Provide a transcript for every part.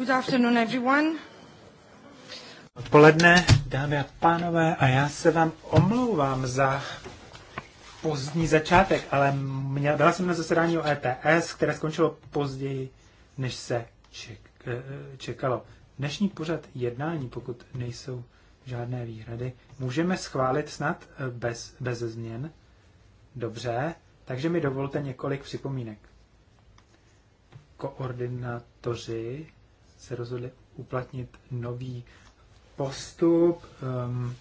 Good afternoon, everyone. Odpoledne, dámy a pánové, a já se vám omlouvám za pozdní začátek, ale měla, byla jsem na zasedání o ETS, které skončilo později, než se ček, eh, čekalo. Dnešní pořad jednání, pokud nejsou žádné výhrady, můžeme schválit snad eh, bez, bez změn. Dobře, takže mi dovolte několik připomínek koordinátoři se rozhodli uplatnit nový postup um,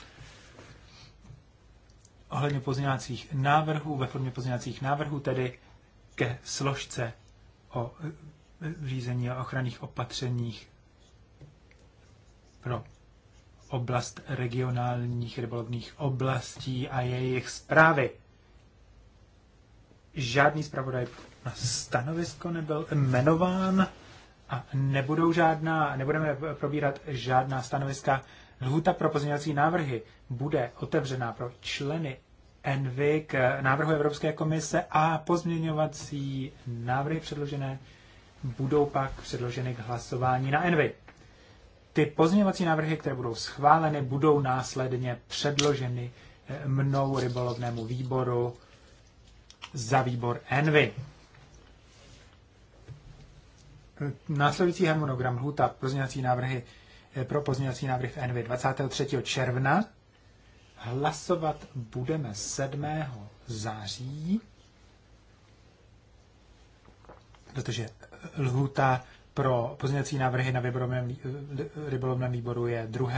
ohledně pozměňovacích návrhů, ve formě pozměňovacích návrhů, tedy ke složce o řízení a ochranných opatřeních pro oblast regionálních rybolovných oblastí a jejich zprávy. Žádný zpravodaj na stanovisko nebyl jmenován a nebudou žádná, nebudeme probírat žádná stanoviska. Lhuta pro pozměňovací návrhy bude otevřená pro členy ENVY k návrhu Evropské komise a pozměňovací návrhy předložené budou pak předloženy k hlasování na ENVY. Ty pozměňovací návrhy, které budou schváleny, budou následně předloženy eh, mnou rybolovnému výboru za výbor ENVY. Následující harmonogram lhuta pozměňovací návrhy eh, pro pozměňovací návrh v NV 23. června. Hlasovat budeme 7. září, protože eh, lhuta pro pozměňovací návrhy na eh, rybolovném výboru je 2.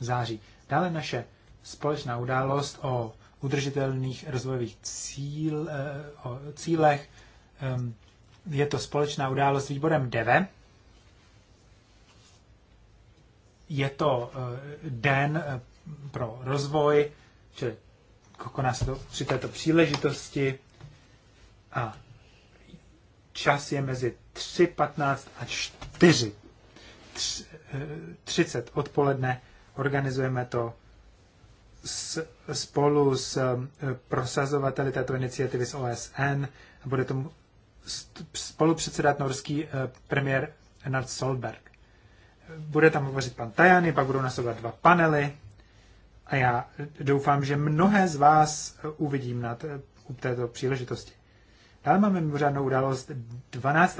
září. Dále naše společná událost o udržitelných rozvojových cíl, o cílech ehm, je to společná událost s výborem DEVE. Je to eh, den eh, pro rozvoj, čili koná se to při této příležitosti a čas je mezi 3.15 a 4. 30 eh, odpoledne organizujeme to s, spolu s prosazovateli této iniciativy z OSN a bude tomu spolupředsedat norský eh, premiér Nard Solberg. Bude tam hovořit pan Tajany, pak budou nasovat dva panely a já doufám, že mnohé z vás eh, uvidím na eh, této příležitosti. Dále máme mimořádnou událost 12.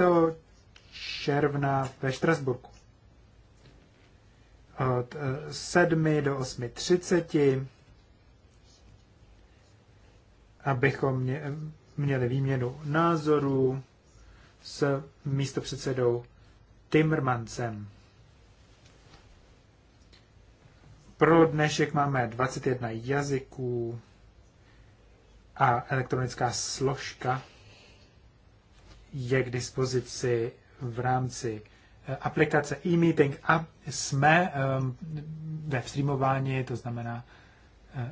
června ve Štrasburku. Od 7 do 8.30 abychom mě, měli výměnu názorů s místopředsedou Timmermancem. Pro dnešek máme 21 jazyků a elektronická složka je k dispozici v rámci eh, aplikace e-meeting a jsme um, ve streamování, to znamená, Eh,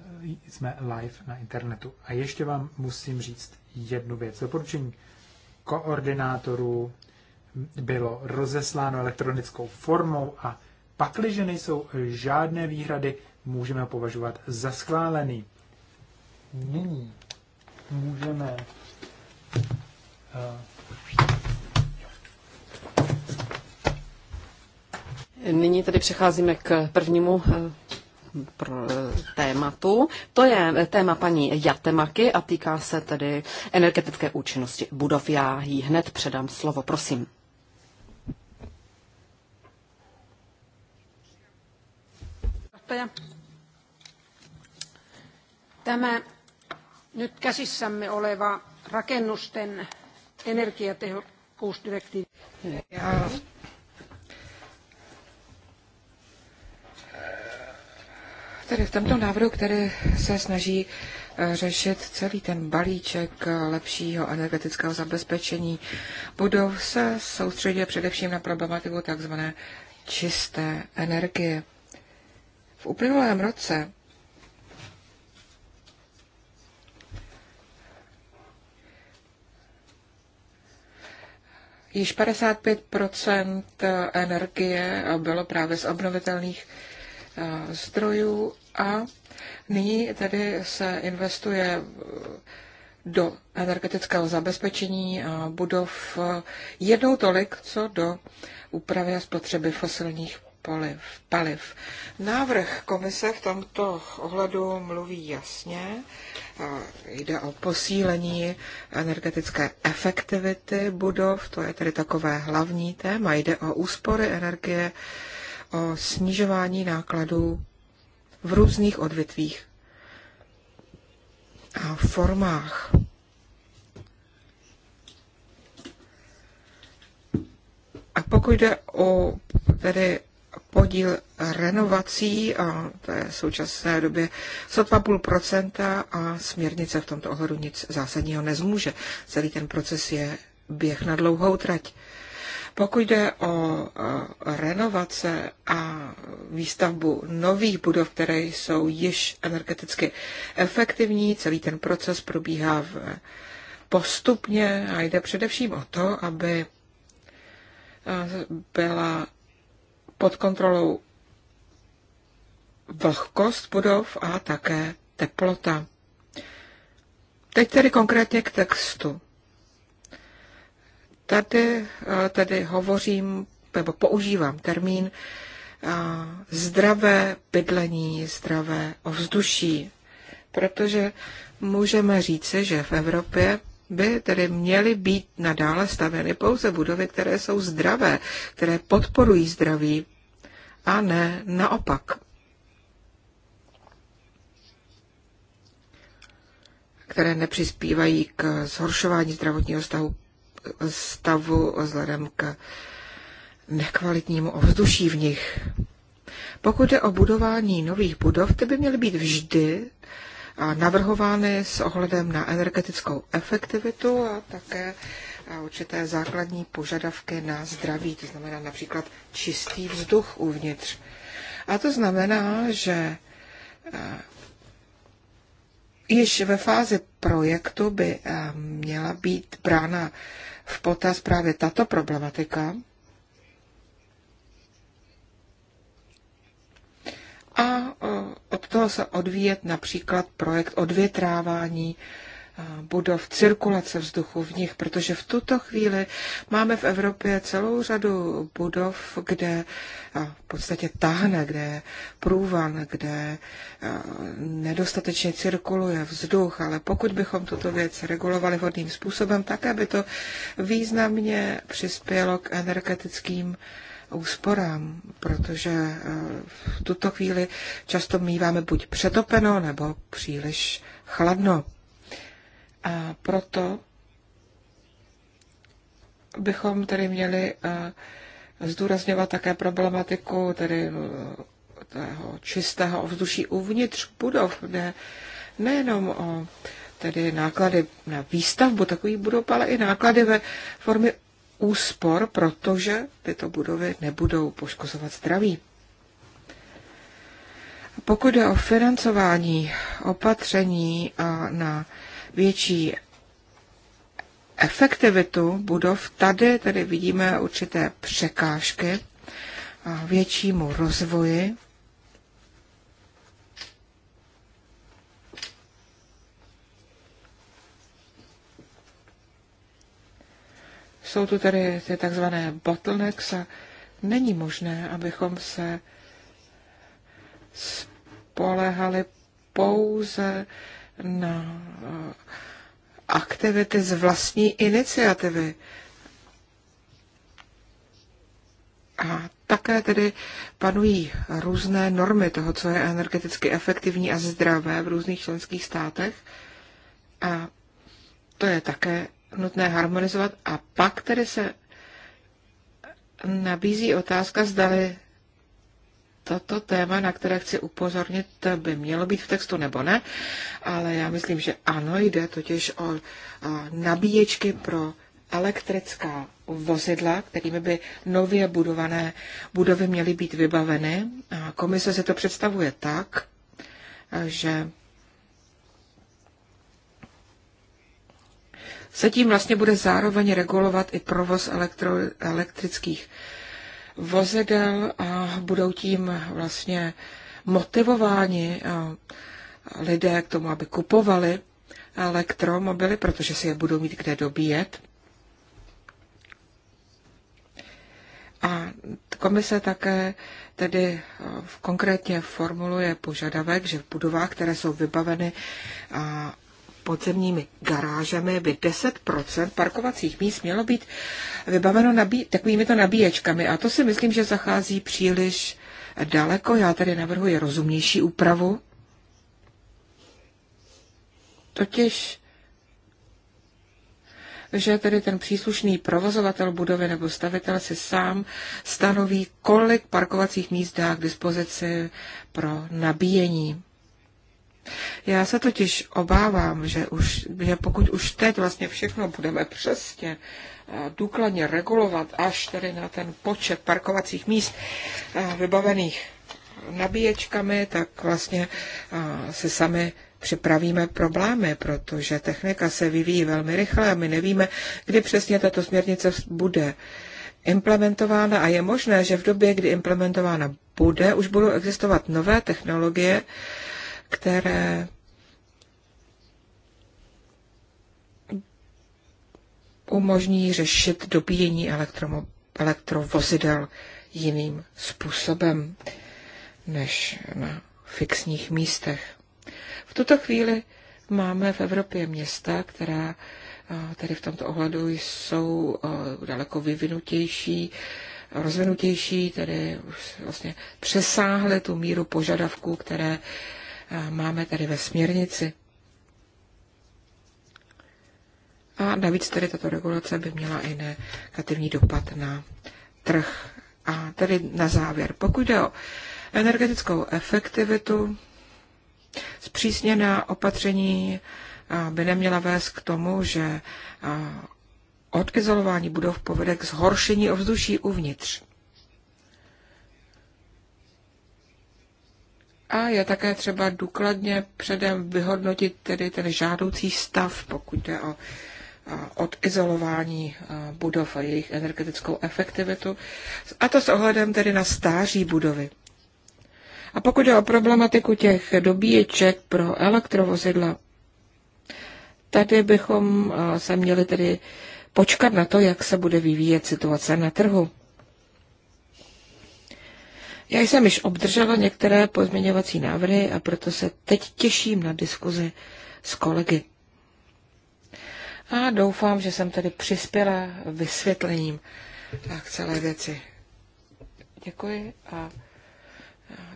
jsme live na internetu. A ještě vám musím říct jednu věc. Doporučení koordinátorů bylo rozesláno elektronickou formou a pakliže nejsou žádné výhrady, můžeme ho považovat za schválený. Nyní můžeme eh, Nyní tedy přecházíme k prvnímu eh, Eh, tématu. To je téma paní Jatemaky a týká se tedy energetické účinnosti budov. Já jí hned předám slovo, prosím. Tämä nyt käsissämme oleva rakennusten energiatehokkuusdirektiivi. Tedy v tomto návrhu, který se snaží eh, řešit celý ten balíček eh, lepšího energetického zabezpečení budov, se soustředil především na problematiku tzv. čisté energie. V uplynulém roce Již 55 energie bylo právě z obnovitelných eh, zdrojů a nyní tedy se investuje do energetického zabezpečení budov jednou tolik, co do úpravy a spotřeby fosilních paliv. paliv. Návrh komise v tomto ohledu mluví jasně. Jde o posílení energetické efektivity budov, to je tedy takové hlavní téma. Jde o úspory energie, o snižování nákladů v různých odvětvích a formách. A pokud jde o tedy podíl renovací, a to je v současné době sotva půl procenta a směrnice v tomto ohledu nic zásadního nezmůže. Celý ten proces je běh na dlouhou trať. Pokud jde o renovace a výstavbu nových budov, které jsou již energeticky efektivní, celý ten proces probíhá v postupně a jde především o to, aby e, byla pod kontrolou vlhkost budov a také teplota. Teď tedy konkrétně k textu. Tady, tedy hovořím, nebo používám termín zdravé bydlení, zdravé ovzduší, protože můžeme říci, že v Evropě by tedy měly být nadále stavěny pouze budovy, které jsou zdravé, které podporují zdraví, a ne naopak. které nepřispívají k zhoršování zdravotního stavu stavu vzhledem k nekvalitnímu ovzduší v nich. Pokud jde o budování nových budov, ty by měly být vždy navrhovány s ohledem na energetickou efektivitu a také určité základní požadavky na zdraví, to znamená například čistý vzduch uvnitř. A to znamená, že již ve fázi projektu by měla být brána v potaz právě tato problematika. A od toho se odvíjet například projekt odvětrávání budov, cirkulace vzduchu v nich, protože v tuto chvíli máme v Evropě celou řadu budov, kde v podstatě tahne, kde je průvan, kde nedostatečně cirkuluje vzduch, ale pokud bychom tuto věc regulovali vhodným způsobem, tak aby to významně přispělo k energetickým úsporám, protože v tuto chvíli často míváme buď přetopeno nebo příliš chladno. A proto bychom tedy měli eh, zdůrazňovat také problematiku tedy eh, toho čistého ovzduší uvnitř budov, ne, nejenom o eh, tedy náklady na výstavbu takových budov, ale i náklady ve formě úspor, protože tyto budovy nebudou poškozovat zdraví. Pokud je o financování opatření a na větší efektivitu budov, tady tady vidíme určité překážky a většímu rozvoji. Jsou tu tedy ty takzvané bottlenecks a není možné, abychom se spolehali pouze na eh, aktivity z vlastní iniciativy. A také tedy panují různé normy toho, co je energeticky efektivní a zdravé v různých členských státech. A to je také nutné harmonizovat. A pak tedy se nabízí otázka, zdali toto téma, na které chci upozornit, by mělo být v textu nebo ne, ale já myslím, že ano, jde totiž o nabíječky pro elektrická vozidla, kterými by nově budované budovy měly být vybaveny. Komise se to představuje tak, že se tím vlastně bude zároveň regulovat i provoz elektro, elektrických vozidel a budou tím vlastně motivováni eh, lidé k tomu, aby kupovali elektromobily, protože si je budou mít kde dobíjet. A komise také tedy eh, konkrétně formuluje požadavek, že v budovách, které jsou vybaveny eh, podzemními garážemi by 10% parkovacích míst mělo být vybaveno nabí- takovými to nabíječkami. A to si myslím, že zachází příliš daleko. Já tady navrhuji rozumnější úpravu. Totiž že tedy ten příslušný provozovatel budovy nebo stavitel si sám stanoví, kolik parkovacích míst dá k dispozici pro nabíjení. Já se totiž obávám, že, už, že pokud už teď vlastně všechno budeme přesně eh, důkladně regulovat až tedy na ten počet parkovacích míst eh, vybavených nabíječkami, tak vlastně eh, se sami připravíme problémy, protože technika se vyvíjí velmi rychle a my nevíme, kdy přesně tato směrnice bude implementována a je možné, že v době, kdy implementována bude, už budou existovat nové technologie, které umožní řešit dobíjení elektromo- elektrovozidel jiným způsobem než na fixních místech. V tuto chvíli máme v Evropě města, která tedy v tomto ohledu jsou daleko vyvinutější, rozvinutější, tedy už vlastně přesáhly tu míru požadavků, které máme tady ve směrnici. A navíc tedy tato regulace by měla i negativní dopad na trh. A tedy na závěr, pokud jde o energetickou efektivitu, zpřísněná opatření by neměla vést k tomu, že Odizolování budov povede k zhoršení ovzduší uvnitř. A je také třeba důkladně předem vyhodnotit tedy ten žádoucí stav, pokud jde o odizolování budov a jejich energetickou efektivitu, a to s ohledem tedy na stáří budovy. A pokud je o problematiku těch dobíječek pro elektrovozidla, tady bychom se měli tedy počkat na to, jak se bude vyvíjet situace na trhu. Já jsem již obdržela některé pozměňovací návrhy a proto se teď těším na diskuzi s kolegy. A doufám, že jsem tady přispěla vysvětlením k celé věci. Děkuji a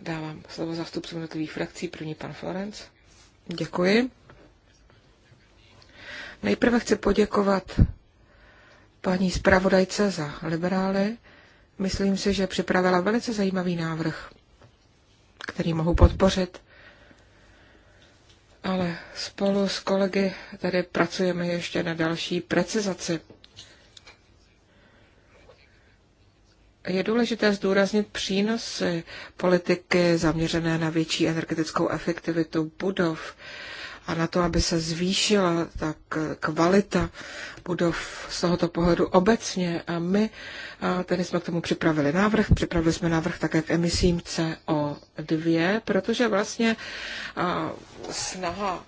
dávám slovo zastupcům jednotlivých frakcí. První pan Florenc. Děkuji. Nejprve chci poděkovat paní zpravodajce za liberály Myslím si, že připravila velice zajímavý návrh, který mohu podpořit. Ale spolu s kolegy tady pracujeme ještě na další precizaci. Je důležité zdůraznit přínosy politiky zaměřené na větší energetickou efektivitu budov, a na to, aby se zvýšila ta kvalita budov z tohoto pohledu obecně. A my tedy jsme k tomu připravili návrh, připravili jsme návrh také k emisím CO2, protože vlastně snaha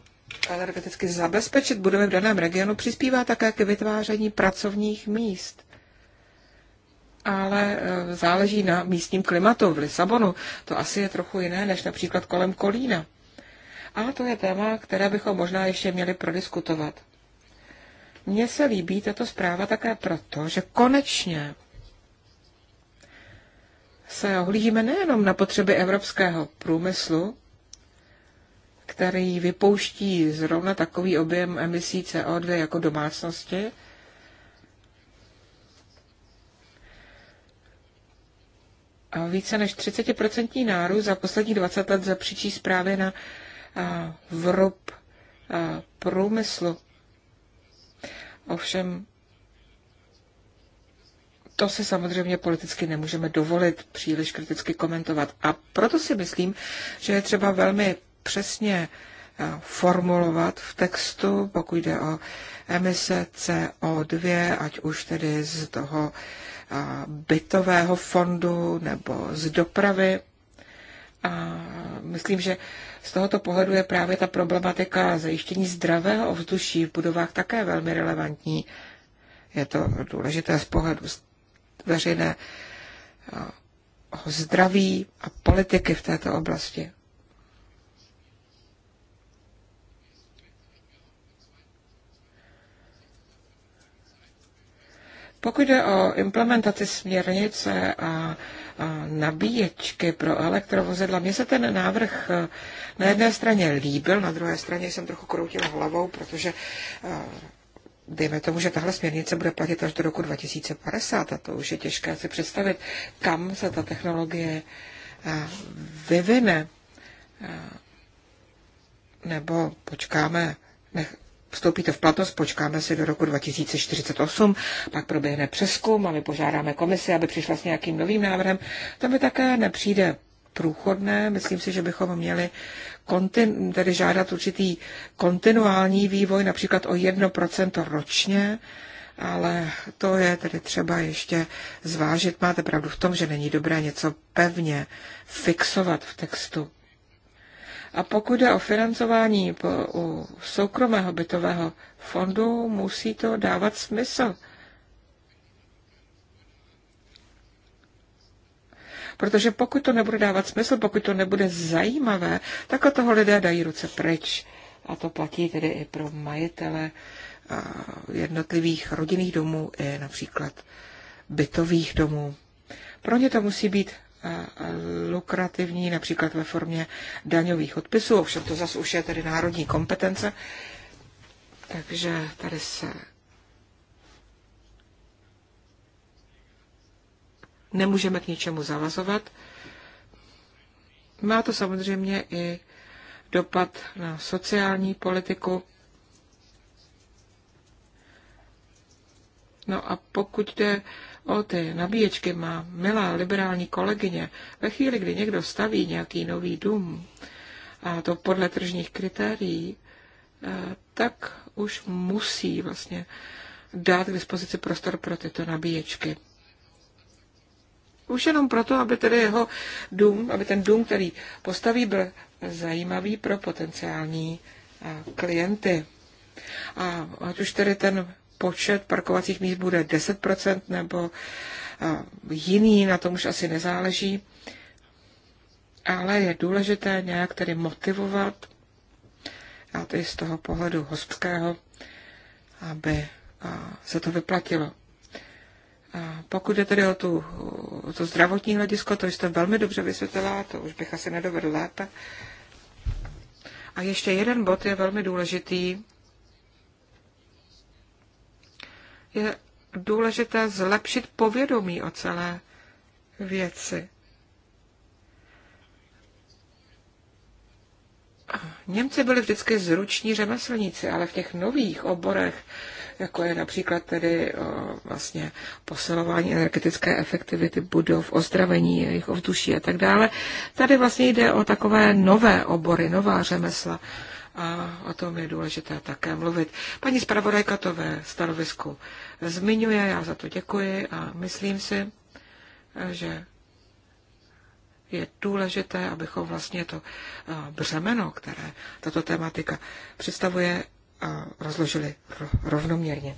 energeticky zabezpečit budovy v daném regionu přispívá také k vytváření pracovních míst ale e, záleží na místním klimatu. V Lisabonu to asi je trochu jiné než například kolem Kolína. A to je téma, které bychom možná ještě měli prodiskutovat. Mně se líbí tato zpráva také proto, že konečně se ohlížíme nejenom na potřeby evropského průmyslu, který vypouští zrovna takový objem emisí CO2 jako domácnosti, a více než 30% nárůst za poslední 20 let zapříčí zprávy na vrub průmyslu. Ovšem, to si samozřejmě politicky nemůžeme dovolit příliš kriticky komentovat. A proto si myslím, že je třeba velmi přesně formulovat v textu, pokud jde o emise CO2, ať už tedy z toho bytového fondu nebo z dopravy. A myslím, že z tohoto pohledu je právě ta problematika zajištění zdravého ovzduší v budovách také velmi relevantní. Je to důležité z pohledu veřejné zdraví a politiky v této oblasti. Pokud jde o implementaci směrnice a nabíječky pro elektrovozidla. Mně se ten návrh eh, na jedné straně líbil, na druhé straně jsem trochu kroutila hlavou, protože eh, dejme tomu, že tahle směrnice bude platit až do roku 2050 a to už je těžké si představit, kam se ta technologie eh, vyvine. Nebo počkáme, nech, vstoupíte v platnost, počkáme se do roku 2048, pak proběhne přeskum a my požádáme komisi, aby přišla s nějakým novým návrhem. To mi také nepřijde průchodné. Myslím si, že bychom měli kontin, tedy žádat určitý kontinuální vývoj, například o 1% ročně, ale to je tedy třeba ještě zvážit. Máte pravdu v tom, že není dobré něco pevně fixovat v textu. A pokud je o financování u soukromého bytového fondu, musí to dávat smysl. Protože pokud to nebude dávat smysl, pokud to nebude zajímavé, tak od toho lidé dají ruce pryč. A to platí tedy i pro majitele jednotlivých rodinných domů i například bytových domů. Pro ně to musí být lukrativní, například ve formě daňových odpisů, ovšem to zase už je tedy národní kompetence, takže tady se nemůžeme k ničemu zavazovat. Má to samozřejmě i dopad na sociální politiku. No a pokud jde o té nabíječky má milá liberální kolegyně, ve chvíli, kdy někdo staví nějaký nový dům, a to podle tržních kritérií, eh, tak už musí vlastně dát k dispozici prostor pro tyto nabíječky. Už jenom proto, aby tedy jeho dům, aby ten dům, který postaví, byl zajímavý pro potenciální eh, klienty. A ať už tedy ten počet parkovacích míst bude 10% nebo eh, jiný, na tom už asi nezáleží. Ale je důležité nějak tedy motivovat, a to i z toho pohledu hospodského, aby eh, se to vyplatilo. A pokud jde tedy o, tu, o to zdravotní hledisko, to jste velmi dobře vysvětlila, to už bych asi nedovedl lépe. A ještě jeden bod je velmi důležitý, je důležité zlepšit povědomí o celé věci. Němci byli vždycky zruční řemeslníci, ale v těch nových oborech, jako je například tedy o, vlastně posilování energetické efektivity budov, ozdravení jejich ovduší a tak dále, tady vlastně jde o takové nové obory, nová řemesla a o tom je důležité také mluvit. Paní zpravodajka to ve stanovisku zmiňuje. Já za to děkuji a myslím si, že je důležité, abychom vlastně to eh, břemeno, které tato tématika představuje, eh, rozložili rovnoměrně.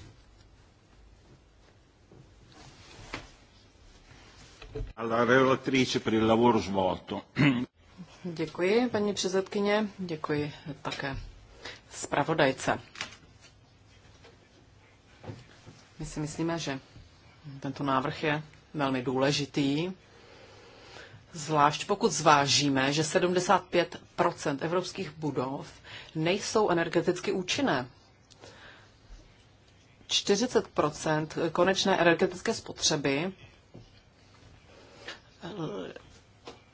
Děkuji, paní předsedkyně, děkuji také zpravodajce. My si myslíme, že tento návrh je velmi důležitý, zvlášť pokud zvážíme, že 75 evropských budov nejsou energeticky účinné. 40 konečné energetické spotřeby eh,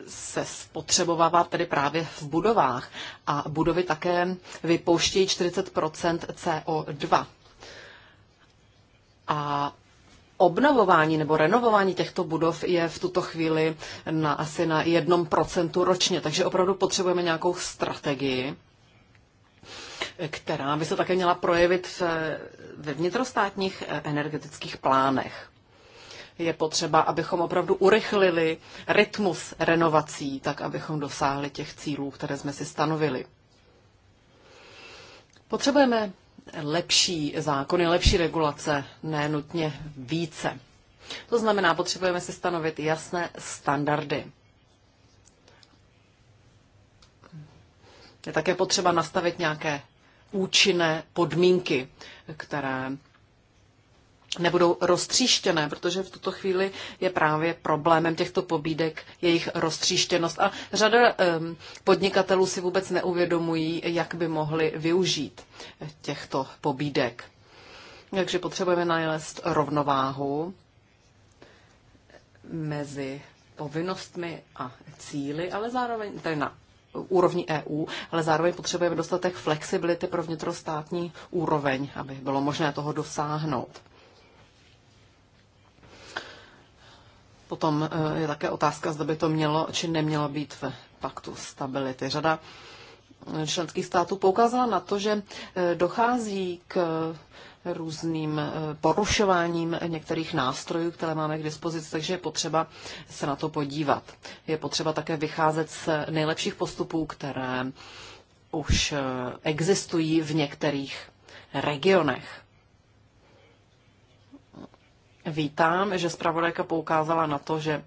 se spotřebovává tedy právě v budovách a budovy také vypouštějí 40 CO2. A obnovování nebo renovování těchto budov je v tuto chvíli na asi na jednom procentu ročně, takže opravdu potřebujeme nějakou strategii, která by se také měla projevit ve vnitrostátních eh, energetických plánech. Je potřeba, abychom opravdu urychlili rytmus renovací, tak abychom dosáhli těch cílů, které jsme si stanovili. Potřebujeme lepší zákony, lepší regulace, ne nutně více. To znamená, potřebujeme si stanovit jasné standardy. Je také potřeba nastavit nějaké účinné podmínky, které nebudou roztříštěné, protože v tuto chvíli je právě problémem těchto pobídek jejich roztříštěnost. A řada um, podnikatelů si vůbec neuvědomují, jak by mohli využít těchto pobídek. Takže potřebujeme nalézt rovnováhu mezi povinnostmi a cíly, ale zároveň tady na úrovni EU, ale zároveň potřebujeme dostatek flexibility pro vnitrostátní úroveň, aby bylo možné toho dosáhnout. Potom eh, je také otázka, zda by to mělo či nemělo být v paktu stability. Řada eh, členských států poukázala na to, že eh, dochází k různým porušováním některých nástrojů, které máme k dispozici, takže je potřeba se na to podívat. Je potřeba také vycházet z nejlepších postupů, které už existují v některých regionech. Vítám, že zpravodajka poukázala na to, že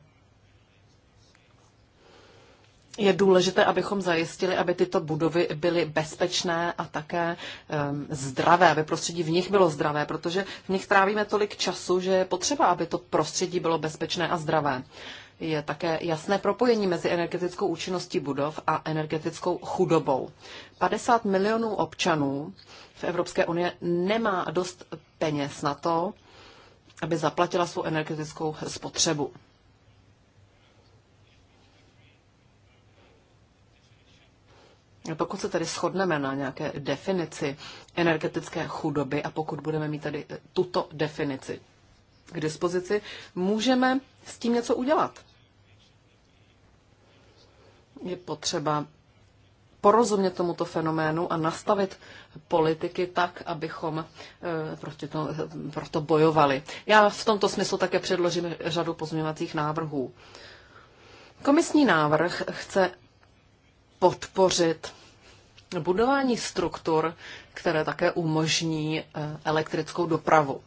je důležité, abychom zajistili, aby tyto budovy byly bezpečné a také um, zdravé, aby prostředí v nich bylo zdravé, protože v nich trávíme tolik času, že je potřeba, aby to prostředí bylo bezpečné a zdravé. Je také jasné propojení mezi energetickou účinností budov a energetickou chudobou. 50 milionů občanů v Evropské unii nemá dost peněz na to, aby zaplatila svou energetickou spotřebu. Pokud se tedy shodneme na nějaké definici energetické chudoby a pokud budeme mít tady eh, tuto definici k dispozici, můžeme s tím něco udělat. Je potřeba porozumět tomuto fenoménu a nastavit politiky tak, abychom eh, prostě to, proto bojovali. Já v tomto smyslu také předložím řadu pozměňovacích návrhů. Komisní návrh chce podpořit budování struktur, které také umožní eh, elektrickou dopravu.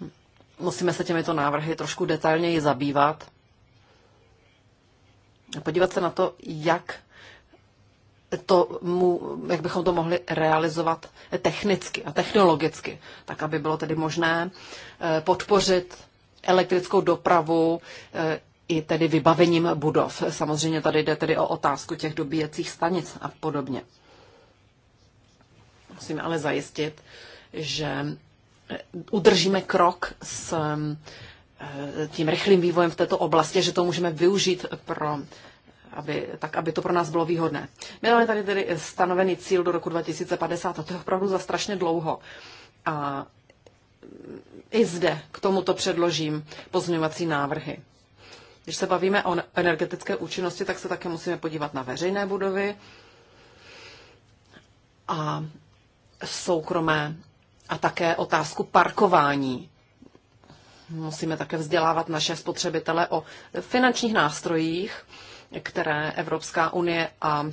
Hm. Musíme se těmito návrhy trošku detailněji zabývat podívat se na to, jak to mu, jak bychom to mohli realizovat technicky a technologicky, tak aby bylo tedy možné eh, podpořit elektrickou dopravu eh, i tedy vybavením budov. Samozřejmě tady jde tedy o otázku těch dobíjecích stanic a podobně. Musíme ale zajistit, že eh, udržíme krok s Eh, tím rychlým vývojem v této oblasti, že to můžeme využít pro aby, tak, aby to pro nás bylo výhodné. My máme tady tedy stanovený cíl do roku 2050 a to je opravdu za strašně dlouho. A i zde k tomuto předložím pozměňovací návrhy. Když se bavíme o energetické účinnosti, tak se také musíme podívat na veřejné budovy a soukromé a také otázku parkování. Musíme také vzdělávat naše spotřebitele o finančních nástrojích, které Evropská unie a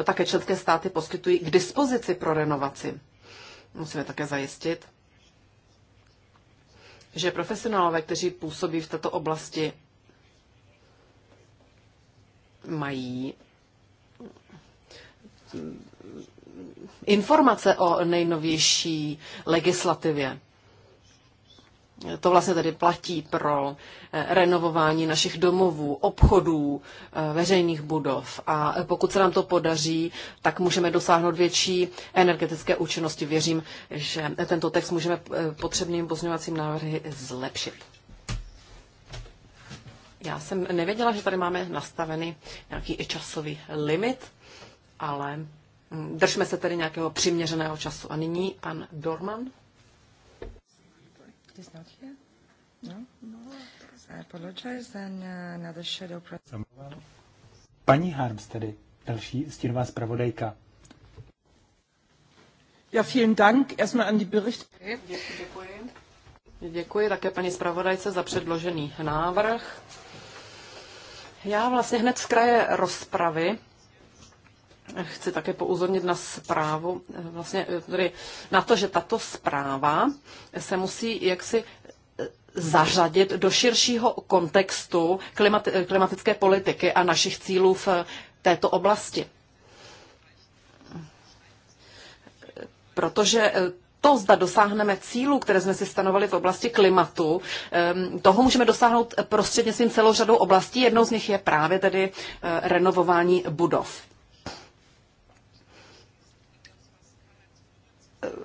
e, také členské státy poskytují k dispozici pro renovaci. Musíme také zajistit, že profesionálové, kteří působí v této oblasti, mají informace o nejnovější legislativě. To vlastně tedy platí pro eh, renovování našich domovů, obchodů, eh, veřejných budov. A pokud se nám to podaří, tak můžeme dosáhnout větší energetické účinnosti. Věřím, že tento text můžeme eh, potřebným pozměňovacím návrhy zlepšit. Já jsem nevěděla, že tady máme nastavený nějaký i časový limit, ale mm, držme se tedy nějakého přiměřeného času. A nyní pan Dorman is not here? No? I apologize. And another shadow Paní Harms tedy, další stínová zpravodajka. Ja, vielen Dank erstmal an die Bericht. Děkuji. Děkuji také paní zpravodajce za předložený návrh. Já vlastně hned z kraje rozpravy chci také pouzornit na zprávu, vlastně eh, tedy na to, že tato zpráva se musí jaksi eh, zařadit do širšího kontextu eh, klimatické politiky a našich cílů v této oblasti. Protože to, zda dosáhneme cílů, které jsme si stanovali v oblasti klimatu, ehm, toho můžeme dosáhnout prostřednictvím celou řadou oblastí. Jednou z nich je právě tedy renovování budov.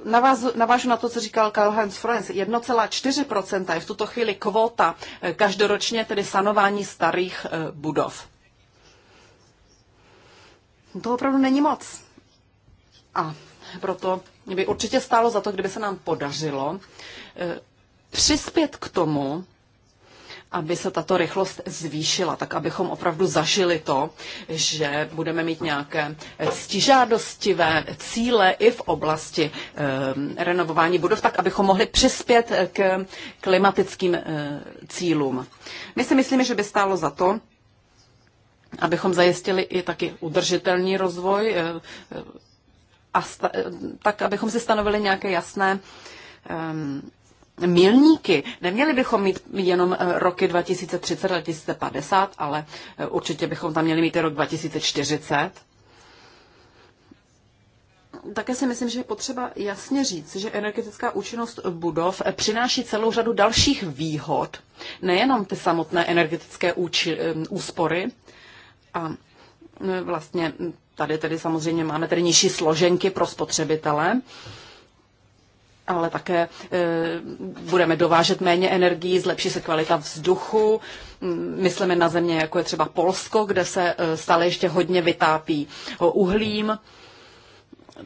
Navazu, navážu na to, co říkal Karl-Heinz Frenz. 1,4% je v tuto chvíli kvóta eh, každoročně, tedy sanování starých eh, budov. To opravdu není moc. A proto by určitě stálo za to, kdyby se nám podařilo eh, přispět k tomu, aby se tato rychlost zvýšila, tak abychom opravdu zažili to, že budeme mít nějaké stižádostivé cíle i v oblasti eh, renovování budov, tak abychom mohli přispět k klimatickým eh, cílům. My si myslíme, že by stálo za to, abychom zajistili i taky udržitelný rozvoj eh, eh a eh, tak, abychom si stanovili nějaké jasné ehm, milníky. Neměli bychom mít jenom eh, roky 2030 a 2050, ale eh, určitě bychom tam měli mít i rok 2040. Také si myslím, že je potřeba jasně říct, že energetická účinnost budov eh, přináší celou řadu dalších výhod, nejenom ty samotné energetické úči, úspory. A vlastně tady tedy samozřejmě máme tedy nižší složenky pro spotřebitele, ale také e, budeme dovážet méně energii, zlepší se kvalita vzduchu. Mm, myslíme na země, jako je třeba Polsko, kde se e, stále ještě hodně vytápí uhlím.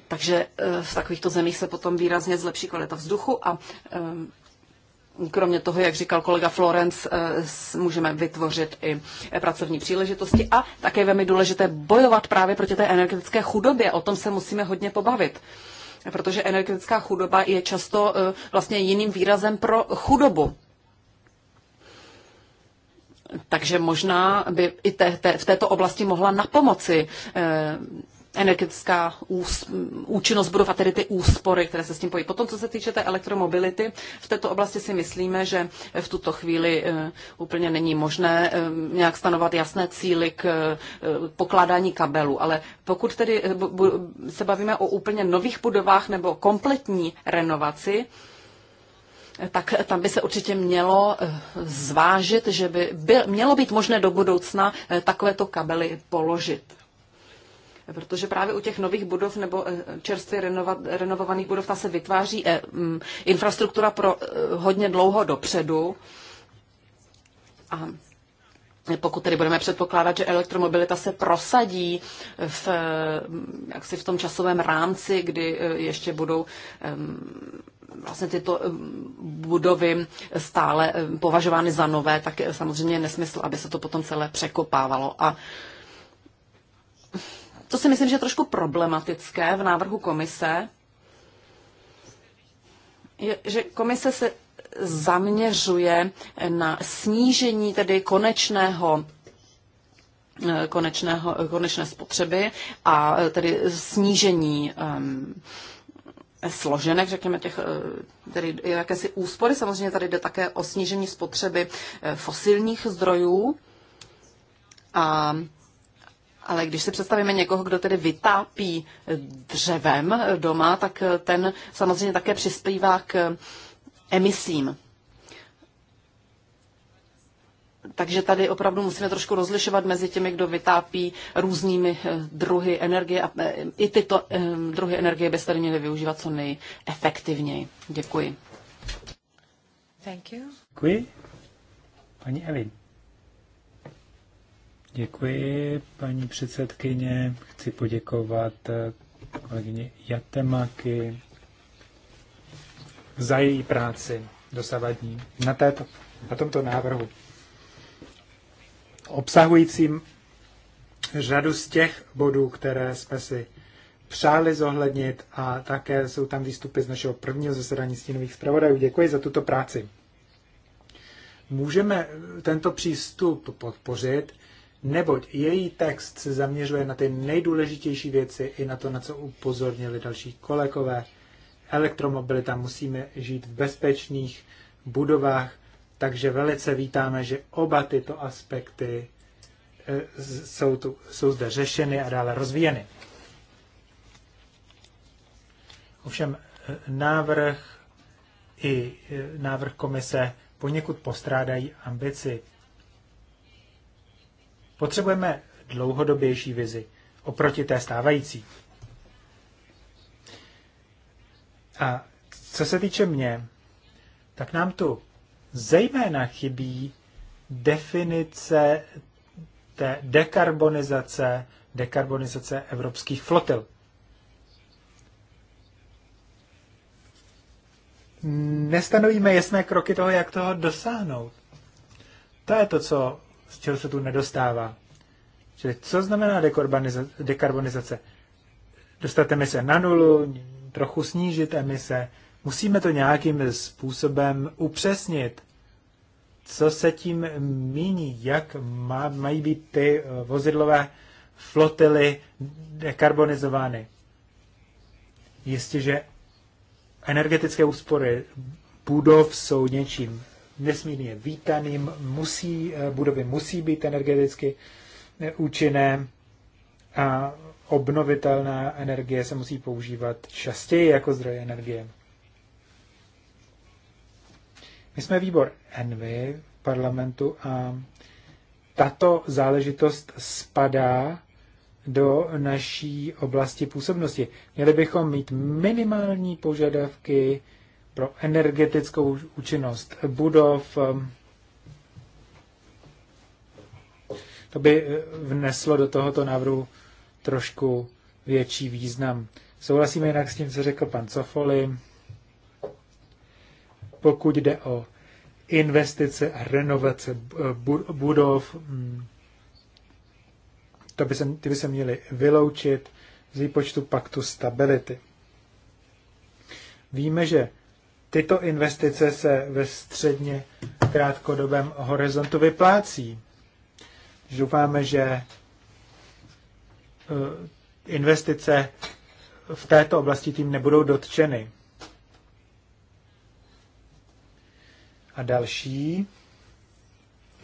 Takže e, v takovýchto zemích se potom výrazně zlepší kvalita vzduchu a kromě toho, jak říkal kolega Florence, můžeme vytvořit i pracovní příležitosti a také je velmi důležité bojovat právě proti té energetické chudobě. O tom se musíme hodně pobavit protože energetická chudoba je často e, vlastně jiným výrazem pro chudobu. Takže možná by i te, te, v této oblasti mohla napomoci e, energetická ús, účinnost budov a tedy ty úspory, které se s tím pojí. Potom, co se týče té elektromobility, v této oblasti si myslíme, že v tuto chvíli eh, úplně není možné eh, nějak stanovat jasné cíly k eh, pokládání kabelu, ale pokud tedy se bavíme o úplně nových budovách nebo kompletní renovaci, tak tam by se určitě mělo zvážit, že by byl, mělo být možné do budoucna takovéto kabely položit protože právě u těch nových budov nebo eh, čerstvě renovat, renovovaných budov ta se vytváří eh, mm, infrastruktura pro eh, hodně dlouho dopředu. A pokud tedy budeme předpokládat, že elektromobilita se prosadí v, mm, jaksi v tom časovém rámci, kdy ještě budou mm, vlastně tyto budovy stále považovány za nové, tak samozřejmě je nesmysl, aby se to potom celé překopávalo. A to si myslím, že je trošku problematické v návrhu komise, je, že komise se zaměřuje na snížení tedy konečného eh, konečného, eh, konečné spotřeby a tedy snížení um, složenek, řekněme, těch, eh, tedy jakési úspory. Samozřejmě tady jde také o snížení spotřeby fosilních zdrojů. A ale když si představíme někoho, kdo tedy vytápí dřevem doma, tak ten samozřejmě také přispívá k emisím. Takže tady opravdu musíme trošku rozlišovat mezi těmi, kdo vytápí různými eh, druhy energie a eh, i tyto eh, druhy energie byste tady měli využívat co nejefektivněji. Děkuji. Thank you. Děkuji. Paní Evin. Děkuji, paní předsedkyně. Chci poděkovat eh, kolegyně Jatemaky za její práci dosavadní na, této, na tomto návrhu, obsahujícím řadu z těch bodů, které jsme si přáli zohlednit a také jsou tam výstupy z našeho prvního zasedání stínových zpravodajů. Děkuji za tuto práci. Můžeme tento přístup podpořit neboť její text se zaměřuje na ty nejdůležitější věci i na to, na co upozornili další kolegové. Elektromobilita musíme žít v bezpečných budovách, takže velice vítáme, že oba tyto aspekty e, jsou, tu, jsou zde řešeny a dále rozvíjeny. Ovšem e, návrh i e, návrh komise poněkud postrádají ambici Potřebujeme dlouhodobější vizi oproti té stávající. A co se týče mě, tak nám tu zejména chybí definice té dekarbonizace, dekarbonizace evropských flotil. Nestanovíme jasné kroky toho, jak toho dosáhnout. To je to, co z čeho se tu nedostává. Čili co znamená dekarbonizace? Dostat emise na nulu, trochu snížit emise. Musíme to nějakým způsobem upřesnit. Co se tím míní? Jak má, mají být ty eh, vozidlové flotily dekarbonizovány? Jistě, že energetické úspory budov jsou něčím nesmírně vítaným, musí, eh, budovy musí být energeticky eh, účinné a obnovitelná energie se musí používat častěji jako zdroj energie. My jsme výbor Envy parlamentu a tato záležitost spadá do naší oblasti působnosti. Měli bychom mít minimální požadavky pro energetickou účinnost budov. Ehm, to by eh, vneslo do tohoto návrhu trošku větší význam. Souhlasíme jinak s tím, co řekl pan Cofoli. Pokud jde o investice a renovace eh, budov, hmm, to by se, ty by se měly vyloučit z výpočtu paktu stability. Víme, že tyto investice se ve středně krátkodobém horizontu vyplácí. Doufáme, že e, investice v této oblasti tím nebudou dotčeny. A další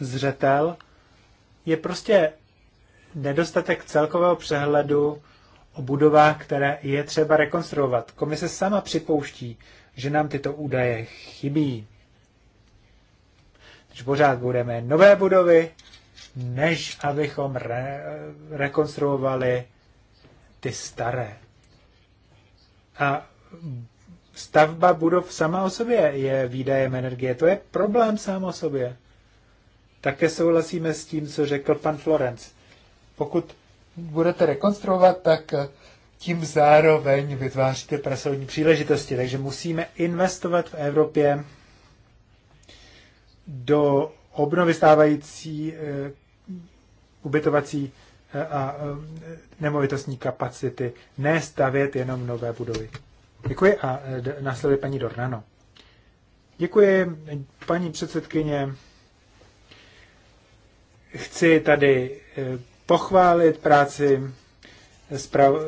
zřetel je prostě nedostatek celkového přehledu o budovách, které je třeba rekonstruovat. Komise sama připouští, že nám tyto údaje chybí. Takže pořád budeme nové budovy, než abychom re, rekonstruovali ty staré. A stavba budov sama o sobě je výdajem energie. To je problém sám o sobě. Také souhlasíme s tím, co řekl pan Florenc. Pokud budete rekonstruovat, tak tím zároveň vytváříte pracovní příležitosti. Takže musíme investovat v Evropě do obnovy stávající eh, ubytovací eh, a eh, nemovitostní kapacity, ne stavět jenom nové budovy. Děkuji a následuje paní Dornano. Děkuji, paní předsedkyně. Chci tady pochválit práci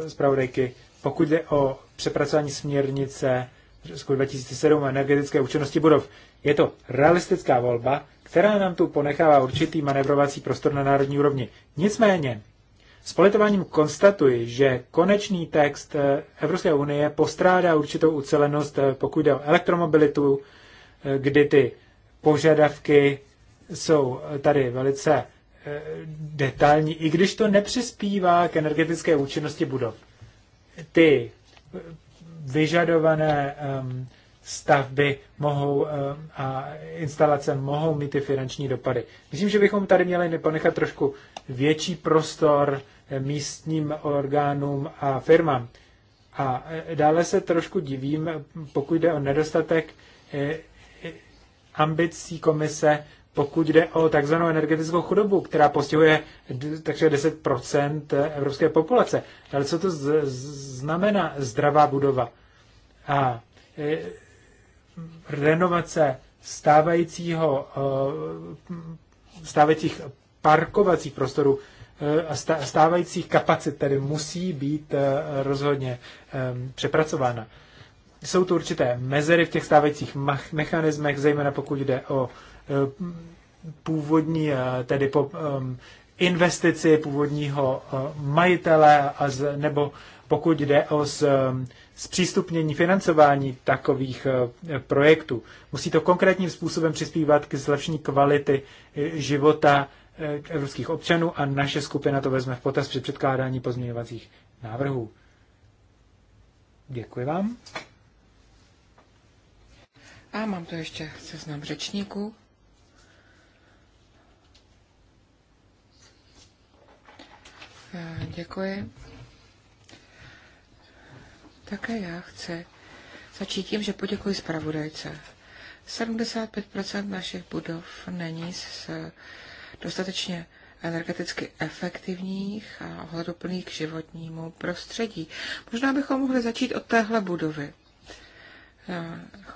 zpravodajky, pokud jde o přepracování směrnice z 2007 o energetické účinnosti budov. Je to realistická volba, která nám tu ponechává určitý manevrovací prostor na národní úrovni. Nicméně, s politováním konstatuji, že konečný text eh, Evropské unie postrádá určitou ucelenost, eh, pokud jde o elektromobilitu, eh, kdy ty požadavky jsou tady velice Eh, detailní, i když to nepřispívá k energetické účinnosti budov. Ty vyžadované stavby mohou a instalace mohou mít ty finanční dopady. Myslím, že bychom tady měli ponechat trošku větší prostor eh, místním orgánům a firmám. A eh, dále se trošku divím, pokud jde o nedostatek ambicí komise pokud jde o takzvanou energetickou chudobu, která postihuje takže 10 evropské populace. Ale co to z, z, znamená zdravá budova? A e, renovace stávajícího, e, stávajících parkovacích prostorů e, a e, stávajících kapacit tedy musí být e, rozhodně e, přepracována. Jsou tu určité mezery v těch stávajících mechanismech, zejména pokud jde o Eh, původní, eh, tedy po investici původního eh, majitele a z, nebo pokud jde o z, zpřístupnění financování takových projektů. Musí to konkrétním způsobem přispívat k zlepšení kvality života evropských občanů a naše skupina to vezme v potaz při předkládání pozměňovacích návrhů. Děkuji vám. A mám tu ještě seznam řečníků. Eh, děkuji. Také já chci začít tím, že poděkuji zpravodajce. 75 našich budov není z dostatečně energeticky efektivních a ohleduplných k životnímu prostředí. Možná bychom mohli začít od téhle budovy. Eh,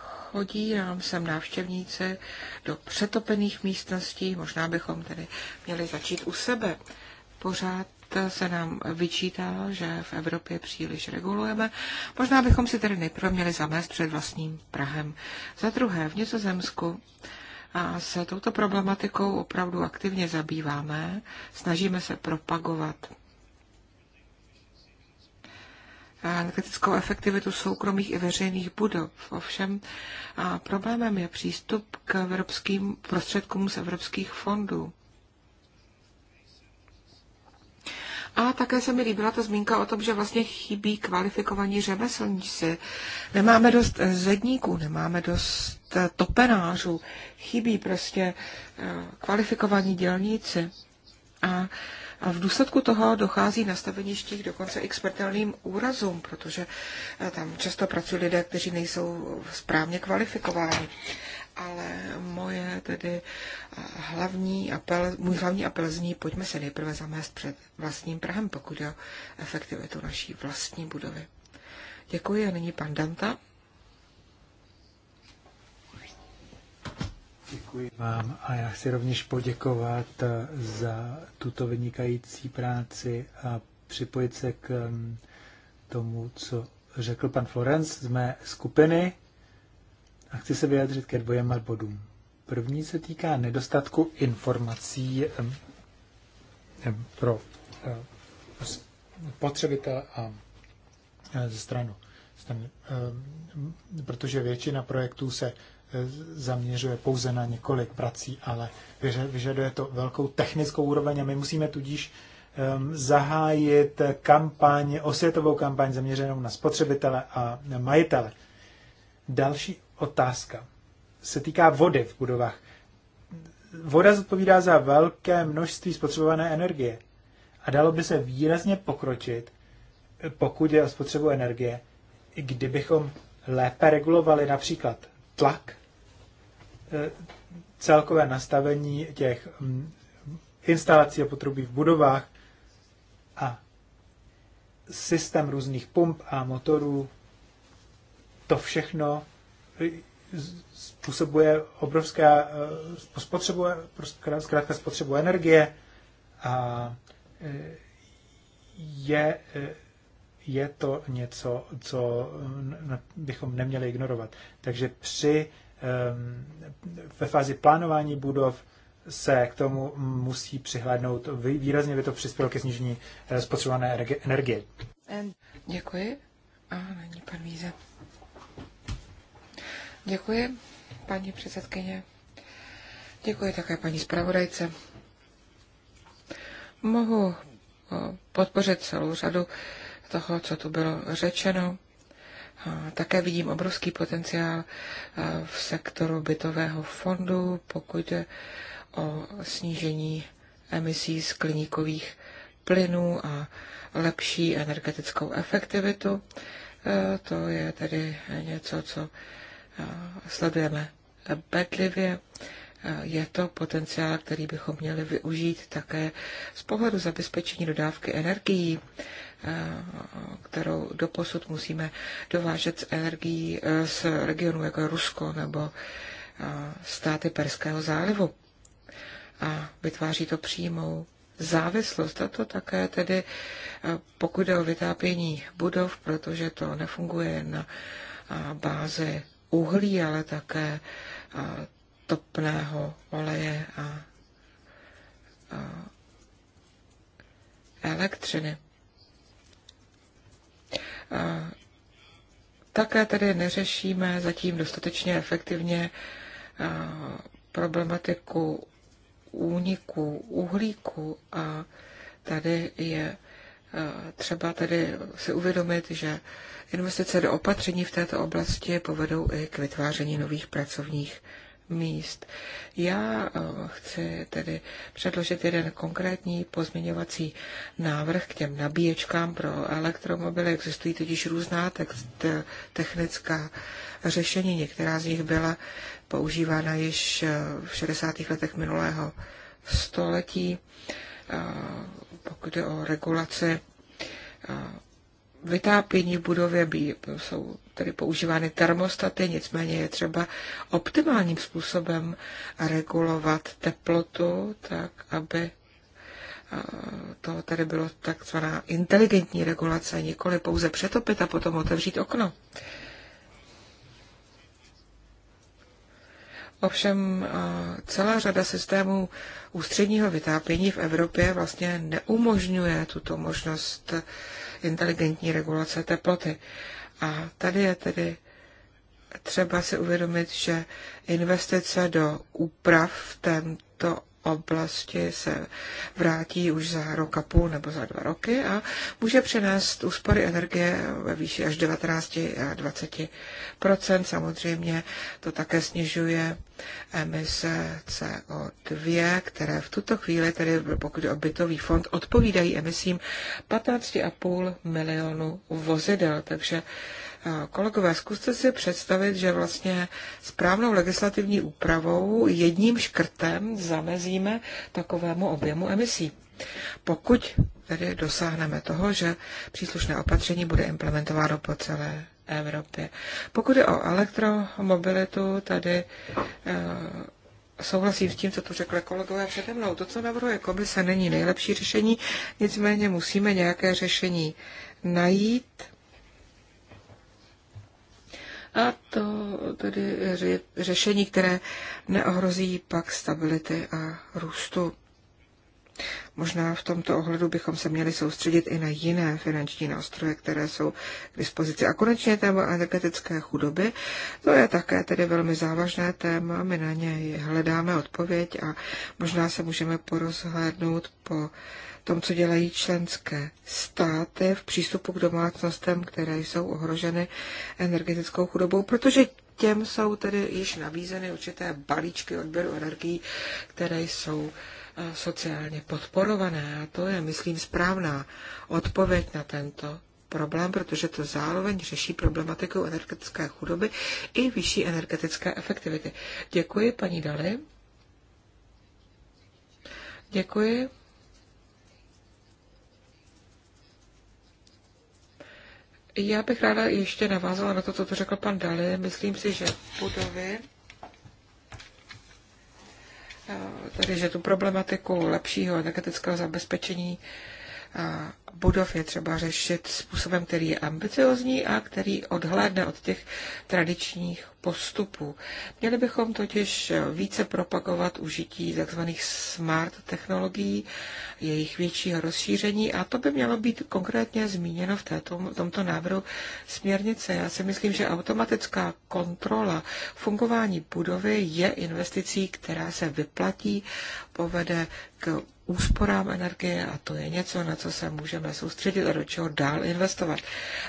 chodí nám sem návštěvníci do přetopených místností, možná bychom tedy měli začít u sebe. Pořád se nám vyčítá, že v Evropě příliš regulujeme. Možná bychom si tedy nejprve měli zamést před vlastním Prahem. Za druhé, v Nizozemsku a se touto problematikou opravdu aktivně zabýváme, snažíme se propagovat energetickou efektivitu soukromých i veřejných budov. Ovšem a problémem je přístup k evropským prostředkům z evropských fondů. A také se mi líbila ta zmínka o tom, že vlastně chybí kvalifikovaní řemeslníci. Nemáme dost eh, zedníků, nemáme dost eh, topenářů, chybí prostě eh, kvalifikovaní dělníci. A a v důsledku toho dochází na staveništích dokonce i k smrtelným úrazům, protože tam často pracují lidé, kteří nejsou správně kvalifikováni ale moje tedy eh, hlavní apel, můj hlavní apel zní, pojďme se nejprve zamést před vlastním Prahem, pokud je efektivitu naší vlastní budovy. Děkuji a nyní pan Danta. Děkuji vám a já chci rovněž poděkovat eh, za tuto vynikající práci a připojit se k mm, tomu, co řekl pan Florenc z mé skupiny. A chci se vyjádřit ke dvěma bodům. První se týká nedostatku informací pro eh, potřebitele a eh, ze stranu. protože většina projektů se eh, zaměřuje pouze na několik prací, ale vyžaduje to velkou technickou úroveň a my musíme tudíž zahájit kampaň, osvětovou kampaň zaměřenou na spotřebitele a majitele. Další otázka se týká vody v budovách. Voda zodpovídá za velké množství spotřebované energie a dalo by se výrazně pokročit, pokud je o spotřebu energie, kdybychom lépe regulovali například tlak, e, celkové nastavení těch mm, instalací a potrubí v budovách a systém různých pump a motorů to všechno eh, způsobuje obrovská eh, spotřebuje, prostě zkrátka spotřebu energie a eh, je, je to něco, co bychom neměli ignorovat. Takže při ve fázi plánování budov se k tomu musí přihlédnout. Výrazně by to přispělo ke snížení spotřebované energie. Děkuji. A není pan Víze. Děkuji, paní předsedkyně. Děkuji také paní zpravodajce. Mohu podpořit celou řadu toho, co tu bylo řečeno. Také vidím obrovský potenciál e, v sektoru bytového fondu, pokud jde o snížení emisí skleníkových plynů a lepší energetickou efektivitu. E, to je tedy něco, co Eh, sledujeme bedlivě. Eh, je to potenciál, který bychom měli využít také z pohledu zabezpečení dodávky energií, eh, kterou doposud musíme dovážet z energií z regionu jako Rusko nebo státy Perského zálivu. A vytváří to přímou závislost. A to také tedy, pokud jde o vytápění budov, protože to nefunguje na bázi uhlí, ale také topného oleje a elektřiny. Také tedy neřešíme zatím dostatečně efektivně problematiku úniku uhlíku a tady je třeba tedy si uvědomit, že Investice do opatření v této oblasti povedou i k vytváření nových pracovních míst. Já eh, chci tedy předložit jeden konkrétní pozměňovací návrh k těm nabíječkám pro elektromobily. Existují totiž různá technická řešení. Některá z nich byla používána již eh, v 60. letech minulého století, eh, pokud jde o regulaci vytápění v budově by, jsou tedy používány termostaty, nicméně je třeba optimálním způsobem regulovat teplotu tak, aby eh, to tady bylo takzvaná inteligentní regulace, nikoli pouze přetopit a potom otevřít okno. Ovšem eh, celá řada systémů ústředního vytápění v Evropě vlastně neumožňuje tuto možnost inteligentní regulace teploty. A tady je tedy třeba si uvědomit, že investice do úprav v tento oblasti se vrátí už za rok a půl nebo za dva roky a může přinést úspory energie ve výši až 19 a 20 Samozřejmě to také snižuje emise CO2, které v tuto chvíli, tedy pokud o bytový fond, odpovídají emisím 15,5 milionu vozidel. Takže Kolegové, zkuste si představit, že vlastně správnou legislativní úpravou jedním škrtem zamezíme takovému objemu emisí. Pokud tedy dosáhneme toho, že příslušné opatření bude implementováno po celé Evropě. Pokud je o elektromobilitu, tady eh, souhlasím s tím, co tu řekla kolegové přede mnou. To, co navrhuje komise, není nejlepší řešení, nicméně musíme nějaké řešení najít a to tedy řešení, které neohrozí pak stability a růstu. Možná v tomto ohledu bychom se měli soustředit i na jiné finanční nástroje, které jsou k dispozici. A konečně téma energetické chudoby. To je také tedy velmi závažné téma, my na něj hledáme odpověď a možná se můžeme porozhlédnout po tom, co dělají členské státy v přístupu k domácnostem, které jsou ohroženy energetickou chudobou, protože těm jsou tedy již nabízeny určité balíčky odběru energií, které jsou eh, sociálně podporované. A to je, myslím, správná odpověď na tento problém, protože to zároveň řeší problematiku energetické chudoby i vyšší energetické efektivity. Děkuji, paní Dali. Děkuji. Já bych ráda ještě navázala na to, co to řekl pan Dali. Myslím si, že budovy, eh, tedy že tu problematiku lepšího energetického zabezpečení eh, budov je třeba řešit způsobem, který je ambiciozní a který odhlédne od těch tradičních postupů. Měli bychom totiž více propagovat užití tzv. smart technologií, jejich většího rozšíření a to by mělo být konkrétně zmíněno v této, tomto návrhu směrnice. Já si myslím, že automatická kontrola fungování budovy je investicí, která se vyplatí, povede k úsporám energie a to je něco, na co se můžeme soustředit a do čeho dál investovat.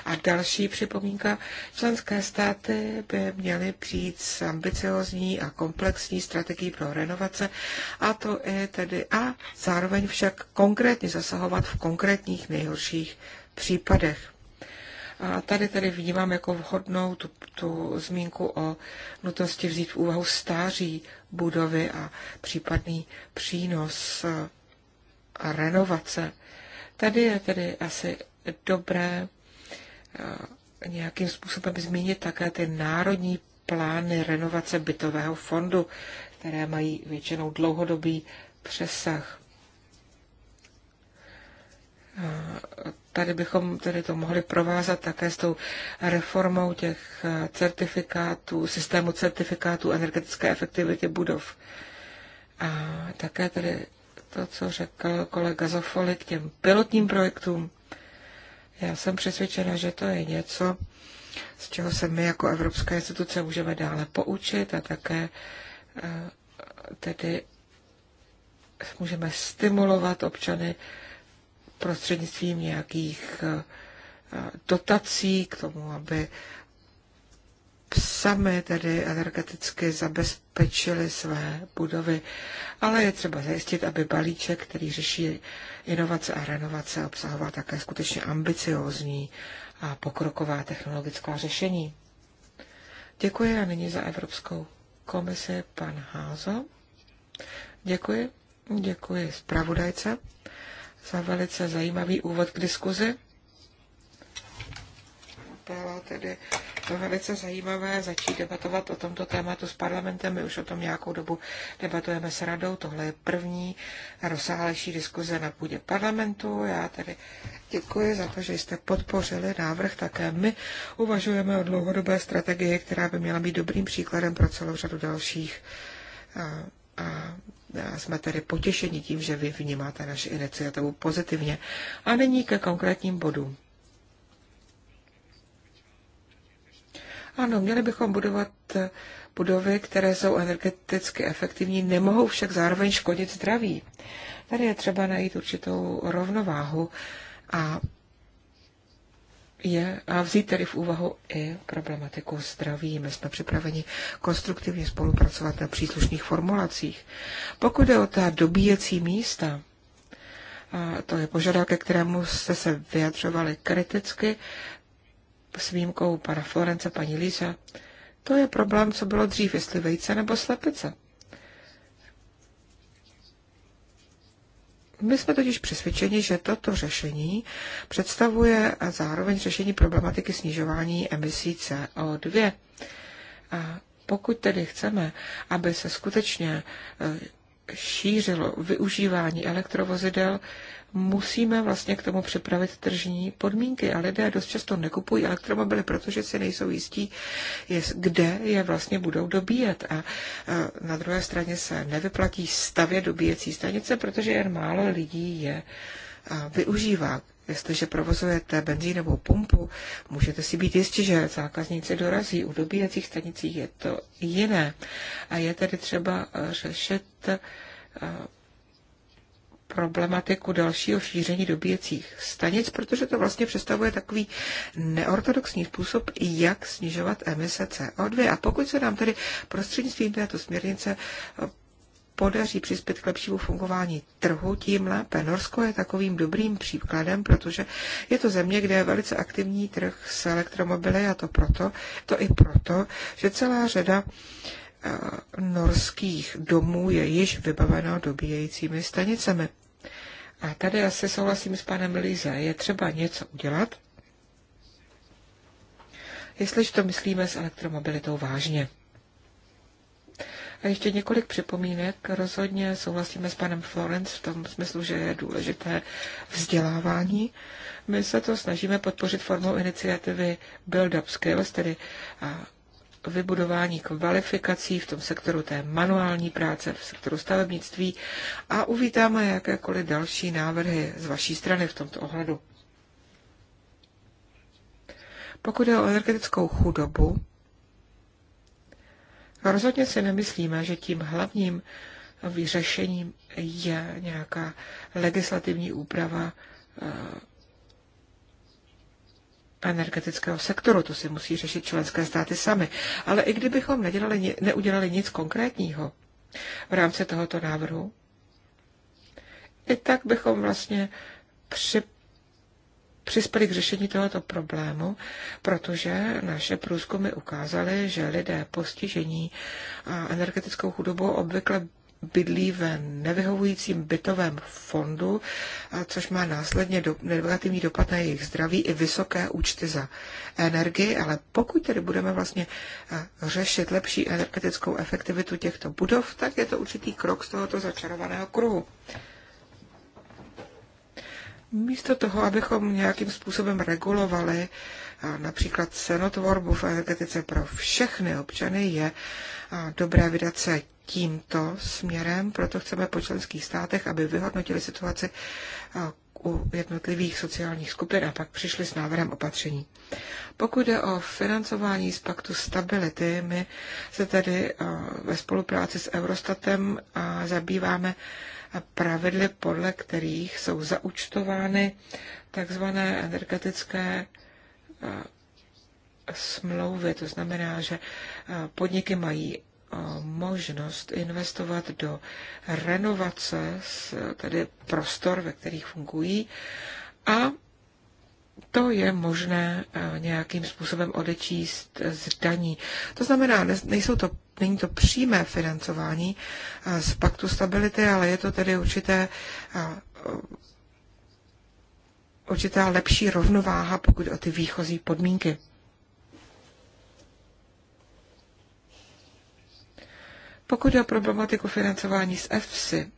A další připomínka, členské státy by měly přijít s ambiciozní a komplexní strategií pro renovace a to i tedy a zároveň však konkrétně zasahovat v konkrétních nejhorších případech. A tady tedy vnímám jako vhodnou tu, tu zmínku o nutnosti vzít v úvahu stáří budovy a případný přínos renovace. Tady je tedy asi dobré eh, nějakým způsobem zmínit také ty národní plány renovace bytového fondu, které mají většinou dlouhodobý přesah. Eh, tady bychom tedy to mohli provázat také s tou reformou těch eh, certifikátů, systému certifikátů energetické efektivity budov. A také tedy to, co řekl kolega Zofoli k těm pilotním projektům. Já jsem přesvědčena, že to je něco, z čeho se my jako Evropská instituce můžeme dále poučit a také eh, tedy můžeme stimulovat občany prostřednictvím nějakých eh, dotací k tomu, aby sami tedy energeticky zabezpečili své budovy. Ale je třeba zajistit, aby balíček, který řeší inovace a renovace, obsahoval také skutečně ambiciózní a pokroková technologická řešení. Děkuji a nyní za Evropskou komisi pan Házo. Děkuji. Děkuji zpravodajce za velice zajímavý úvod k diskuzi bylo tedy velice zajímavé začít debatovat o tomto tématu s parlamentem. My už o tom nějakou dobu debatujeme s radou. Tohle je první rozsáhlejší diskuze na půdě parlamentu. Já tedy děkuji za to, že jste podpořili návrh. Také my uvažujeme o dlouhodobé strategii, která by měla být dobrým příkladem pro celou řadu dalších a jsme tedy potěšeni tím, že vy vnímáte naši iniciativu pozitivně. A nyní ke konkrétním bodům. Ano, měli bychom budovat eh, budovy, které jsou energeticky efektivní, nemohou však zároveň škodit zdraví. Tady je třeba najít určitou rovnováhu a je a vzít tedy v úvahu i problematiku zdraví. My jsme připraveni konstruktivně spolupracovat na příslušných formulacích. Pokud je o ta dobíjecí místa, a to je požadavek, ke kterému jste se vyjadřovali kriticky, s výjimkou pana Florence, paní Líře, to je problém, co bylo dřív, jestli vejce nebo slepice. My jsme totiž přesvědčeni, že toto řešení představuje a zároveň řešení problematiky snižování emisí CO2. A pokud tedy chceme, aby se skutečně eh, šířilo využívání elektrovozidel, musíme vlastně k tomu připravit tržní podmínky. A lidé dost často nekupují elektromobily, protože si nejsou jistí, kde je vlastně budou dobíjet. A na druhé straně se nevyplatí stavě dobíjecí stanice, protože jen málo lidí je využívá. Jestliže provozujete benzínovou pumpu, můžete si být jistí, že zákazníci dorazí. U dobíjecích stanicích je to jiné. A je tedy třeba řešit problematiku dalšího šíření dobíjecích stanic, protože to vlastně představuje takový neortodoxní způsob, jak snižovat emise CO2. A pokud se nám tedy prostřednictvím této směrnice eh, podaří přispět k lepšímu fungování trhu, tím lépe. Norsko je takovým dobrým příkladem, protože je to země, kde je velice aktivní trh s elektromobily a to proto, to i proto, že celá řada Eh, norských domů je již vybavená dobíjejícími stanicemi. A tady asi souhlasím s panem Líze, je třeba něco udělat, jestliže to myslíme s elektromobilitou vážně. A ještě několik připomínek. Rozhodně souhlasíme s panem Florence v tom smyslu, že je důležité vzdělávání. My se to snažíme podpořit formou iniciativy Build Up Skills, tedy vybudování kvalifikací v tom sektoru té manuální práce, v sektoru stavebnictví a uvítáme jakékoliv další návrhy z vaší strany v tomto ohledu. Pokud je o energetickou chudobu, rozhodně si nemyslíme, že tím hlavním vyřešením je nějaká legislativní úprava eh, energetického sektoru. To si musí řešit členské státy sami. Ale i kdybychom nedělali, neudělali nic konkrétního v rámci tohoto návrhu, i tak bychom vlastně při, přispěli k řešení tohoto problému, protože naše průzkumy ukázaly, že lidé postižení energetickou chudobou obvykle bydlí v nevyhovujícím bytovém fondu, což má následně do, negativní dopad na jejich zdraví i vysoké účty za energii, ale pokud tedy budeme vlastně řešit lepší energetickou efektivitu těchto budov, tak je to určitý krok z tohoto začarovaného kruhu. Místo toho, abychom nějakým způsobem regulovali například cenotvorbu v energetice pro všechny občany, je dobré vydat se tímto směrem, proto chceme po členských státech, aby vyhodnotili situaci u jednotlivých sociálních skupin a pak přišli s návrhem opatření. Pokud jde o financování z paktu stability, my se tedy ve spolupráci s Eurostatem zabýváme pravidly, podle kterých jsou zaučtovány takzvané energetické smlouvy. To znamená, že eh, podniky mají eh, možnost investovat do renovace, tedy prostor, ve kterých fungují, a to je možné eh, nějakým způsobem odečíst z daní. To znamená, nejsou to, není to přímé financování z paktu stability, ale je to tedy určité, určitá lepší rovnováha, pokud o ty výchozí podmínky. Pokud je o problematiku financování z EFSI,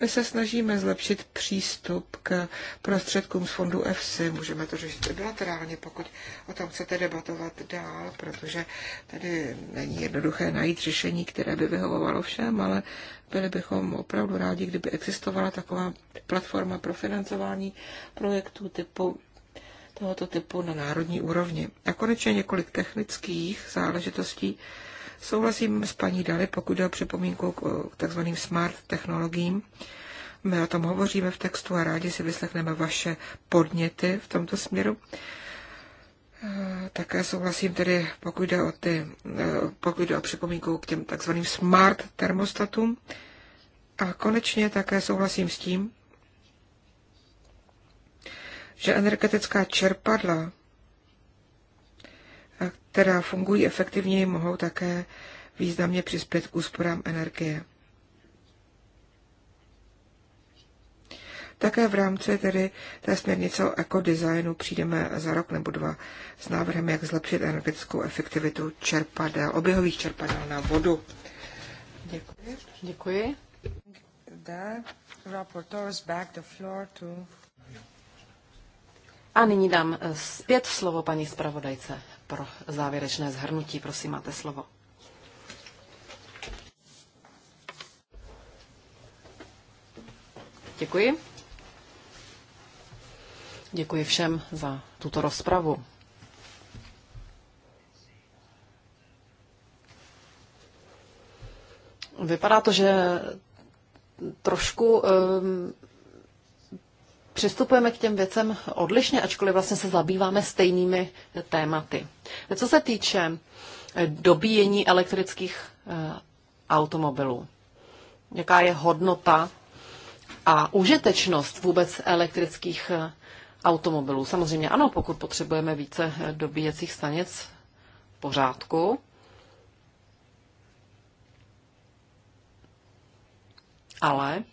my se snažíme zlepšit přístup k prostředkům z fondu EFSI. Můžeme to řešit bilaterálně, pokud o tom chcete debatovat dál, protože tady není jednoduché najít řešení, které by vyhovovalo všem, ale byli bychom opravdu rádi, kdyby existovala taková platforma pro financování projektů typu tohoto typu na národní úrovni. A konečně několik technických záležitostí. Souhlasím s paní Dali, pokud jde o připomínku k takzvaným smart technologiím. My o tom hovoříme v textu a rádi si vyslechneme vaše podněty v tomto směru. E, také souhlasím tedy, pokud jde o, ty, e, pokud jde o připomínku k těm takzvaným smart termostatům. A konečně také souhlasím s tím, že energetická čerpadla která fungují efektivněji, mohou také významně přispět k úsporám energie. Také v rámci tedy té směrnice o ekodesignu přijdeme za rok nebo dva s návrhem, jak zlepšit energetickou efektivitu čerpadel, oběhových čerpadel na vodu. Děkuji. Děkuji. back the floor to... A nyní dám eh, zpět slovo paní zpravodajce pro závěrečné zhrnutí. Prosím, máte slovo. Děkuji. Děkuji všem za tuto rozpravu. Vypadá to, že trošku um, přistupujeme k těm věcem odlišně, ačkoliv vlastně se zabýváme stejnými tématy. Co se týče eh, dobíjení elektrických eh, automobilů, jaká je hodnota a užitečnost vůbec elektrických eh, automobilů. Samozřejmě ano, pokud potřebujeme více dobíjecích stanic, pořádku. Ale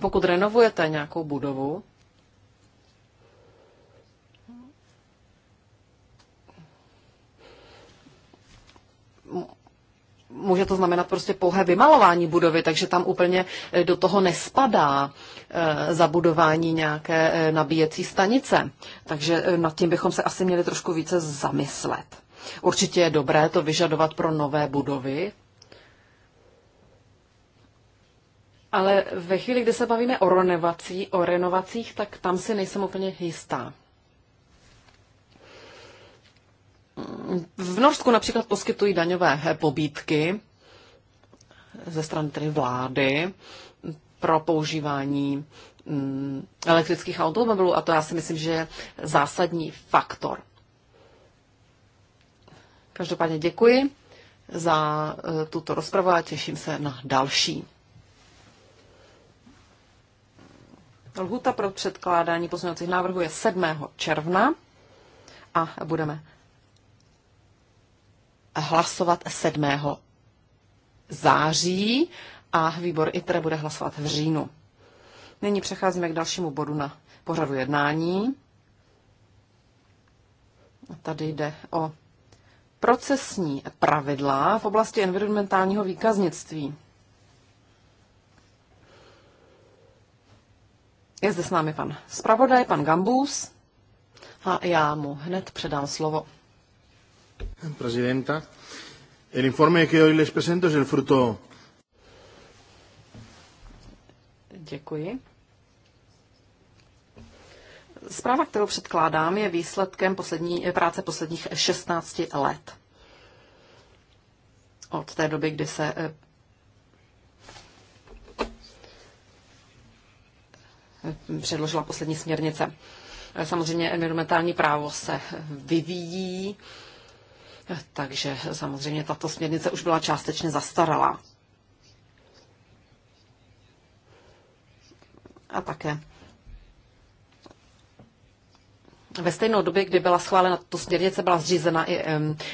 pokud renovujete nějakou budovu, může to znamenat prostě pouhé vymalování budovy, takže tam úplně eh, do toho nespadá eh, zabudování nějaké eh, nabíjecí stanice. Takže nad tím bychom se asi měli trošku více zamyslet. Určitě je dobré to vyžadovat pro nové budovy, ale ve chvíli, kdy se bavíme o, renovací, o renovacích, tak tam si nejsem úplně jistá. V Norsku například poskytují daňové pobídky ze strany tedy vlády pro používání mm, elektrických automobilů a to já si myslím, že je zásadní faktor. Každopádně děkuji za e, tuto rozpravu a těším se na další. Lhuta pro předkládání pozměňovacích návrhů je 7. června a budeme hlasovat 7. září a výbor ITRE bude hlasovat v říjnu. Nyní přecházíme k dalšímu bodu na pořadu jednání. Tady jde o procesní pravidla v oblasti environmentálního výkaznictví. Je zde s námi pan zpravodaj, pan Gambus, a já mu hned předám slovo. Prezidenta, el informe que hoy les presento es el fruto... Děkuji. Zpráva, kterou předkládám, je výsledkem poslední, práce posledních 16 let. Od té doby, kdy se eh, předložila poslední směrnice. Samozřejmě environmentální právo se vyvíjí, takže samozřejmě tato směrnice už byla částečně zastaralá. A také ve stejnou době, kdy byla schválena tato směrnice, byla zřízena i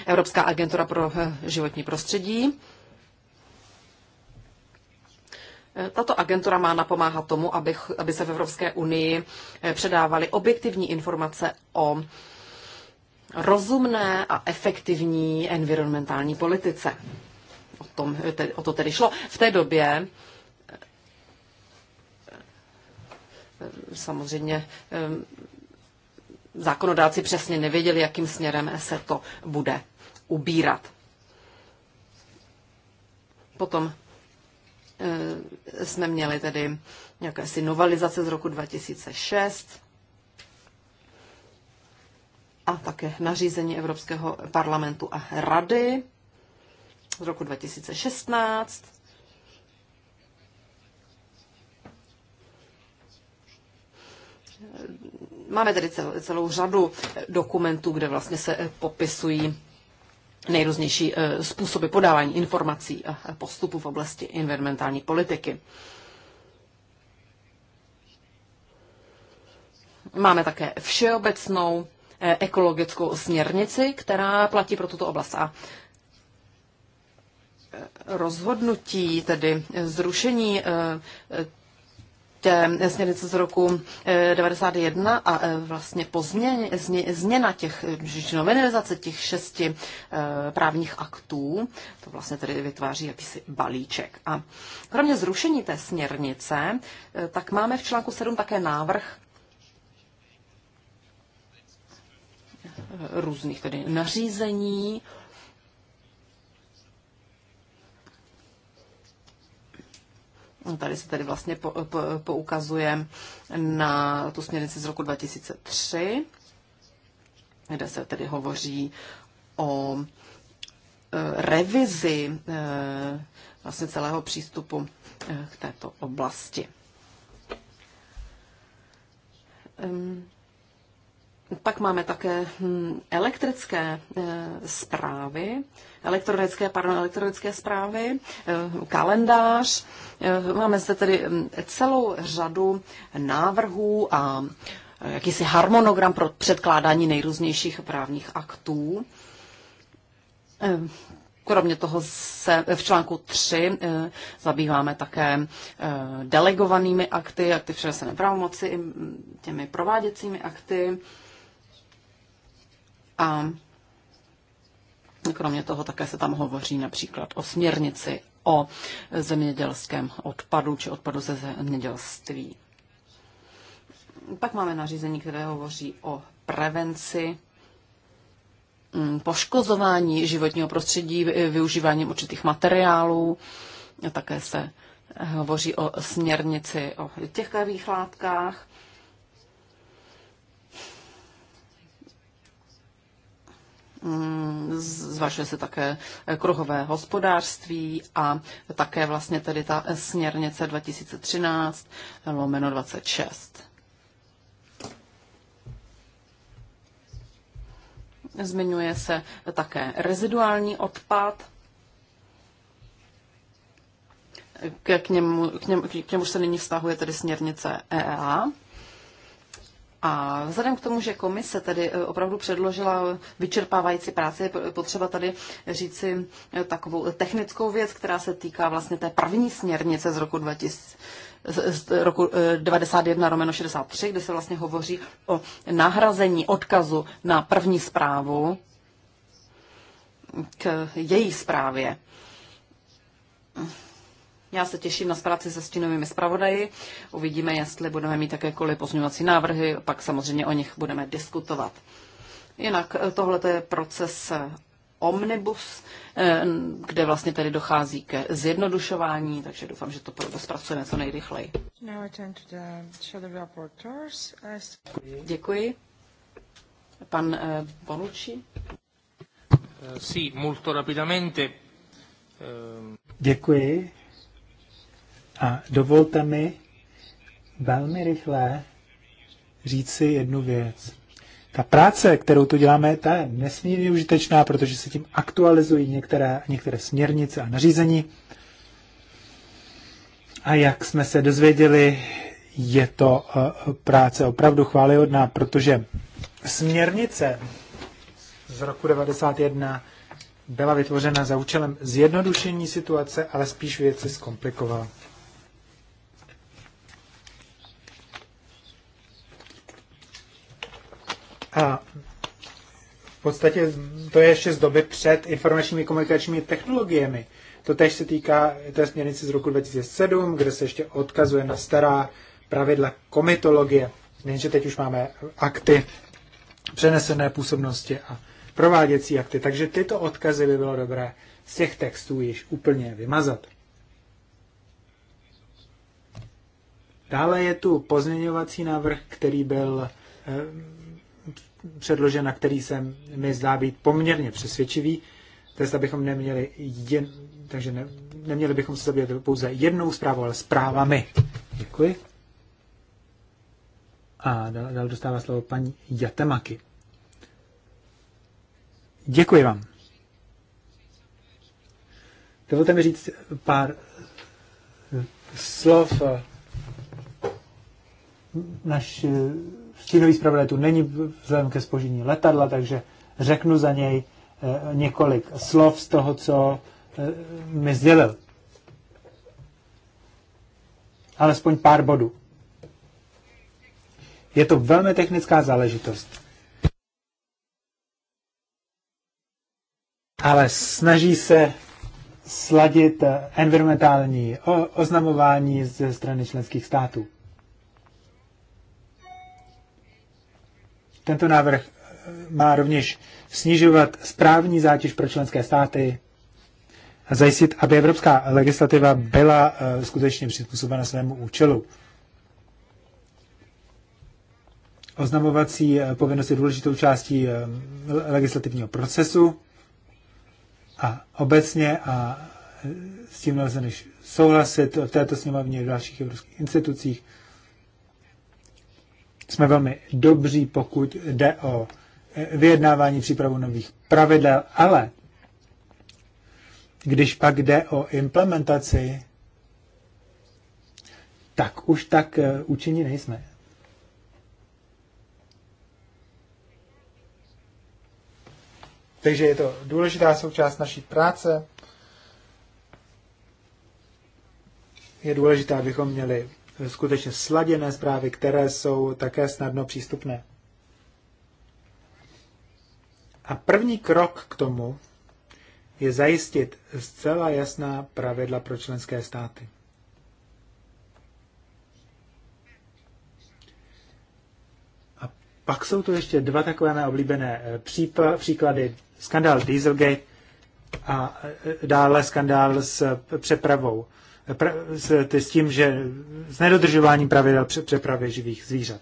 Evropská agentura pro eh, životní prostředí. Tato agentura má napomáhat tomu, aby, aby se v Evropské unii eh, předávaly objektivní informace o rozumné a efektivní environmentální politice. O, tom, eh, o to tedy šlo. V té době eh, samozřejmě zákonodáci přesně nevěděli, jakým směrem se to bude ubírat. Potom Eh, jsme měli tedy nějaké si novelizace z roku 2006 a také nařízení Evropského parlamentu a rady z roku 2016. Máme tedy celou řadu dokumentů, kde vlastně se eh, popisují nejrůznější eh, způsoby podávání informací a postupů v oblasti environmentální politiky. Máme také všeobecnou eh, ekologickou směrnici, která platí pro tuto oblast. A eh, rozhodnutí, tedy zrušení směrnice z roku 91 e, a e, vlastně po změně, změna těch, e, novinizace, těch šesti právních aktů, to vlastně tedy vytváří jakýsi balíček. A kromě zrušení té směrnice, tak máme v článku 7 také návrh různých tedy nařízení Tady se tedy vlastně po, po, poukazuje na tu směrnici z roku 2003, kde se tedy hovoří o e, revizi e, vlastně celého přístupu e, k této oblasti. Pak máme také hm, elektrické eh, zprávy, elektronické, pardon, elektronické zprávy, eh, kalendář. Eh, máme zde tedy hm, celou řadu návrhů a jakýsi harmonogram pro předkládání nejrůznějších právních aktů. Kromě toho se v článku 3 zabýváme také delegovanými akty, akty přenesené pravomoci, hm, těmi prováděcími akty. A kromě toho také se tam hovoří například o směrnici o zemědělském odpadu či odpadu ze zemědělství. Pak máme nařízení, které hovoří o prevenci mm, poškozování životního prostředí využíváním určitých materiálů. Také se hovoří o směrnici o těchkavých látkách. Mm, zvažuje se také kruhové hospodářství a také vlastně tedy ta směrnice 2013 lomeno 26. Zmiňuje se také reziduální odpad, k němu, k němu, k němu se nyní vztahuje tedy směrnice EEA. A vzhledem k tomu, že komise tedy eh, opravdu předložila vyčerpávající práci, je potřeba tady říci eh, takovou technickou věc, která se týká vlastně té první směrnice z roku 2000 z roku 91 romeno 63, kde se vlastně hovoří o nahrazení odkazu na první zprávu k její zprávě. Já se těším na spolupráci se stínovými zpravodaji. Uvidíme, jestli budeme mít jakékoliv pozměňovací návrhy, pak samozřejmě o nich budeme diskutovat. Jinak eh, tohle je proces eh, omnibus, eh, kde vlastně tedy dochází ke zjednodušování, takže doufám, že to zpracujeme co nejrychleji. Děkuji. Pan Bonucci. Sì, molto rapidamente. Děkuji. A dovolte mi velmi rychle říci jednu věc. Ta práce, kterou tu děláme, ta je nesmírně užitečná, protože se tím aktualizují některé, některé směrnice a nařízení. A jak jsme se dozvěděli, je to eh, práce opravdu chválihodná, protože směrnice z roku 1991 byla vytvořena za účelem zjednodušení situace, ale spíš věci zkomplikovala. A v podstatě to je ještě z doby před informačními komunikačními technologiemi. To tež se týká té směrnice z roku 2007, kde se ještě odkazuje na stará pravidla komitologie. Jenže teď už máme akty přenesené působnosti a prováděcí akty, takže tyto odkazy by bylo dobré z těch textů již úplně vymazat. Dále je tu pozměňovací návrh, který byl eh, předložen který se mi zdá být poměrně přesvědčivý. To je, abychom neměli jen, takže ne, neměli bychom se zabývat pouze jednou zprávou, ale zprávami. Děkuji. A dál, dál dostává slovo paní Jatemaky. Děkuji vám. Dovolte mi říct pár slov eh, naš, eh, Stínový zpravodaj tu není vzhledem ke spožení letadla, takže řeknu za něj eh, několik slov z toho, co eh, mi sdělil. Alespoň pár bodů. Je to velmi technická záležitost. Ale snaží se sladit eh, environmentální oznamování ze strany členských států. Tento návrh má rovněž snižovat správní zátěž pro členské státy a zajistit, aby evropská legislativa byla eh, skutečně přizpůsobena svému účelu. Oznamovací eh, povinnost je důležitou částí eh, legislativního procesu a obecně a s tím nelze než souhlasit v této sněmovně v dalších evropských institucích jsme velmi dobří, pokud jde o eh, vyjednávání přípravu nových pravidel, ale když pak jde o implementaci, tak už tak eh, účinní nejsme. Takže je to důležitá součást naší práce. Je důležité, abychom měli skutečně sladěné zprávy, které jsou také snadno přístupné. A první krok k tomu je zajistit zcela jasná pravidla pro členské státy. A pak jsou tu ještě dva takové mé oblíbené eh, příklady. Skandál Dieselgate a eh, eh, dále skandál s přepravou s, s tím, že s nedodržováním pravidel přepravy živých zvířat.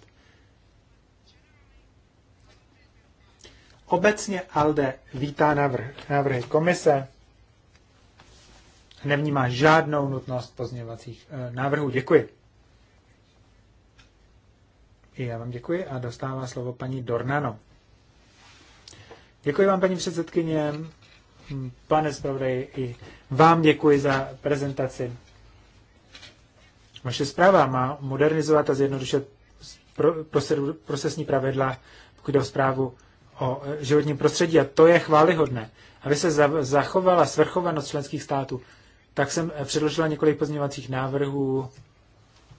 Obecně ALDE vítá návrh, návrhy komise, nevnímá žádnou nutnost pozměňovacích eh, návrhů. Děkuji. I já vám děkuji a dostává slovo paní Dornano. Děkuji vám, paní předsedkyně, pane zpravodaji, i vám děkuji za prezentaci. Vaše zpráva má modernizovat a zjednodušit procesní pravidla, pokud jde o zprávu o eh, životním prostředí. A to je chválihodné. Aby se zachovala svrchovanost členských států, tak jsem eh, předložila několik pozměňovacích návrhů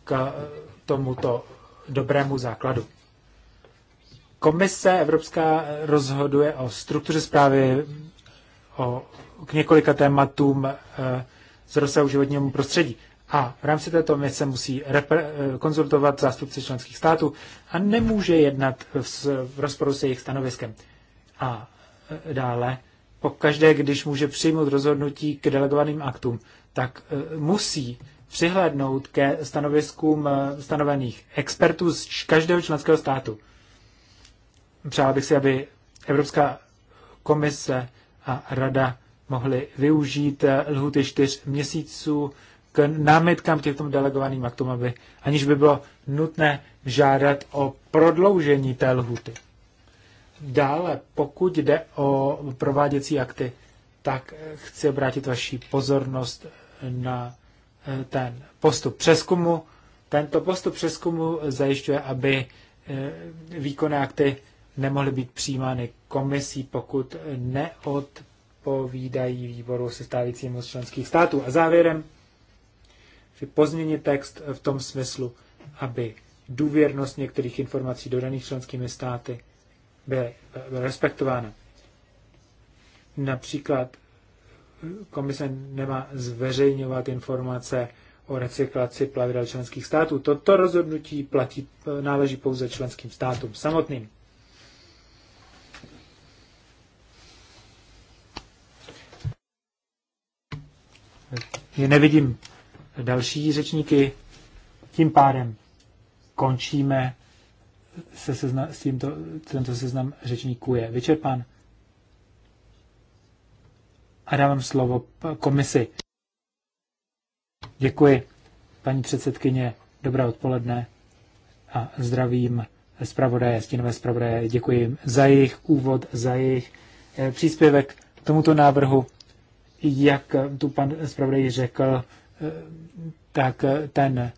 k eh, tomuto dobrému základu. Komise Evropská rozhoduje o struktuře zprávy, o, k několika tématům z rozsahu životního prostředí. A v rámci této mise musí eh, konzultovat zástupci členských států a nemůže jednat v, v rozporu s jejich stanoviskem. A eh, dále, pokaždé, když může přijmout rozhodnutí k delegovaným aktům, tak eh, musí přihlédnout ke stanoviskům stanovených expertů z každého členského státu. Přála bych si, aby Evropská komise a rada mohly využít lhuty čtyř měsíců k námitkám k těmto delegovaným aktům, aby, aniž by bylo nutné žádat o prodloužení té lhuty. Dále, pokud jde o prováděcí akty, tak chci obrátit vaši pozornost na eh, ten postup přeskumu. Tento postup přeskumu zajišťuje, aby eh, výkonné akty nemohly být přijímány komisí, pokud neodpovídají výboru se stávajícímu z členských států. A závěrem si pozměnit text v tom smyslu, aby důvěrnost některých informací dodaných členskými státy byla respektována. Například komise nemá zveřejňovat informace o recyklaci plavidel členských států. Toto rozhodnutí platí, náleží pouze členským státům samotným. Nevidím další řečníky. Tím pádem končíme se sezna, s tímto, tento seznam řečníků je vyčerpán. A dávám slovo komisi. Děkuji, paní předsedkyně, dobré odpoledne a zdravím zpravodaje, stínové zpravodaje. Děkuji jim za jejich úvod, za jejich eh, příspěvek k tomuto návrhu. Jak tu pan zpravodaj řekl, tak eh, ten,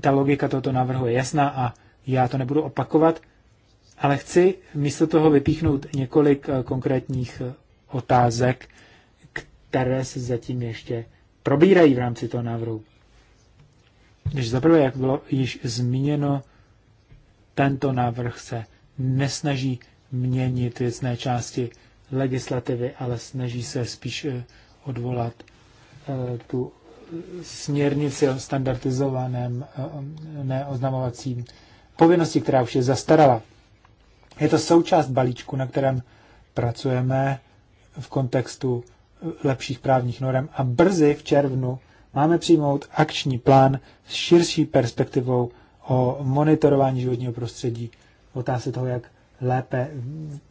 ta logika tohoto návrhu je jasná a já to nebudu opakovat, ale chci místo toho vypíchnout několik eh, konkrétních eh, otázek, které se zatím ještě probírají v rámci toho návrhu. Když zaprvé, jak bylo již zmíněno, tento návrh se nesnaží měnit věcné části legislativy, ale snaží se spíš odvolat tu směrnici o standardizovaném eh, neoznamovacím povinnosti, která už je zastarala. Je to součást balíčku, na kterém pracujeme v kontextu eh, lepších právních norem a brzy v červnu máme přijmout akční plán s širší perspektivou o monitorování životního prostředí, otázky toho, jak lépe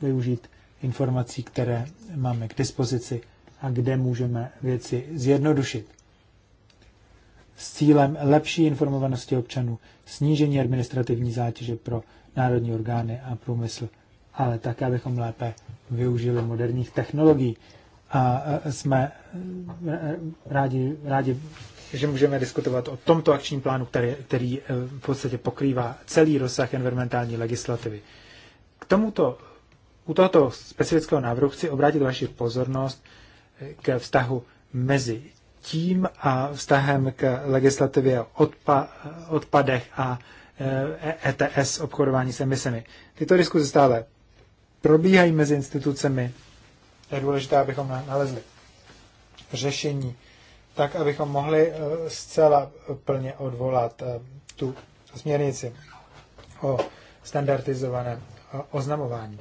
využít informací, které máme k dispozici a kde můžeme věci zjednodušit s cílem lepší informovanosti občanů, snížení administrativní zátěže pro národní orgány a průmysl, ale také, abychom lépe využili moderních technologií. A e, jsme e, rádi, rádi že můžeme diskutovat o tomto akčním plánu, který, který e, v podstatě pokrývá celý rozsah environmentální legislativy. K tomuto, u tohoto specifického návrhu chci obrátit vaši pozornost k vztahu mezi tím a vztahem k legislativě o odpa, odpadech a ETS e obchodování s emisemi. Tyto diskuze stále probíhají mezi institucemi. Je důležité, abychom nalezli řešení, tak abychom mohli e, zcela plně odvolat e, tu směrnici o standardizovaném oznamování.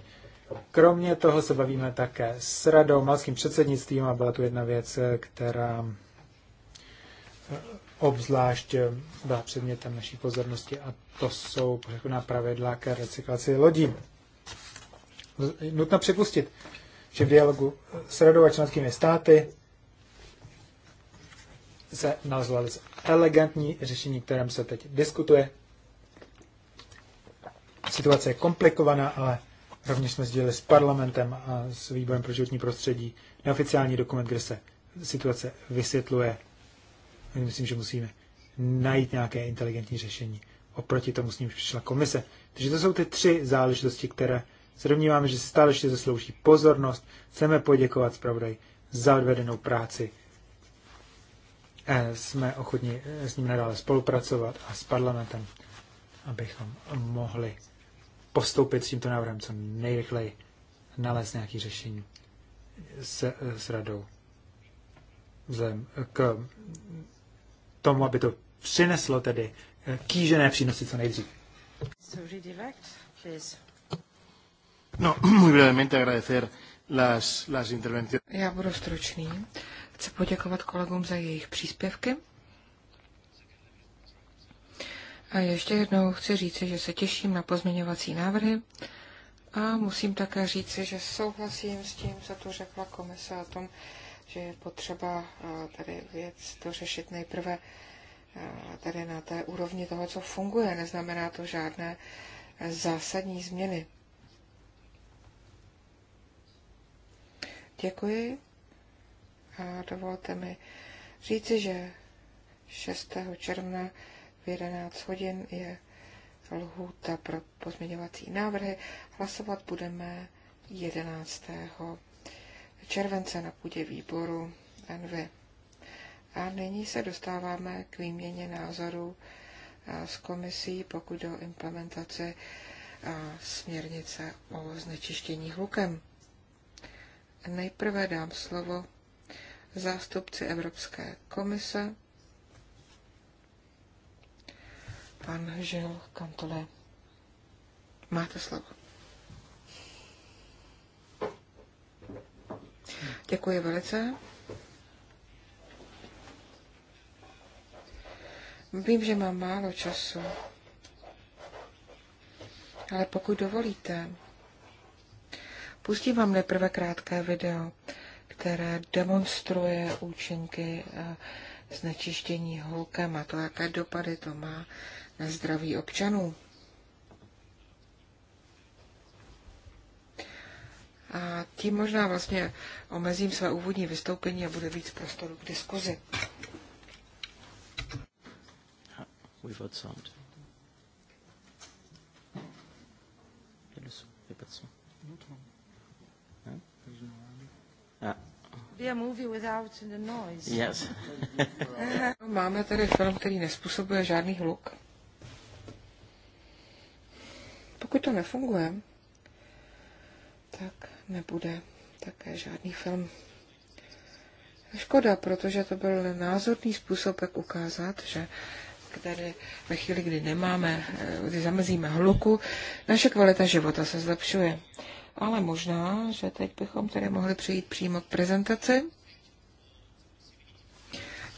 Kromě toho se bavíme také s radou, malským předsednictvím a byla tu jedna věc, která obzvlášť eh, byla předmětem naší pozornosti a to jsou přechodná pravidla ke recyklaci lodí. Nutno připustit, že v dialogu s radou a členskými státy se nalezlo elegantní řešení, kterém se teď diskutuje. Situace je komplikovaná, ale rovněž jsme sdělili s parlamentem a s výborem pro životní prostředí neoficiální dokument, kde se situace vysvětluje myslím, že musíme najít nějaké inteligentní řešení. Oproti tomu s ním přišla komise. Takže to jsou ty tři záležitosti, které se domníváme, že stále ještě zaslouží pozornost. Chceme poděkovat zpravodaj za odvedenou práci. Eh, jsme ochotni eh, s ním nadále spolupracovat a s parlamentem, abychom mohli postoupit s tímto návrhem co nejrychleji, nalézt nějaké řešení s, eh, s radou vzhledem k tomu, aby to přineslo tedy eh, kýžené přínosy co nejdřív. No, muy brevemente agradecer las, las intervenciones. Já budu stručný. Chci poděkovat kolegům za jejich příspěvky. A ještě jednou chci říci, že se těším na pozměňovací návrhy. A musím také říci, že souhlasím s tím, co tu řekla komise o tom, že je potřeba eh, tady věc dořešit nejprve eh, tady na té úrovni toho, co funguje. Neznamená to žádné eh, zásadní změny. Děkuji a dovolte mi říci, že 6. června v 11 hodin je lhůta pro pozměňovací návrhy. Hlasovat budeme 11 července na půdě výboru NV. A nyní se dostáváme k výměně názorů s komisí, pokud o implementaci směrnice o znečištění hlukem. Nejprve dám slovo zástupci Evropské komise, pan Žil Kantole. Máte slovo. Děkuji velice. Vím, že mám málo času, ale pokud dovolíte, pustím vám nejprve krátké video, které demonstruje účinky eh, znečištění hlukem a to, jaké dopady to má na zdraví občanů. A tím možná vlastně omezím své úvodní vystoupení a bude víc prostoru k diskuzi. Ah. Without Yes. Máme tady film, který nespůsobuje žádný hluk. Pokud to nefunguje, tak nebude také žádný film. Škoda, protože to byl názorný způsob, jak ukázat, že tady ve chvíli, kdy nemáme, eh, kdy zamezíme hluku, naše kvalita života se zlepšuje. Ale možná, že teď bychom tedy mohli přejít přímo k prezentaci.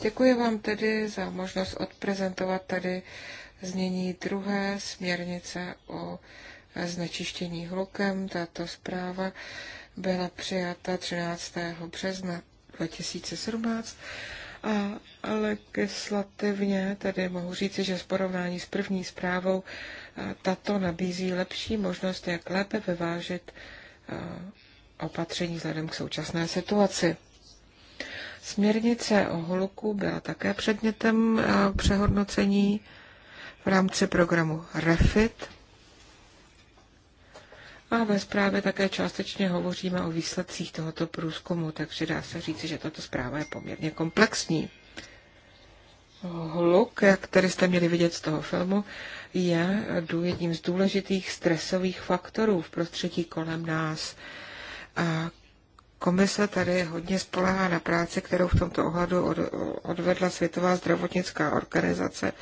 Děkuji vám tedy za možnost odprezentovat tady znění druhé směrnice o znečištění hlukem. Tato zpráva byla přijata 13. března 2017 a legislativně tedy mohu říci, že v porovnání s první zprávou tato nabízí lepší možnost, jak lépe vyvážit opatření vzhledem k současné situaci. Směrnice o holuku byla také předmětem přehodnocení v rámci programu REFIT, a ve zprávě také částečně hovoříme o výsledcích tohoto průzkumu, takže dá se říci, že tato zpráva je poměrně komplexní. Hluk, který jste měli vidět z toho filmu, je jedním z důležitých stresových faktorů v prostředí kolem nás. A komise tady hodně spolehá na práci, kterou v tomto ohledu odvedla Světová zdravotnická organizace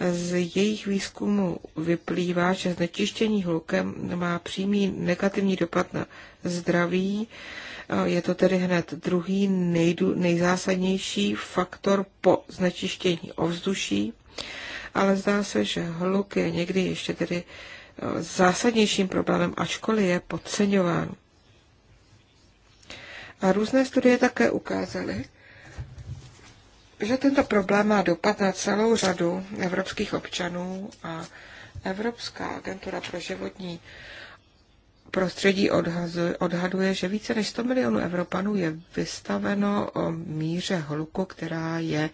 z jejich výzkumu vyplývá, že znečištění hlukem má přímý negativní dopad na zdraví. Je to tedy hned druhý nejdu, nejzásadnější faktor po znečištění ovzduší, ale zdá se, že hluk je někdy ještě tedy e, zásadnějším problémem, ačkoliv je podceňován. A různé studie také ukázaly, že tento problém má dopad na celou řadu evropských občanů a Evropská agentura pro životní prostředí odhaduje, že více než 100 milionů Evropanů je vystaveno o míře hluku, která je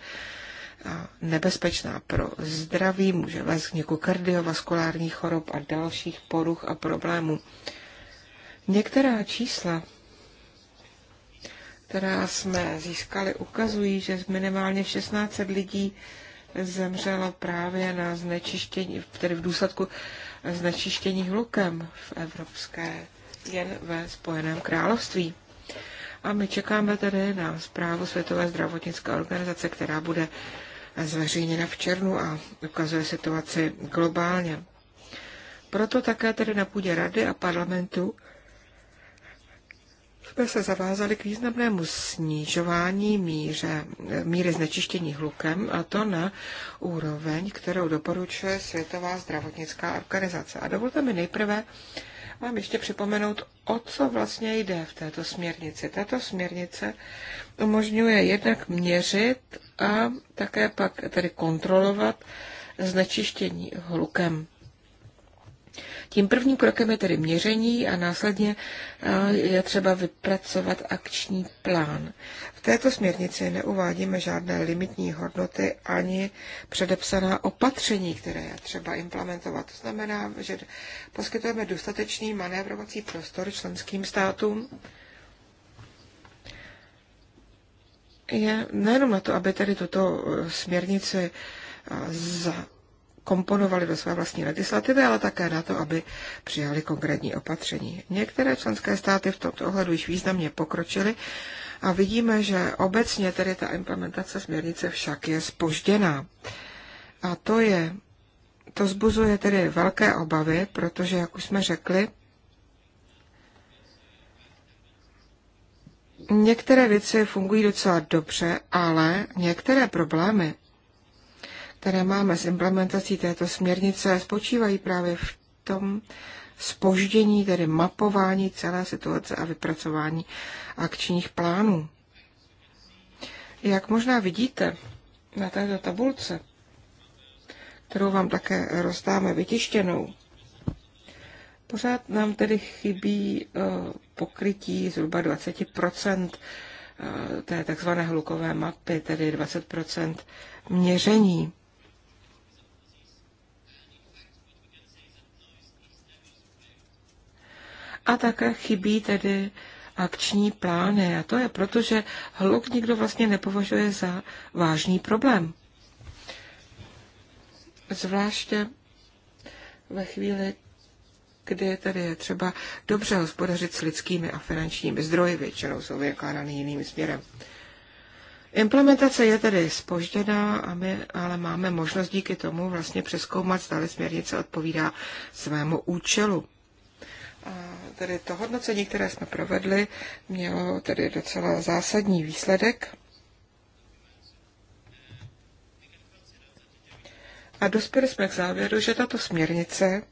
nebezpečná pro zdraví, může vést k vzniku kardiovaskulárních chorob a dalších poruch a problémů. Některá čísla která jsme získali, ukazují, že minimálně 16 lidí zemřelo právě na znečištění, tedy v důsledku znečištění hlukem v Evropské, jen ve Spojeném království. A my čekáme tedy na zprávu Světové zdravotnické organizace, která bude zveřejněna v červnu a ukazuje situaci globálně. Proto také tedy na půdě Rady a parlamentu jsme se zavázali k významnému snižování míře, míry znečištění hlukem, a to na úroveň, kterou doporučuje Světová zdravotnická organizace. A dovolte mi nejprve vám ještě připomenout, o co vlastně jde v této směrnici. Tato směrnice umožňuje jednak měřit a také pak tedy kontrolovat znečištění hlukem. Tím prvním krokem je tedy měření a následně eh, je třeba vypracovat akční plán. V této směrnici neuvádíme žádné limitní hodnoty ani předepsaná opatření, které je třeba implementovat. To znamená, že poskytujeme dostatečný manévrovací prostor členským státům, je nejenom na to, aby tady tuto směrnici eh, za, komponovali do své vlastní legislativy, ale také na to, aby přijali konkrétní opatření. Některé členské státy v tomto ohledu již významně pokročily a vidíme, že obecně tedy ta implementace směrnice však je spožděná. A to je, to zbuzuje tedy velké obavy, protože, jak už jsme řekli, některé věci fungují docela dobře, ale některé problémy které máme s implementací této směrnice, spočívají právě v tom spoždění, tedy mapování celé situace a vypracování akčních plánů. Jak možná vidíte na této tabulce, kterou vám také rozdáme vytištěnou, pořád nám tedy chybí eh, pokrytí zhruba 20 eh, té takzvané hlukové mapy, tedy 20 měření. A také chybí tedy akční plány. A to je proto, že hluk nikdo vlastně nepovažuje za vážný problém. Zvláště ve chvíli, kdy tady je třeba dobře hospodařit s lidskými a finančními zdroji, většinou jsou vykládány jiným směrem. Implementace je tedy spožděná, a my ale máme možnost díky tomu vlastně přeskoumat, zda směrnice odpovídá svému účelu. A tedy to hodnocení, které jsme provedli, mělo tedy docela zásadní výsledek. A dospěli jsme k závěru, že tato směrnice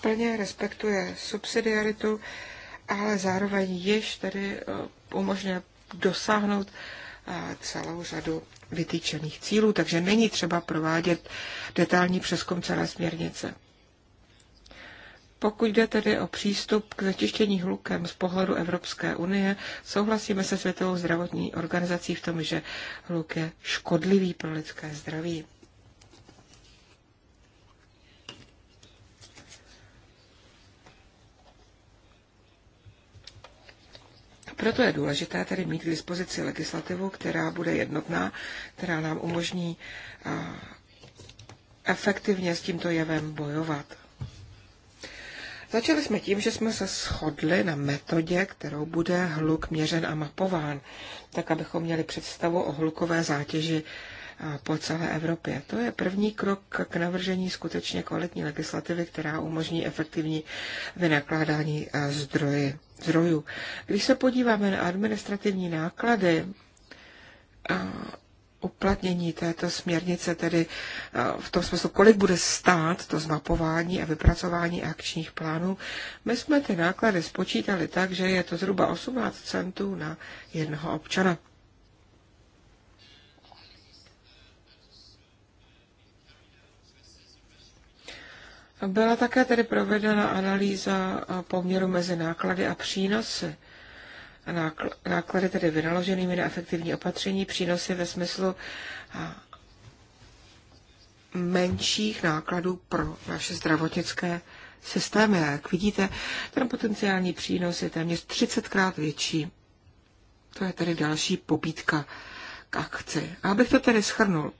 plně respektuje subsidiaritu, ale zároveň již tedy eh, umožňuje dosáhnout eh, celou řadu vytýčených cílů, takže není třeba provádět detailní přeskum celé směrnice. Pokud jde tedy o přístup k začištění hlukem z pohledu Evropské unie, souhlasíme se Světovou zdravotní organizací v tom, že hluk je škodlivý pro lidské zdraví. Proto je důležité tedy mít k dispozici legislativu, která bude jednotná, která nám umožní efektivně s tímto jevem bojovat. Začali jsme tím, že jsme se shodli na metodě, kterou bude hluk měřen a mapován, tak abychom měli představu o hlukové zátěži po celé Evropě. To je první krok k navržení skutečně kvalitní legislativy, která umožní efektivní vynakládání zdroje. zdrojů. Když se podíváme na administrativní náklady, uplatnění této směrnice, tedy eh, v tom smyslu, kolik bude stát to zmapování a vypracování akčních plánů. My jsme ty náklady spočítali tak, že je to zhruba 18 centů na jednoho občana. Byla také tedy provedena analýza eh, poměru mezi náklady a přínosy náklady tedy vynaloženými na efektivní opatření, přínosy ve smyslu menších nákladů pro naše zdravotnické systémy. A jak vidíte, ten potenciální přínos je téměř 30krát větší. To je tedy další pobídka k akci. A abych to tedy schrnul.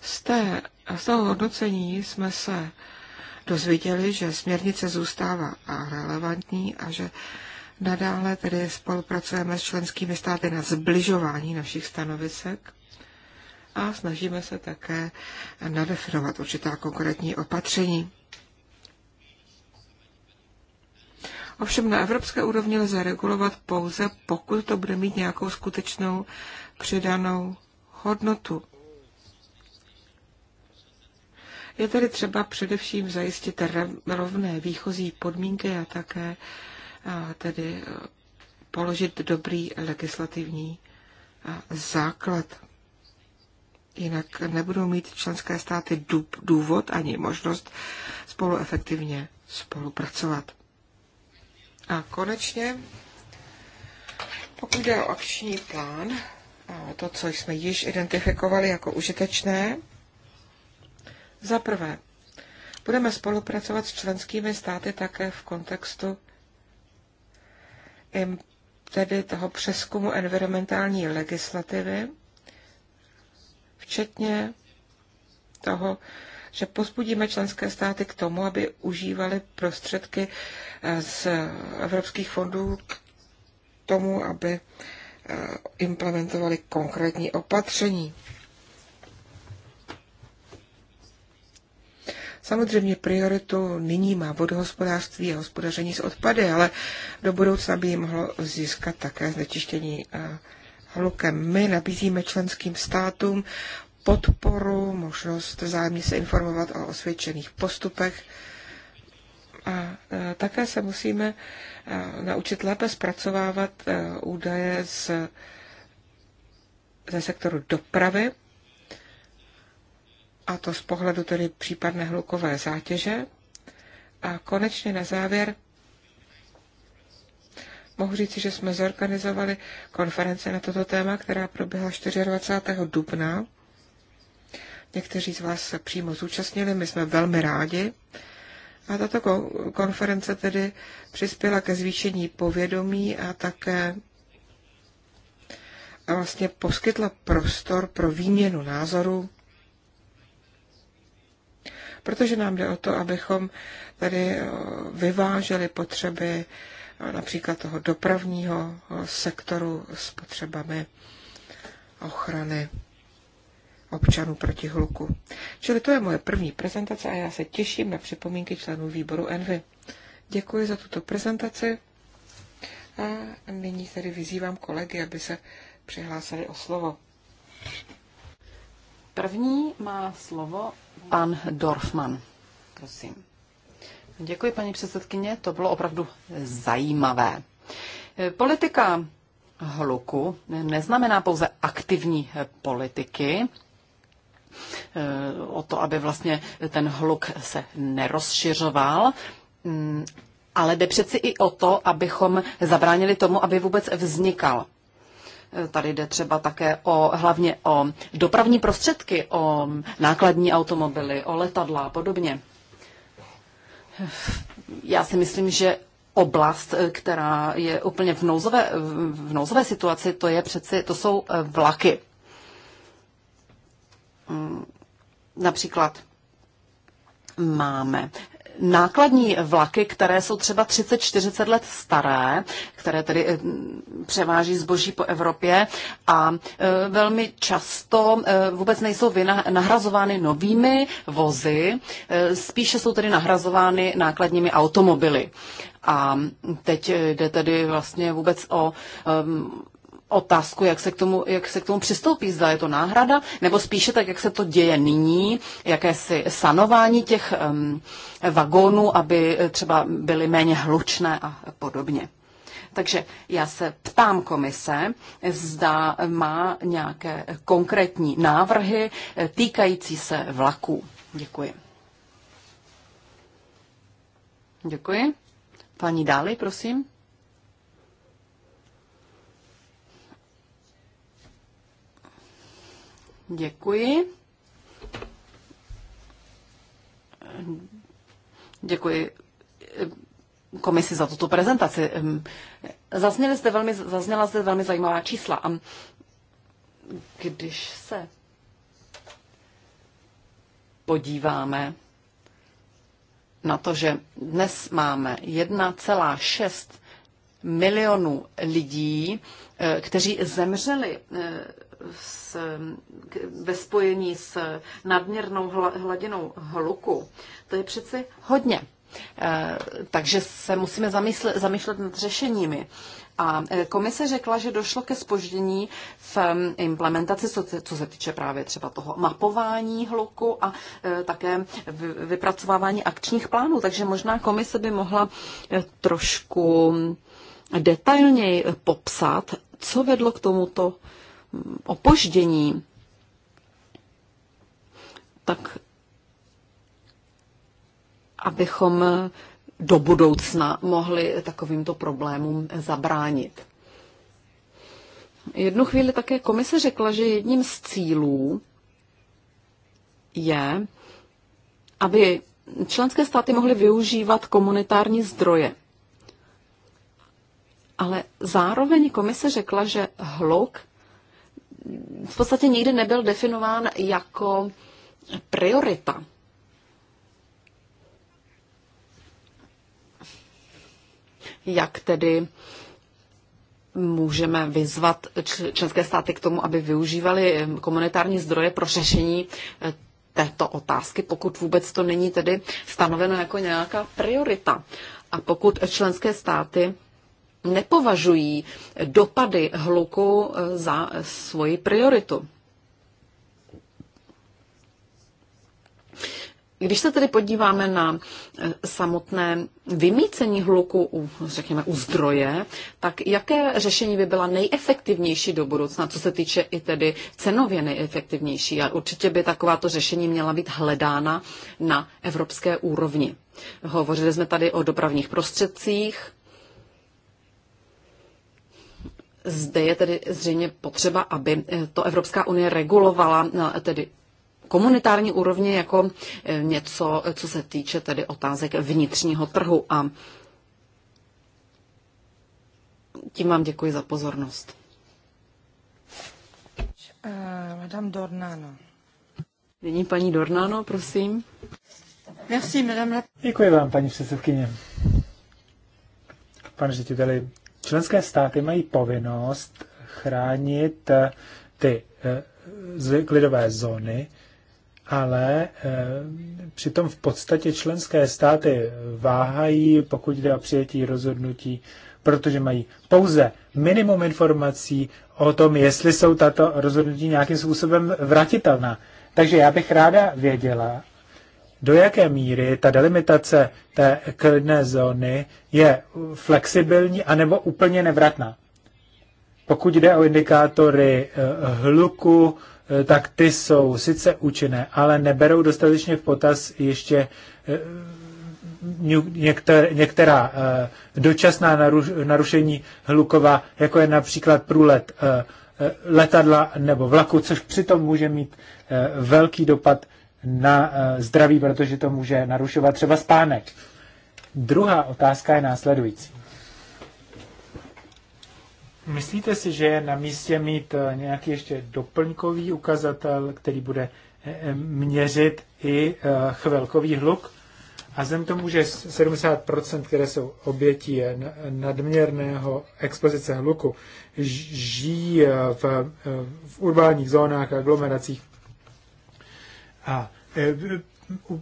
Z, té, z toho hodnocení jsme se dozvěděli, že směrnice zůstává relevantní a že Nadále tedy spolupracujeme s členskými státy na zbližování našich stanovisek a snažíme se také nadefinovat určitá konkrétní opatření. Ovšem na evropské úrovni lze regulovat pouze, pokud to bude mít nějakou skutečnou přidanou hodnotu. Je tedy třeba především zajistit rovné výchozí podmínky a také tedy eh, položit dobrý legislativní eh, základ. Jinak nebudou mít členské státy důvod ani možnost spolu efektivně spolupracovat. A konečně, pokud jde o akční plán, to, co jsme již identifikovali jako užitečné, za prvé, budeme spolupracovat s členskými státy také v kontextu tedy toho přeskumu environmentální legislativy, včetně toho, že pozbudíme členské státy k tomu, aby užívali prostředky eh, z evropských fondů k tomu, aby eh, implementovali konkrétní opatření. Samozřejmě prioritu nyní má vodohospodářství a hospodaření s odpady, ale do budoucna by ji mohlo získat také znečištění eh, hlukem. My nabízíme členským státům podporu, možnost vzájemně se informovat o osvědčených postupech. A eh, také se musíme eh, naučit lépe zpracovávat údaje z, ze sektoru dopravy, a to z pohledu tedy případné hlukové zátěže. A konečně na závěr mohu říci, že jsme zorganizovali konference na toto téma, která proběhla 24. dubna. Někteří z vás se přímo zúčastnili, my jsme velmi rádi. A tato konference tedy přispěla ke zvýšení povědomí a také vlastně poskytla prostor pro výměnu názorů protože nám jde o to, abychom tady eh, vyváželi potřeby eh, například toho dopravního eh, sektoru s potřebami ochrany občanů proti hluku. Čili to je moje první prezentace a já se těším na připomínky členů výboru Envy. Děkuji za tuto prezentaci a nyní tedy vyzývám kolegy, aby se přihlásili o slovo. První má slovo pan Dorfman. Prosím. Děkuji, paní předsedkyně, to bylo opravdu zajímavé. Politika hluku neznamená pouze aktivní politiky, eh, o to, aby vlastně ten hluk se nerozšiřoval, mm, ale jde přeci i o to, abychom zabránili tomu, aby vůbec vznikal. Tady jde třeba také o, hlavně o dopravní prostředky, o nákladní automobily, o letadla a podobně. Já si myslím, že oblast, eh, která je úplně v nouzové, v nouzové situaci, to, je přeci, to jsou eh, vlaky. Mm, například máme nákladní vlaky, které jsou třeba 30-40 let staré, které tedy eh, převáží zboží po Evropě a eh, velmi často eh, vůbec nejsou nahrazovány novými vozy, spíše jsou tedy nahrazovány nákladními automobily. A teď jde tedy vlastně vůbec o um, otázku, jak se, k tomu, jak se k tomu přistoupí, zda je to náhrada, nebo spíše tak, jak se to děje nyní, jakési sanování těch um, vagónů, aby třeba byly méně hlučné a podobně. Takže já se ptám komise, zda má nějaké konkrétní návrhy eh, týkající se vlaků. Děkuji. Děkuji. Paní Dáli, prosím. Děkuji. Děkuji eh, komisi za tuto prezentaci. Ehm, zazněly zde velmi, zazněla zde velmi zajímavá čísla. A když se podíváme na to, že dnes máme 1,6 milionů lidí, eh, kteří zemřeli eh, s, ve spojení s nadměrnou hladinou hluku, to je přeci hodně. E, takže se musíme zamyslet, zamýšlet nad řešeními. A e, komise řekla, že došlo ke spoždění v implementaci, co se týče právě třeba toho mapování hluku a e, také vypracovávání akčních plánů. Takže možná komise by mohla trošku detailněji popsat, co vedlo k tomuto opoždění, tak abychom do budoucna mohli takovýmto problémům zabránit. Jednu chvíli také komise řekla, že jedním z cílů je, aby členské státy mohly využívat komunitární zdroje. Ale zároveň komise řekla, že hluk v podstatě nikdy nebyl definován jako priorita. Jak tedy můžeme vyzvat členské státy k tomu, aby využívali eh, komunitární zdroje pro řešení eh, této otázky, pokud vůbec to není tedy stanoveno jako nějaká priorita. A pokud členské státy nepovažují dopady hluku eh, za svoji prioritu. Když se tedy podíváme na eh, samotné vymícení hluku u, řekněme, u zdroje, tak jaké řešení by byla nejefektivnější do budoucna, co se týče i tedy cenově nejefektivnější? A určitě by takováto řešení měla být hledána na evropské úrovni. Hovořili jsme tady o dopravních prostředcích, Zde je tedy zřejmě potřeba, aby eh, to Evropská unie regulovala eh, tedy komunitární úrovně jako eh, něco, co se týče tedy otázek vnitřního trhu. A tím vám děkuji za pozornost. Madame Dornano. Nyní paní Dornano, prosím. Děkuji vám, paní předsedkyně. Pan ředitel Členské státy mají povinnost chránit eh, ty eh, klidové zóny, ale eh, přitom v podstatě členské státy váhají, pokud jde o přijetí rozhodnutí, protože mají pouze minimum informací o tom, jestli jsou tato rozhodnutí nějakým způsobem vratitelná. Takže já bych ráda věděla, do jaké míry ta delimitace té klidné zóny je flexibilní anebo úplně nevratná. Pokud jde o indikátory eh, hluku, eh, tak ty jsou sice účinné, ale neberou dostatečně v potaz ještě eh, některá dočasná narušení hluková, jako je například průlet letadla nebo vlaku, což přitom může mít velký dopad na eh, zdraví, protože to může narušovat třeba spánek. Druhá otázka je následující. Myslíte si, že je na místě mít eh, nějaký ještě doplňkový ukazatel, který bude eh, měřit i chvilkový hluk? A zem tomu, že 70%, které jsou obětí nadměrného expozice hluku, žijí v, v urbánních zónách a aglomeracích, a e,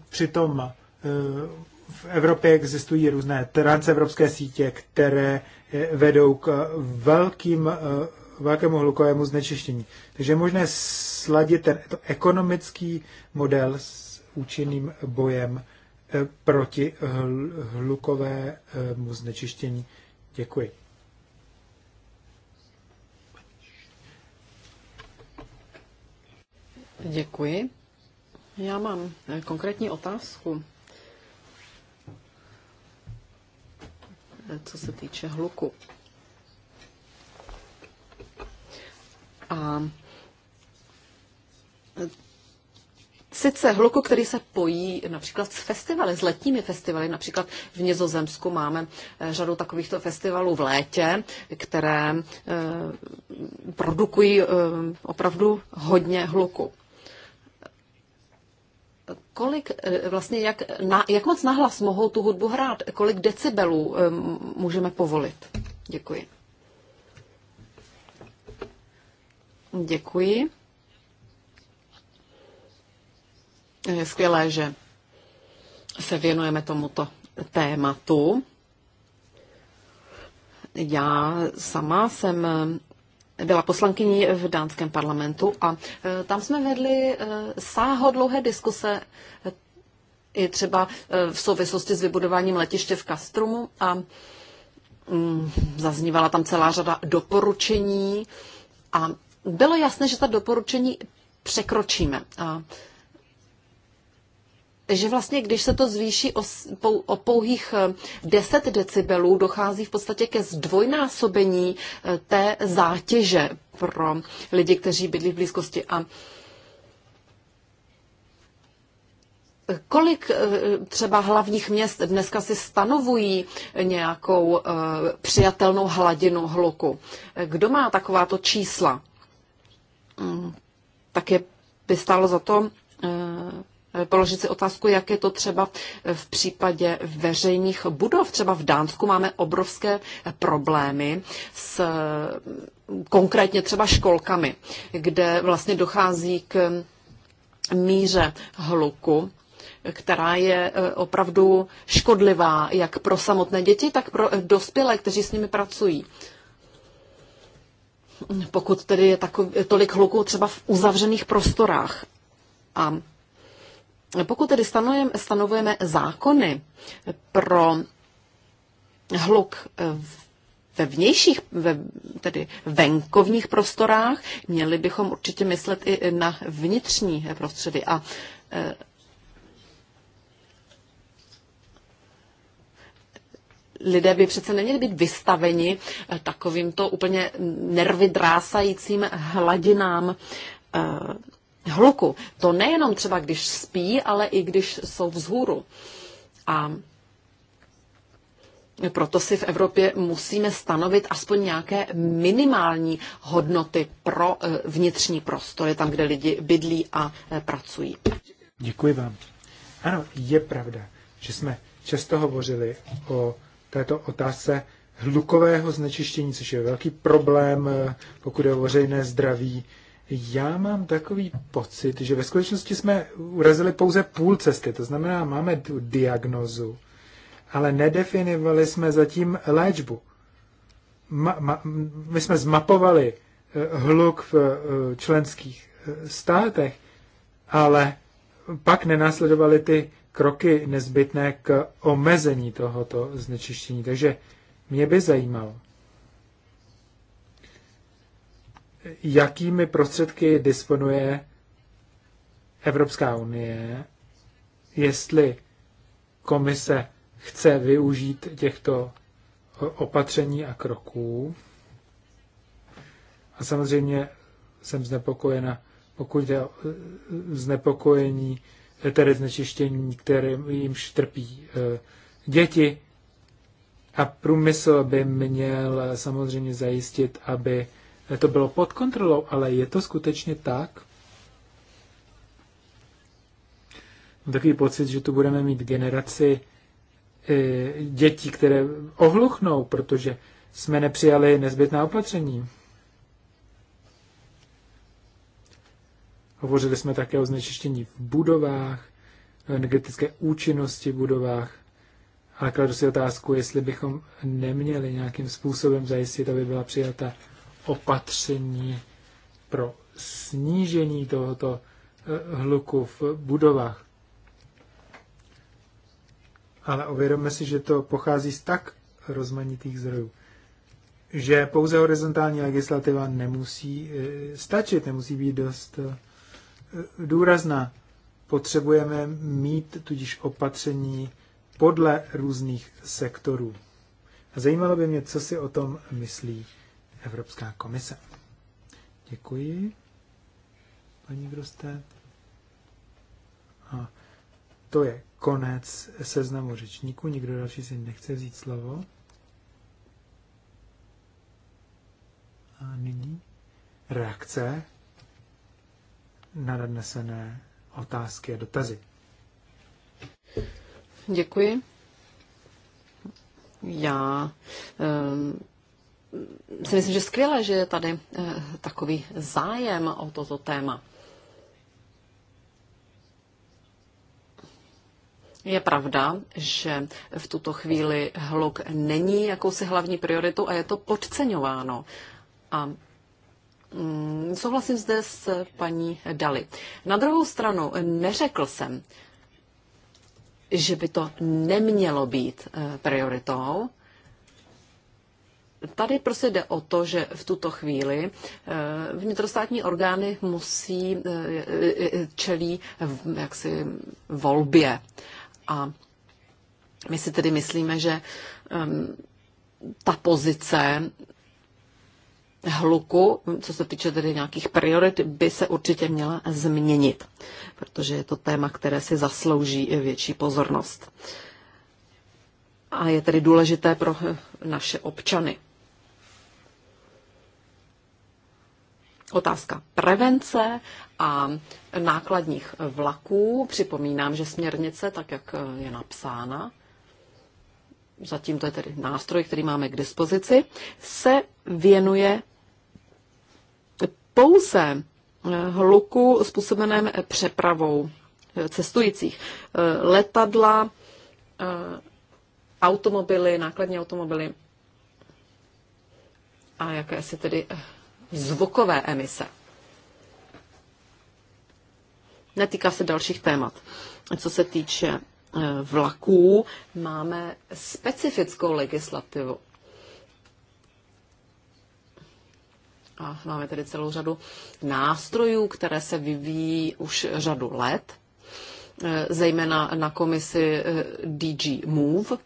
přitom e, v Evropě existují různé transevropské sítě, které e, vedou k velkým, velkému hlukovému znečištění. Takže je možné sladit ten ekonomický model s účinným bojem proti hlukovému znečištění. Děkuji. Děkuji. Já mám eh, konkrétní otázku. Eh, co se týče hluku. A eh, sice hluku, který se pojí například s festivaly, s letními festivaly. Například v Nizozemsku máme řadu takovýchto festivalů v létě, které produkují opravdu hodně hluku kolik eh, vlastně, jak, na, jak moc nahlas mohou tu hudbu hrát, kolik decibelů eh, můžeme povolit? Děkuji. Děkuji. Je eh, skvělé, že se věnujeme tomuto tématu. Já sama jsem byla poslankyní v dánském parlamentu a e, tam jsme vedli e, sáhodlouhé diskuse e, i třeba v souvislosti s vybudováním letiště v Kastrumu a mm, zaznívala tam celá řada doporučení a bylo jasné, že ta doporučení překročíme. A že vlastně, když se to zvýší o, o pouhých 10 eh, decibelů, dochází v podstatě ke zdvojnásobení eh, té zátěže pro lidi, kteří bydlí v blízkosti. A eh, Kolik třeba hlavních měst dneska si stanovují nějakou přijatelnou hladinu hluku? Kdo má takováto čísla? Hmm, je, by stálo za to položit si otázku, jak je to třeba v případě veřejných budov. Třeba v Dánsku máme obrovské problémy s konkrétně třeba školkami, kde vlastně dochází k míře hluku, která je e, opravdu škodlivá jak pro samotné děti, tak pro e, dospělé, kteří s nimi pracují. Pokud tedy je takový, tolik hluku třeba v uzavřených prostorách. A pokud tedy stanovujeme, stanovujeme zákony pro hluk ve vnějších, ve, tedy venkovních prostorách, měli bychom určitě myslet i na vnitřní prostředy. A e, lidé by přece neměli být vystaveni e, takovýmto úplně nervy drásajícím hladinám e, hluku. To nejenom třeba, když spí, ale i když jsou vzhůru. A proto si v Evropě musíme stanovit aspoň nějaké minimální hodnoty pro eh, vnitřní prostory, tam, kde lidi bydlí a eh, pracují. Děkuji vám. Ano, je pravda, že jsme často hovořili o této otázce hlukového znečištění, což je velký problém, eh, pokud je o veřejné zdraví já mám takový pocit, že ve skutečnosti jsme urazili pouze půl cesty, to znamená, máme tu diagnozu, ale nedefinovali jsme zatím léčbu. Ma, ma, my jsme zmapovali eh, hluk v eh, členských eh, státech, ale pak nenásledovali ty kroky nezbytné k omezení tohoto znečištění. Takže mě by zajímalo, jakými prostředky disponuje Evropská unie, jestli komise chce využít těchto opatření a kroků. A samozřejmě jsem znepokojena, pokud je e, znepokojení, e, tedy znečištění, kterým jim štrpí e, děti. A průmysl by měl samozřejmě zajistit, aby to bylo pod kontrolou, ale je to skutečně tak? Mám takový pocit, že tu budeme mít generaci eh, dětí, které ohluchnou, protože jsme nepřijali nezbytná opatření. Hovořili jsme také o znečištění v budovách, energetické účinnosti v budovách, ale kladu si otázku, jestli bychom neměli nějakým způsobem zajistit, aby byla přijata opatření pro snížení tohoto eh, hluku v budovách. Ale uvědomme si, že to pochází z tak rozmanitých zdrojů, že pouze horizontální legislativa nemusí eh, stačit, nemusí být dost eh, důrazná. Potřebujeme mít tudíž opatření podle různých sektorů. A zajímalo by mě, co si o tom myslíš. Evropská komise. Děkuji, paní Groste. A to je konec seznamu řečníků. Nikdo další si nechce vzít slovo. A nyní reakce na nadnesené otázky a dotazy. Děkuji. Já um si myslím, že skvělé, že je tady eh, takový zájem o toto téma. Je pravda, že v tuto chvíli hluk není jakousi hlavní prioritu, a je to podceňováno. A mm, souhlasím zde s paní Dali. Na druhou stranu, neřekl jsem, že by to nemělo být eh, prioritou, Tady prostě jde o to, že v tuto chvíli eh, vnitrostátní orgány musí eh, eh, čelí jaksi volbě. A my si tedy myslíme, že ehm, ta pozice hluku, co se týče tedy nějakých priorit, by se určitě měla změnit, protože je to téma, které si zaslouží větší pozornost. A je tedy důležité pro naše občany. Otázka prevence a nákladních vlaků. Připomínám, že směrnice, tak jak je napsána, zatím to je tedy nástroj, který máme k dispozici, se věnuje pouze hluku způsobeném přepravou cestujících. Letadla, automobily, nákladní automobily a jaké si tedy zvukové emise. Netýká se dalších témat. Co se týče eh, vlaků, máme specifickou legislativu. A máme tedy celou řadu nástrojů, které se vyvíjí už řadu let, eh, zejména na komisi eh, DG Move.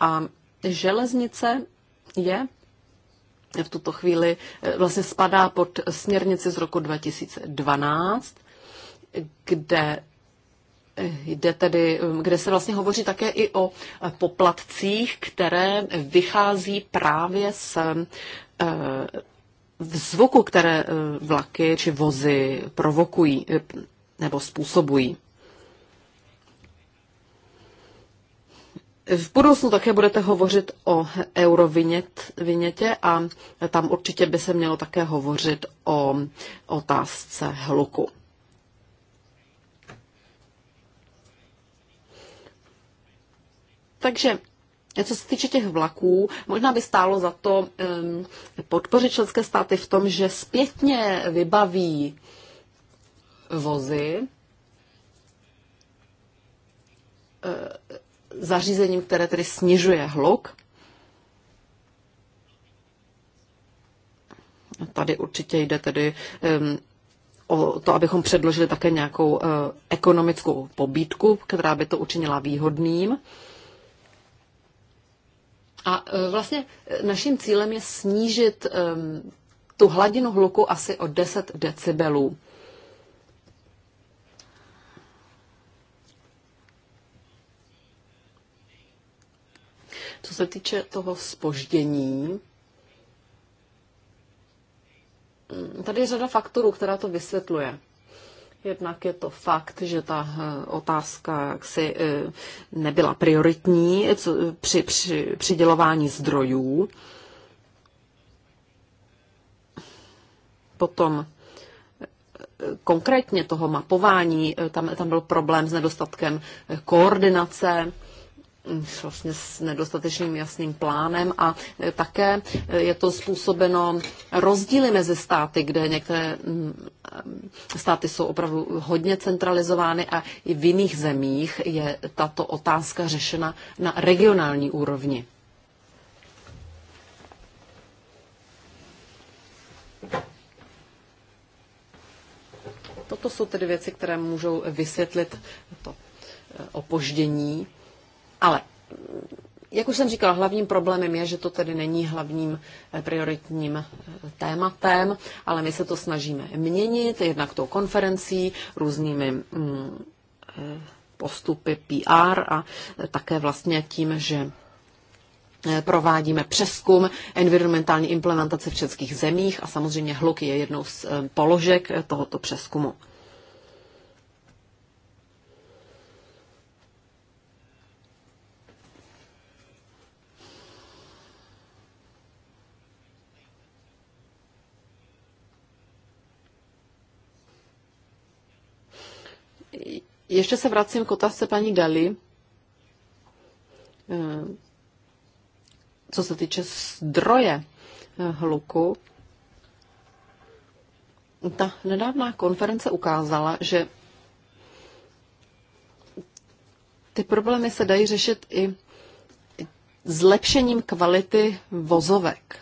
A železnice je v tuto chvíli eh, vlastně spadá pod směrnici z roku 2012, kde eh, jde tedy, eh, kde se vlastně hovoří také i o poplatcích, které vychází právě z v zvuku, které vlaky či vozy provokují nebo způsobují. V budoucnu také budete hovořit o eurovinětě a tam určitě by se mělo také hovořit o otázce hluku. Takže co se týče těch vlaků, možná by stálo za to um, podpořit členské státy v tom, že zpětně vybaví vozy, zařízením, které tedy snižuje hluk. Tady určitě jde tedy um, o to, abychom předložili také nějakou uh, ekonomickou pobídku, která by to učinila výhodným. A uh, vlastně eh, naším cílem je snížit um, tu hladinu hluku asi o 10 decibelů. Co se týče toho spoždění, mm, tady je řada faktorů, která to vysvětluje. Jednak je to fakt, že ta eh, otázka si eh, nebyla prioritní eh, při, při přidělování zdrojů. Potom konkrétně toho mapování, tam, tam byl problém s nedostatkem koordinace vlastně s nedostatečným jasným plánem a e, také e, je to způsobeno rozdíly mezi státy, kde některé mm, e, státy jsou opravdu hodně centralizovány a i v jiných zemích je tato otázka řešena na regionální úrovni. Toto jsou tedy věci, které můžou vysvětlit to opoždění ale jak už jsem říkala, hlavním problémem je, že to tedy není hlavním eh, prioritním eh, tématem, ale my se to snažíme měnit, jednak tou konferencí, různými mm, eh, postupy PR a také vlastně tím, že provádíme přeskum environmentální implementace v českých zemích a samozřejmě hluk je jednou z položek tohoto přeskumu. Ještě se vracím k otázce paní Dali. Eh, co se týče zdroje eh, hluku, ta nedávná konference ukázala, že ty problémy se dají řešit i zlepšením kvality vozovek.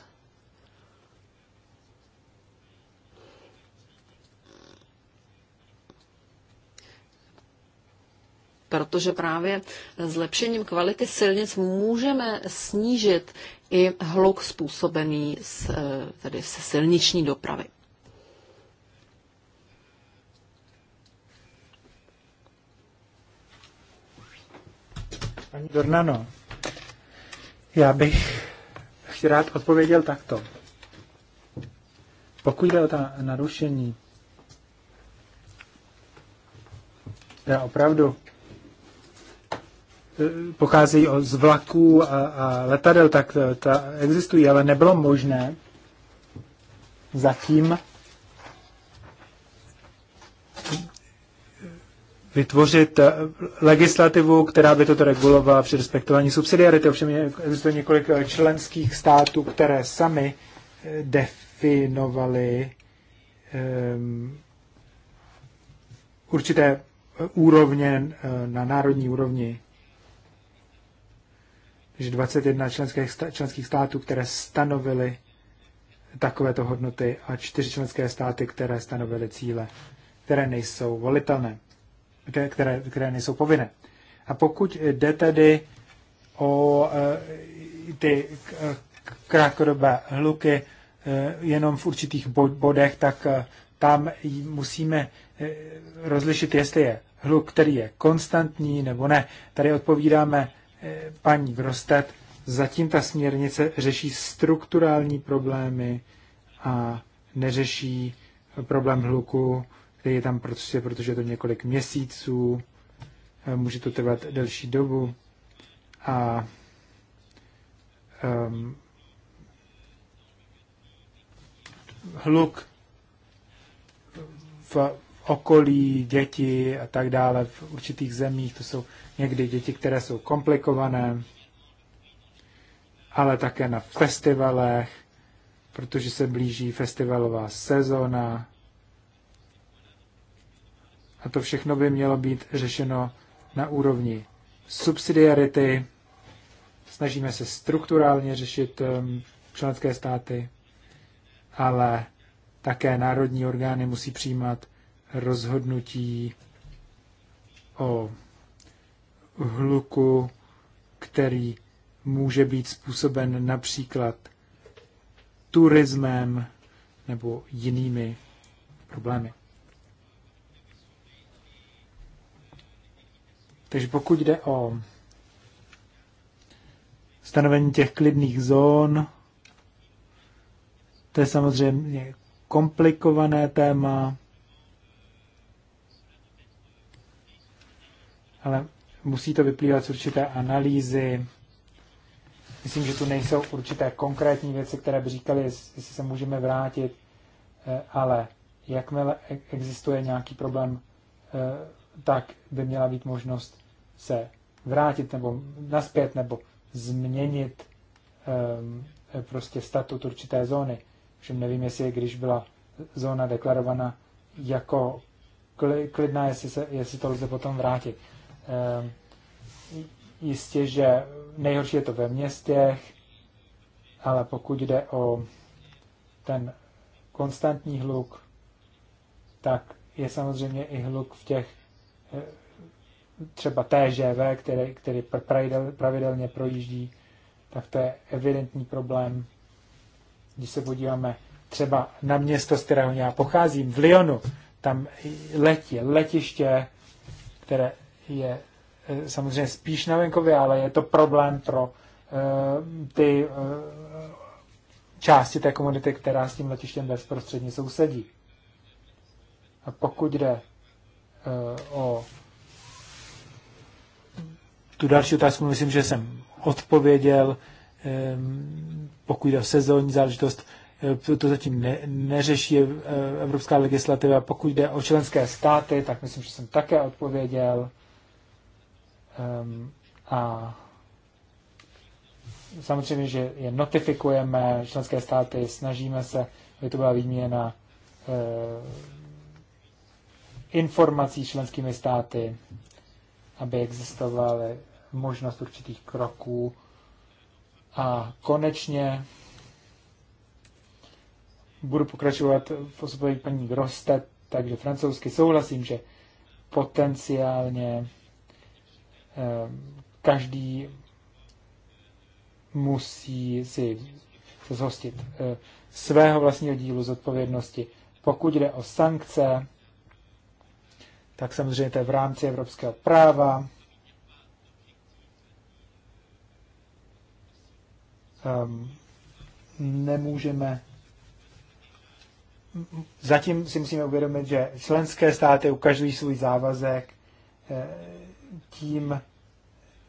protože právě zlepšením kvality silnic můžeme snížit i hluk způsobený z, eh, tedy se silniční dopravy. Pani Dornano, já bych rád odpověděl takto. Pokud jde o ta narušení, já opravdu pocházejí z vlaků a, a letadel, tak ta existují, ale nebylo možné zatím vytvořit eh, legislativu, která by toto regulovala při respektování subsidiarity. Ovšem existuje několik eh, členských států, které sami eh, definovaly um, určité úrovně na národní úrovni že 21 členských, členských států, které stanovily takovéto hodnoty a čtyři členské státy, které stanovily cíle, které nejsou volitelné, které, které nejsou povinné. A pokud jde tedy o eh, ty krátkodobé hluky eh, jenom v určitých bodech, tak eh, tam musíme rozlišit, jestli je hluk, který je konstantní nebo ne. Tady odpovídáme paní Grostet, zatím ta směrnice řeší strukturální problémy a neřeší problém hluku, který je tam prostě, protože je to několik měsíců, eh, může to trvat delší dobu a um, hluk v okolí, děti a tak dále v určitých zemích. To jsou někdy děti, které jsou komplikované, ale také na festivalech, protože se blíží festivalová sezóna. A to všechno by mělo být řešeno na úrovni subsidiarity. Snažíme se strukturálně řešit um, členské státy, ale také národní orgány musí přijímat rozhodnutí o hluku, který může být způsoben například turismem nebo jinými problémy. Takže pokud jde o stanovení těch klidných zón, to je samozřejmě komplikované téma, ale musí to vyplývat z určité analýzy. Myslím, že tu nejsou určité konkrétní věci, které by říkali, jestli se můžeme vrátit, eh, ale jakmile e- existuje nějaký problém, eh, tak by měla být možnost se vrátit nebo naspět nebo změnit eh, prostě statut určité zóny. Všem nevím, jestli když byla zóna deklarovaná jako klidná, jestli, se, jestli to lze potom vrátit. Ehm, jistě, že nejhorší je to ve městech, ale pokud jde o ten konstantní hluk, tak je samozřejmě i hluk v těch eh, třeba TŽV, který, který pravidelně projíždí, tak to je evidentní problém. Když se podíváme třeba na město, z kterého já pocházím, v Lyonu, tam letí letiště, které je e, samozřejmě spíš na venkově, ale je to problém pro e, ty e, části té komunity, která s tím letištěm bezprostředně sousedí. A pokud jde o tu další otázku, myslím, že jsem odpověděl, pokud jde o sezónní záležitost, to zatím ne, neřeší evropská legislativa. Pokud jde o členské státy, tak myslím, že jsem také odpověděl. Ehm, a samozřejmě, že je notifikujeme, členské státy, snažíme se, aby to byla výměna eh, informací členskými státy, aby existovaly možnost určitých kroků. A konečně budu pokračovat v osobě paní Groste, takže francouzsky souhlasím, že potenciálně Eh, každý musí si zhostit eh, svého vlastního dílu zodpovědnosti. Pokud jde o sankce, tak samozřejmě to je v rámci evropského práva. Um, nemůžeme. Zatím si musíme uvědomit, že členské státy ukazují svůj závazek eh, tím,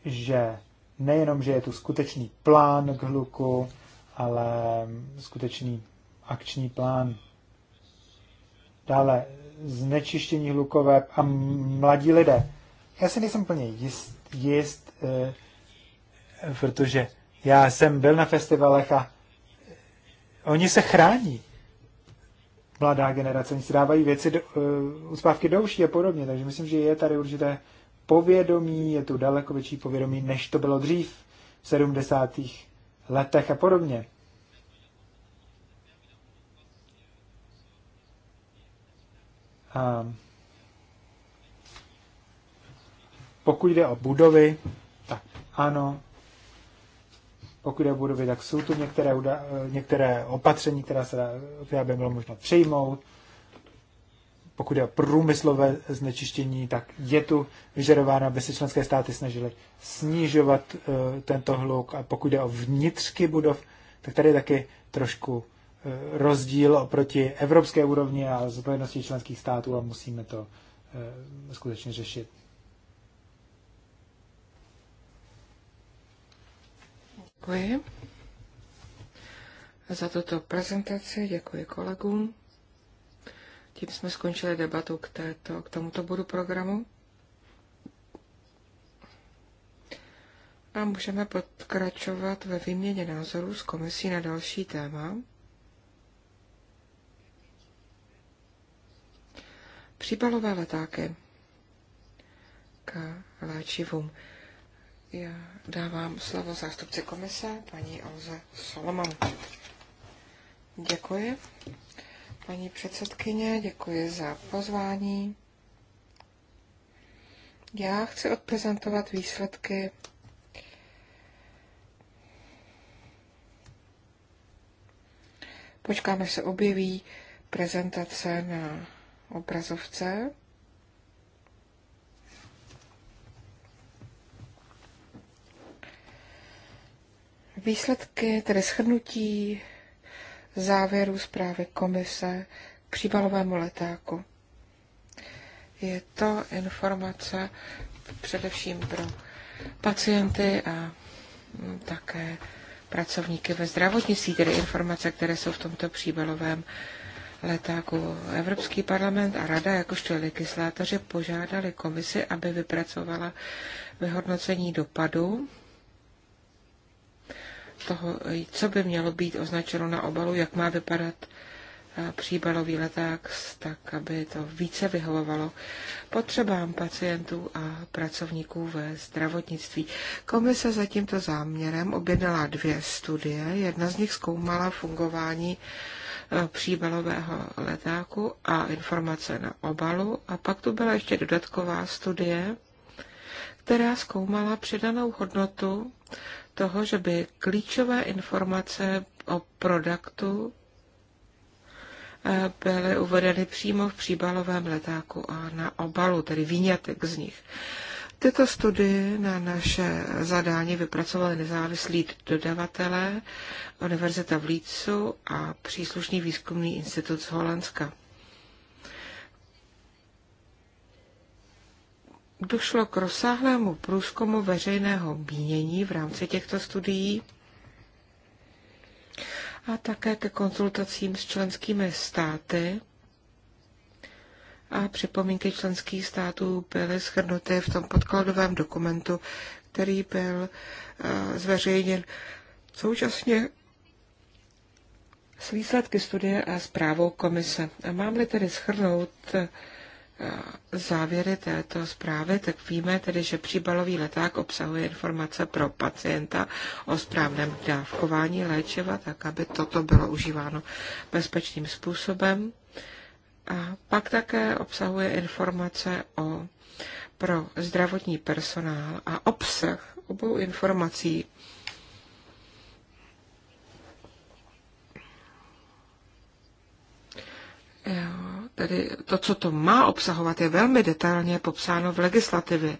že nejenom, že je tu skutečný plán k hluku, ale skutečný akční plán. Dále znečištění hlukové a mladí lidé. Já si nejsem plně jist, jist e, protože já jsem byl na festivalech a eh, oni se chrání. Mladá generace, oni si dávají věci, do, e, uspávky do uší a podobně, takže myslím, že je tady určité povědomí, je tu daleko větší povědomí, než to bylo dřív, v 70. letech a podobně. A pokud jde o budovy, tak ano. Pokud jde o budovy, tak jsou tu některé, eh, některé opatření, která, se dá, která by bylo možno přijmout pokud je o průmyslové znečištění, tak je tu vyžadováno, aby se členské státy snažily snižovat e, tento hluk. A pokud je o vnitřky budov, tak tady je taky trošku e, rozdíl oproti evropské úrovni a zodpovědnosti členských států a musíme to e, skutečně řešit. Děkuji za tuto prezentaci, děkuji kolegům. Tím jsme skončili debatu k, této, k tomuto bodu programu. A můžeme pokračovat ve výměně názorů s komisí na další téma. Příbalové letáky k léčivům. Já dávám slovo zástupci komise, paní Olze Solomon. Děkuji paní předsedkyně, děkuji za pozvání. Já chci odprezentovat výsledky Počkáme, se objeví prezentace na obrazovce. Výsledky, tedy shrnutí závěrů zprávy komise k příbalovému letáku. Je to informace především pro pacienty a také pracovníky ve zdravotnictví, tedy informace, které jsou v tomto příbalovém letáku. Evropský parlament a rada, jakožto legislátoři, požádali komisi, aby vypracovala vyhodnocení dopadu toho, co by mělo být označeno na obalu, jak má vypadat eh, příbalový leták, tak aby to více vyhovovalo potřebám pacientů a pracovníků ve zdravotnictví. Komise za tímto záměrem objednala dvě studie. Jedna z nich zkoumala fungování eh, příbalového letáku a informace na obalu. A pak tu byla ještě dodatková studie, která zkoumala přidanou hodnotu toho, že by klíčové informace o produktu eh, byly uvedeny přímo v příbalovém letáku a na obalu, tedy výňatek z nich. Tyto studie na naše zadání vypracovali nezávislí dodavatelé Univerzita v Lícu a příslušný výzkumný institut z Holandska. došlo k rozsáhlému průzkumu veřejného mínění v rámci těchto studií a také ke konzultacím s členskými státy. A připomínky členských států byly shrnuty v tom podkladovém dokumentu, který byl eh, zveřejněn současně s výsledky studie a zprávou komise. A mám-li tedy shrnout závěry této zprávy, tak víme tedy, že příbalový leták obsahuje informace pro pacienta o správném dávkování léčiva, tak aby toto bylo užíváno bezpečným způsobem. A pak také obsahuje informace o, pro zdravotní personál a obsah obou informací jo tedy to, co to má obsahovat, je velmi detailně popsáno v legislativě.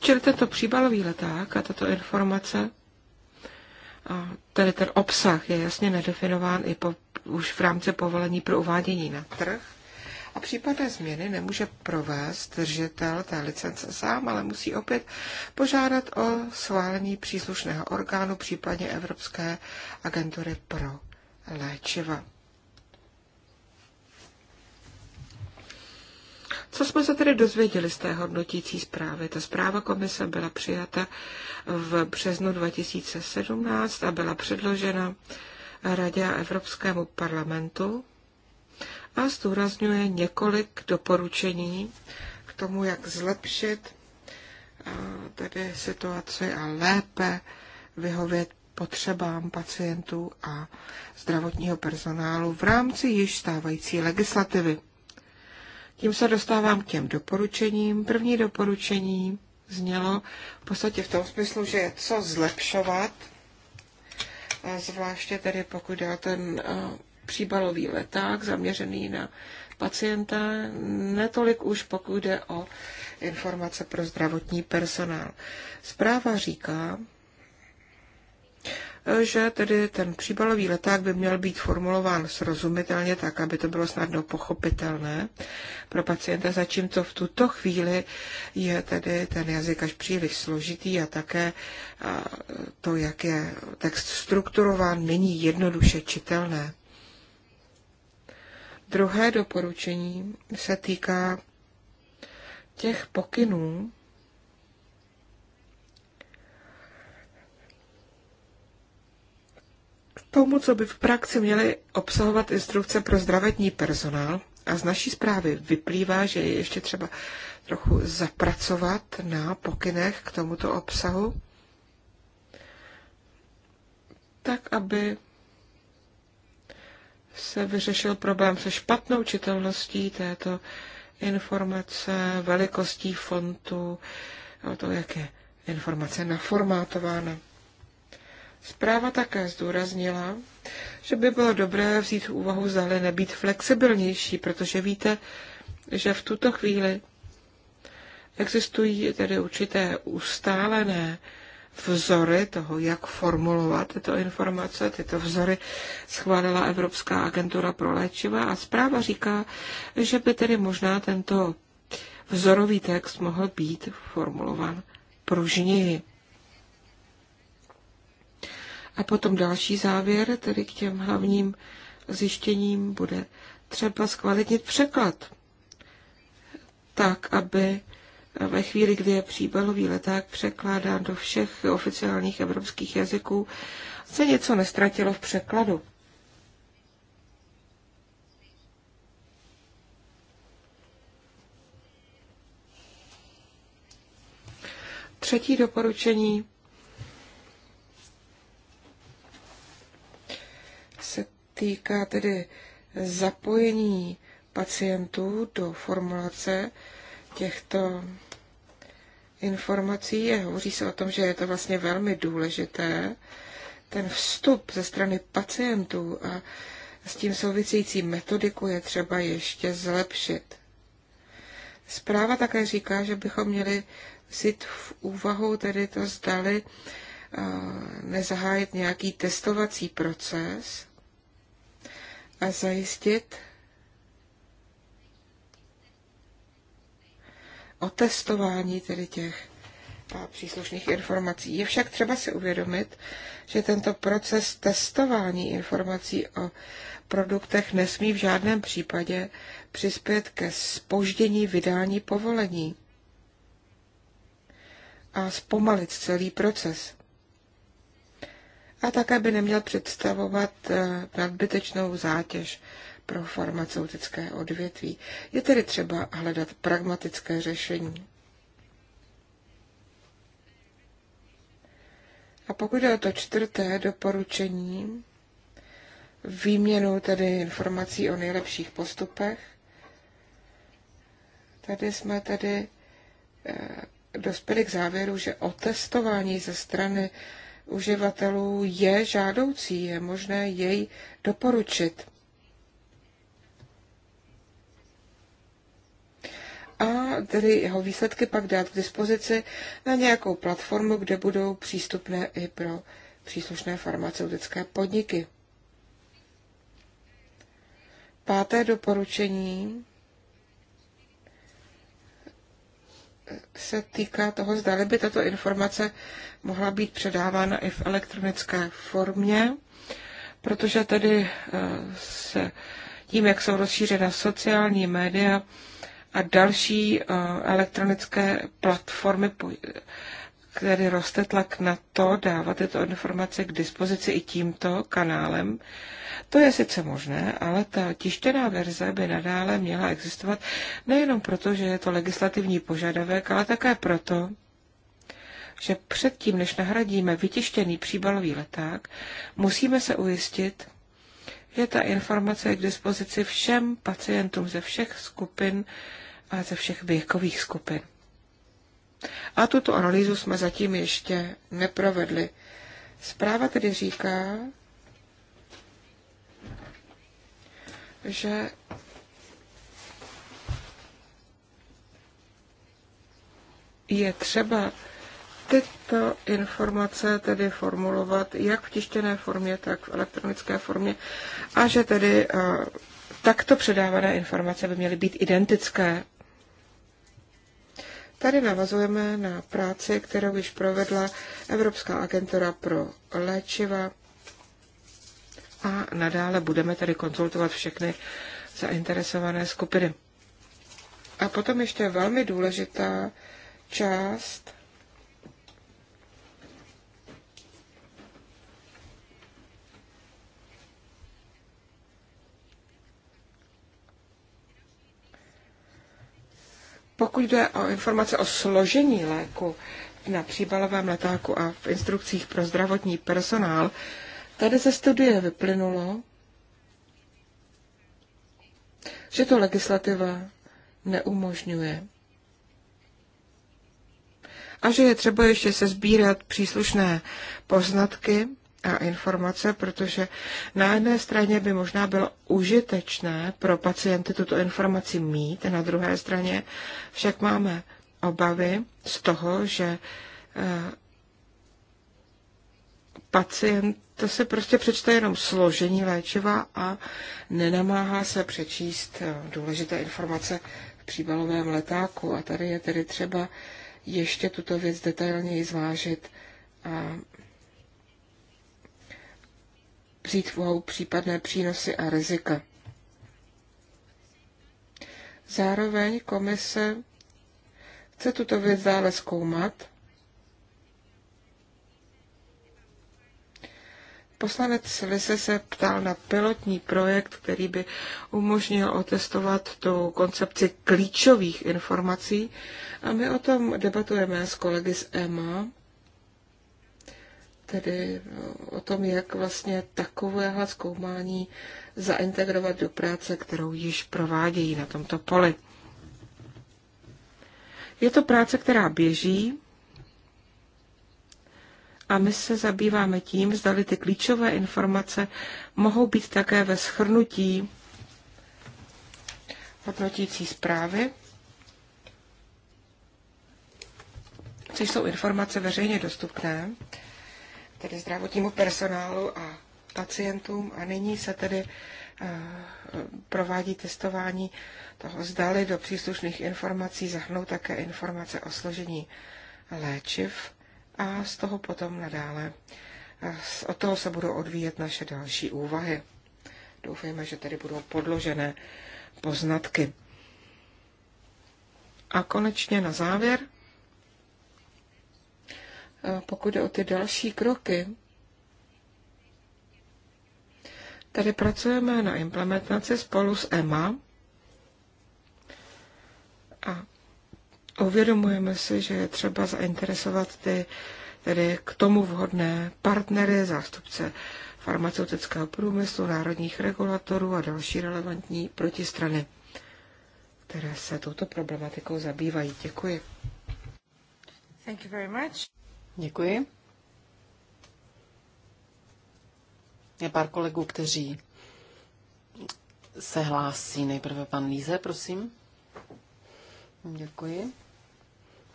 Čili tento příbalový leták a tato informace, a tedy ten obsah je jasně nedefinován i po, už v rámci povolení pro uvádění na trh. A případné změny nemůže provést držitel té licence sám, ale musí opět požádat o schválení příslušného orgánu, případně Evropské agentury pro léčiva. Co jsme se tedy dozvěděli z té hodnotící zprávy? Ta zpráva komise byla přijata v březnu 2017 a byla předložena Radě a Evropskému parlamentu a zdůrazňuje několik doporučení k tomu, jak zlepšit eh, tedy situaci a lépe vyhovět potřebám pacientů a zdravotního personálu v rámci již stávající legislativy. Tím se dostávám k těm doporučením. První doporučení znělo v podstatě v tom smyslu, že je co zlepšovat, zvláště tedy pokud je ten e, příbalový leták zaměřený na pacienta, netolik už pokud jde o informace pro zdravotní personál. Zpráva říká, že tedy ten příbalový leták by měl být formulován srozumitelně tak, aby to bylo snadno pochopitelné pro pacienta, zatímco v tuto chvíli je tedy ten jazyk až příliš složitý a také to, jak je text strukturován, není jednoduše čitelné. Druhé doporučení se týká těch pokynů, tomu, co by v praxi měly obsahovat instrukce pro zdravotní personál. A z naší zprávy vyplývá, že je ještě třeba trochu zapracovat na pokynech k tomuto obsahu, tak aby se vyřešil problém se špatnou čitelností této informace, velikostí fontu, o to, jak je informace naformátována. Zpráva také zdůraznila, že by bylo dobré vzít v úvahu zdále nebýt flexibilnější, protože víte, že v tuto chvíli existují tedy určité ustálené vzory toho, jak formulovat tyto informace. Tyto vzory schválila Evropská agentura pro léčiva a zpráva říká, že by tedy možná tento vzorový text mohl být formulovan pružněji. A potom další závěr, tedy k těm hlavním zjištěním, bude třeba zkvalitnit překlad tak, aby ve chvíli, kdy je příbalový leták překládán do všech oficiálních evropských jazyků, se něco nestratilo v překladu. Třetí doporučení týká tedy zapojení pacientů do formulace těchto informací. Je, hovoří se o tom, že je to vlastně velmi důležité. Ten vstup ze strany pacientů a s tím související metodiku je třeba ještě zlepšit. Zpráva také říká, že bychom měli vzít v úvahu tedy to zdali eh, nezahájit nějaký testovací proces, a zajistit otestování tedy těch a příslušných informací. Je však třeba si uvědomit, že tento proces testování informací o produktech nesmí v žádném případě přispět ke spoždění vydání povolení a zpomalit celý proces a také by neměl představovat eh, nadbytečnou zátěž pro farmaceutické odvětví. Je tedy třeba hledat pragmatické řešení. A pokud je o to čtvrté doporučení, výměnu tedy informací o nejlepších postupech, tady jsme tedy eh, dospěli k závěru, že o testování ze strany uživatelů je žádoucí, je možné jej doporučit. a tedy jeho výsledky pak dát k dispozici na nějakou platformu, kde budou přístupné i pro příslušné farmaceutické podniky. Páté doporučení se týká toho, zda by tato informace mohla být předávána i v elektronické formě, protože tedy eh, se tím, jak jsou rozšířena sociální média a další eh, elektronické platformy tedy roste tlak na to dávat tyto informace k dispozici i tímto kanálem. To je sice možné, ale ta tištěná verze by nadále měla existovat nejenom proto, že je to legislativní požadavek, ale také proto, že předtím, než nahradíme vytištěný příbalový leták, musíme se ujistit, že ta informace je k dispozici všem pacientům ze všech skupin a ze všech věkových skupin. A tuto analýzu jsme zatím ještě neprovedli. Zpráva tedy říká, že je třeba tyto informace tedy formulovat jak v tištěné formě, tak v elektronické formě a že tedy eh, takto předávané informace by měly být identické. Tady navazujeme na práci, kterou již provedla Evropská agentura pro léčiva a nadále budeme tady konzultovat všechny zainteresované skupiny. A potom ještě velmi důležitá část Pokud jde o informace o složení léku na příbalovém letáku a v instrukcích pro zdravotní personál, tady ze studie vyplynulo, že to legislativa neumožňuje a že je třeba ještě se sbírat příslušné poznatky a informace, protože na jedné straně by možná bylo užitečné pro pacienty tuto informaci mít, na druhé straně však máme obavy z toho, že eh, pacient to se prostě přečte jenom složení léčiva a nenamáhá se přečíst eh, důležité informace v příbalovém letáku. A tady je tedy třeba ještě tuto věc detailněji zvážit a vzít v úvahu případné přínosy a rizika. Zároveň komise chce tuto věc dále zkoumat. Poslanec Lise se ptal na pilotní projekt, který by umožnil otestovat tu koncepci klíčových informací a my o tom debatujeme s kolegy z EMA tedy no, o tom, jak vlastně takovéhle zkoumání zaintegrovat do práce, kterou již provádějí na tomto poli. Je to práce, která běží a my se zabýváme tím, zdali ty klíčové informace mohou být také ve schrnutí hodnotící zprávy, což jsou informace veřejně dostupné tedy zdravotnímu personálu a pacientům a nyní se tedy eh, provádí testování toho zdali do příslušných informací zahrnou také informace o složení léčiv a z toho potom nadále. Eh, od toho se budou odvíjet naše další úvahy. Doufejme, že tady budou podložené poznatky. A konečně na závěr pokud jde o ty další kroky, tady pracujeme na implementaci spolu s EMA a uvědomujeme si, že je třeba zainteresovat ty tedy k tomu vhodné partnery, zástupce farmaceutického průmyslu, národních regulatorů a další relevantní protistrany, které se touto problematikou zabývají. Děkuji. Thank you very much. Děkuji. Je pár kolegů, kteří se hlásí. Nejprve pan Líze, prosím. Děkuji.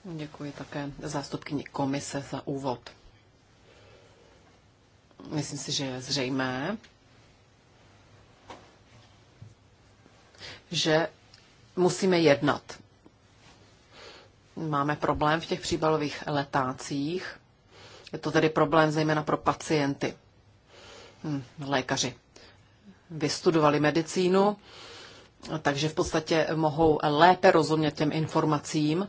Děkuji také zástupkyni komise za úvod. Myslím si, že je zřejmé, že musíme jednat máme problém v těch příbalových letácích. Je to tedy problém zejména pro pacienty. Hm, lékaři vystudovali medicínu, takže v podstatě mohou lépe rozumět těm informacím.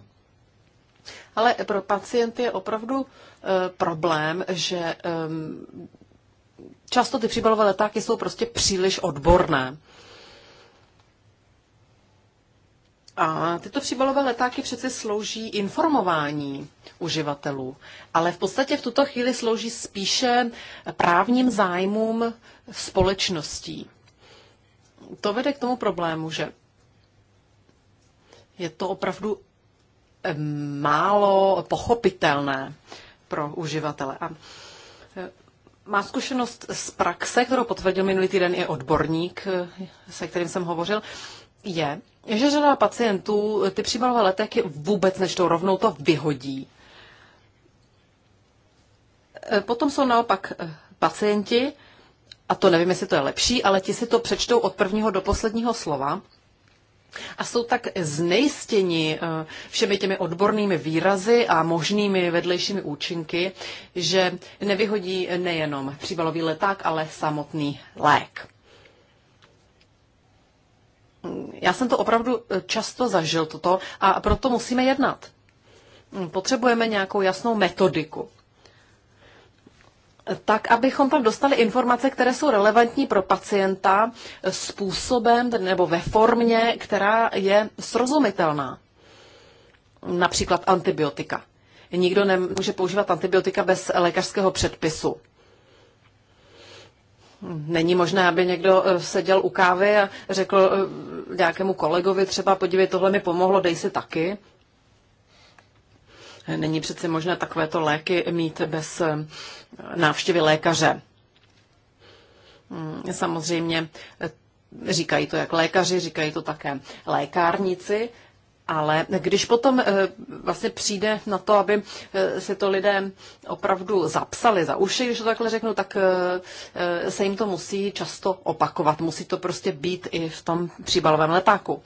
Ale pro pacienty je opravdu e, problém, že e, často ty příbalové letáky jsou prostě příliš odborné. A tyto příbalové letáky přece slouží informování uživatelů, ale v podstatě v tuto chvíli slouží spíše právním zájmům společností. To vede k tomu problému, že je to opravdu eh, málo pochopitelné pro uživatele. A eh, má zkušenost z praxe, kterou potvrdil minulý týden i odborník, eh, se kterým jsem hovořil, je, že řada pacientů eh, ty příbalové letéky vůbec nečtou, rovnou to vyhodí. Eh, potom jsou naopak eh, pacienti, a to nevím, jestli to je lepší, ale ti si to přečtou od prvního do posledního slova a jsou tak znejstěni všemi těmi odbornými výrazy a možnými vedlejšími účinky, že nevyhodí nejenom příbalový leták, ale samotný lék já jsem to opravdu e, často zažil toto a proto musíme jednat. Mm, potřebujeme nějakou jasnou metodiku. Tak, abychom tam dostali informace, které jsou relevantní pro pacienta e, způsobem nebo ve formě, která je srozumitelná. Například antibiotika. Nikdo nemůže používat antibiotika bez lékařského předpisu. Není možné, aby někdo eh, seděl u kávy a řekl eh, nějakému kolegovi třeba, podívej, tohle mi pomohlo, dej si taky. Není přece možné takovéto léky mít bez eh, návštěvy lékaře. Hmm, samozřejmě říkají to jak lékaři, říkají to také lékárníci, ale když potom eh, vlastně přijde na to, aby eh, si to lidé opravdu zapsali za uši, když to takhle řeknu, tak eh, se jim to musí často opakovat. Musí to prostě být i v tom příbalovém letáku.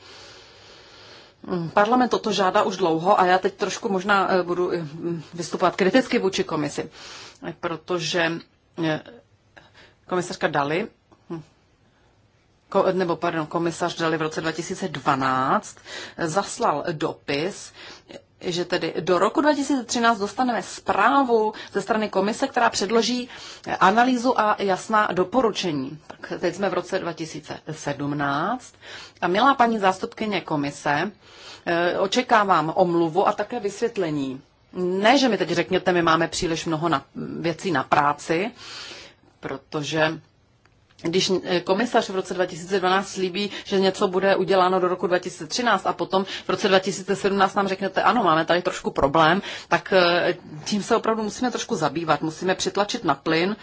Mm, Parlament toto žádá už dlouho a já teď trošku možná budu vystupovat kriticky vůči komisi, protože komisařka Dali nebo pardon, komisař dali v roce 2012, zaslal dopis, že tedy do roku 2013 dostaneme zprávu ze strany komise, která předloží analýzu a jasná doporučení. Tak teď jsme v roce 2017 a milá paní zástupkyně komise, eh, očekávám omluvu a také vysvětlení. Ne, že mi teď řekněte, my máme příliš mnoho na, věcí na práci, protože když eh, komisař v roce 2012 slíbí, že něco bude uděláno do roku 2013 a potom v roce 2017 nám řeknete, ano, máme tady trošku problém, tak eh, tím se opravdu musíme trošku zabývat, musíme přitlačit na plyn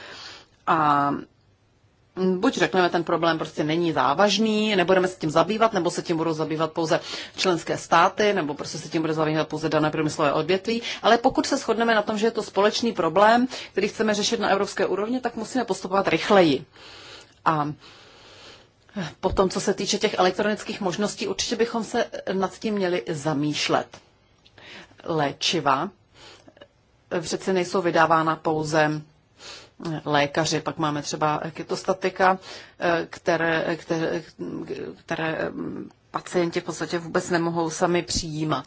a buď řekneme, ten problém prostě není závažný, nebudeme se tím zabývat, nebo se tím budou zabývat pouze členské státy, nebo prostě se tím bude zabývat pouze dané průmyslové odvětví. Ale pokud se shodneme na tom, že je to společný problém, který chceme řešit na evropské úrovni, tak musíme postupovat rychleji. A potom, co se týče těch elektronických možností, určitě bychom se nad tím měli zamýšlet. Léčiva přece nejsou vydávána pouze lékaři. Pak máme třeba kytostatika, které, které, které pacienti v podstatě vůbec nemohou sami přijímat.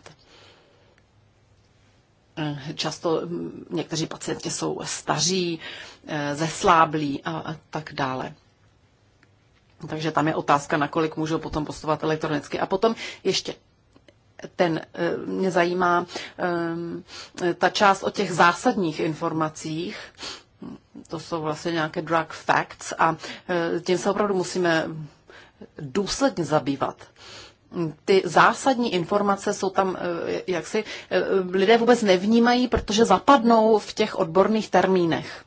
Často někteří pacienti jsou staří, zesláblí a tak dále. Takže tam je otázka, nakolik můžou potom postovat elektronicky. A potom ještě ten eh, mě zajímá eh, ta část o těch zásadních informacích, to jsou vlastně nějaké drug facts a eh, tím se opravdu musíme důsledně zabývat. Ty zásadní informace jsou tam, jak si lidé vůbec nevnímají, protože zapadnou v těch odborných termínech.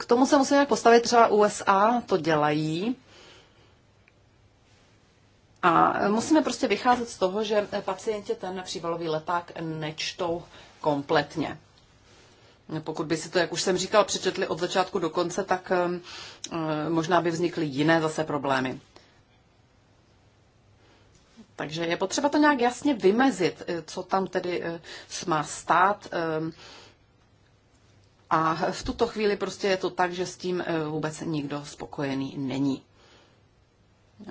K tomu se musíme postavit třeba USA, to dělají. A musíme prostě vycházet z toho, že pacienti ten přívalový leták nečtou kompletně. Pokud by si to, jak už jsem říkal, přečetli od začátku do konce, tak eh, možná by vznikly jiné zase problémy. Takže je potřeba to nějak jasně vymezit, eh, co tam tedy eh, má stát a v tuto chvíli prostě je to tak, že s tím eh, vůbec nikdo spokojený není.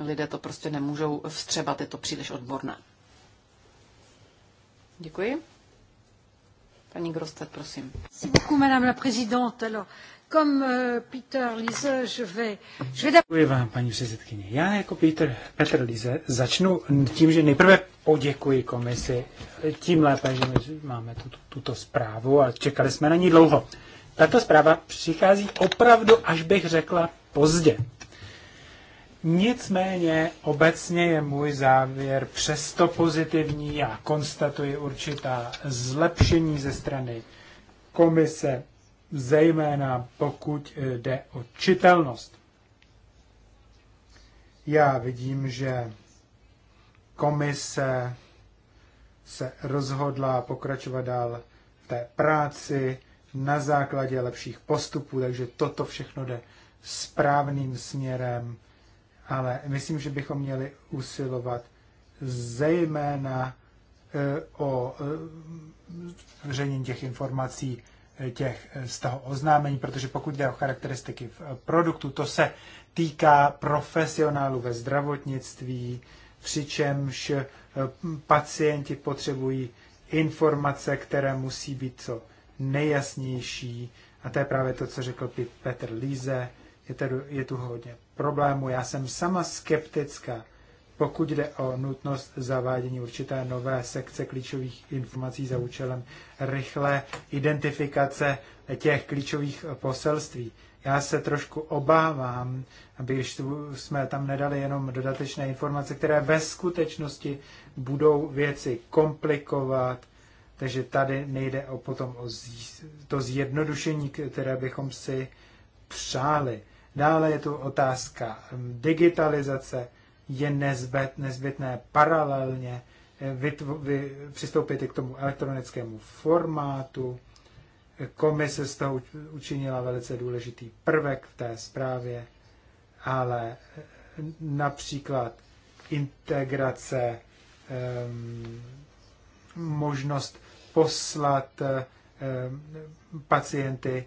Lidé to prostě nemůžou vstřebat, je to příliš odborné. Děkuji. Paní Grostet, prosím. Děkuji, beaucoup, Euh, Děkuji vám, paní předsedkyně. Já jako Peter, Petr Lize začnu tím, že nejprve poděkuji komisi, tím lépe, že máme tu, tuto zprávu a čekali jsme na ní dlouho. Tato zpráva přichází opravdu, až bych řekla, pozdě. Nicméně obecně je můj závěr přesto pozitivní a konstatuji určitá zlepšení ze strany komise zejména pokud eh, jde o čitelnost. Já vidím, že komise se rozhodla pokračovat dál v té práci na základě lepších postupů, takže toto všechno jde správným směrem, ale myslím, že bychom měli usilovat zejména eh, o eh, veřejnění těch informací těch eh, z toho oznámení, protože pokud jde o charakteristiky eh, produktu, to se týká profesionálů ve zdravotnictví, přičemž eh, pacienti potřebují informace, které musí být co nejjasnější. A to je právě to, co řekl Petr Líze. Je, tady, je tu hodně problémů. Já jsem sama skeptická pokud jde o nutnost zavádění určité nové sekce klíčových informací za účelem rychlé identifikace těch klíčových poselství. Já se trošku obávám, aby když jsme tam nedali jenom dodatečné informace, které ve skutečnosti budou věci komplikovat, takže tady nejde o potom o to zjednodušení, které bychom si přáli. Dále je tu otázka digitalizace, je nezbyt, nezbytné paralelně eh, vytvo, vy, přistoupit k tomu elektronickému formátu. Komise z toho učinila velice důležitý prvek v té zprávě, ale eh, například integrace, ehm, možnost poslat eh, pacienty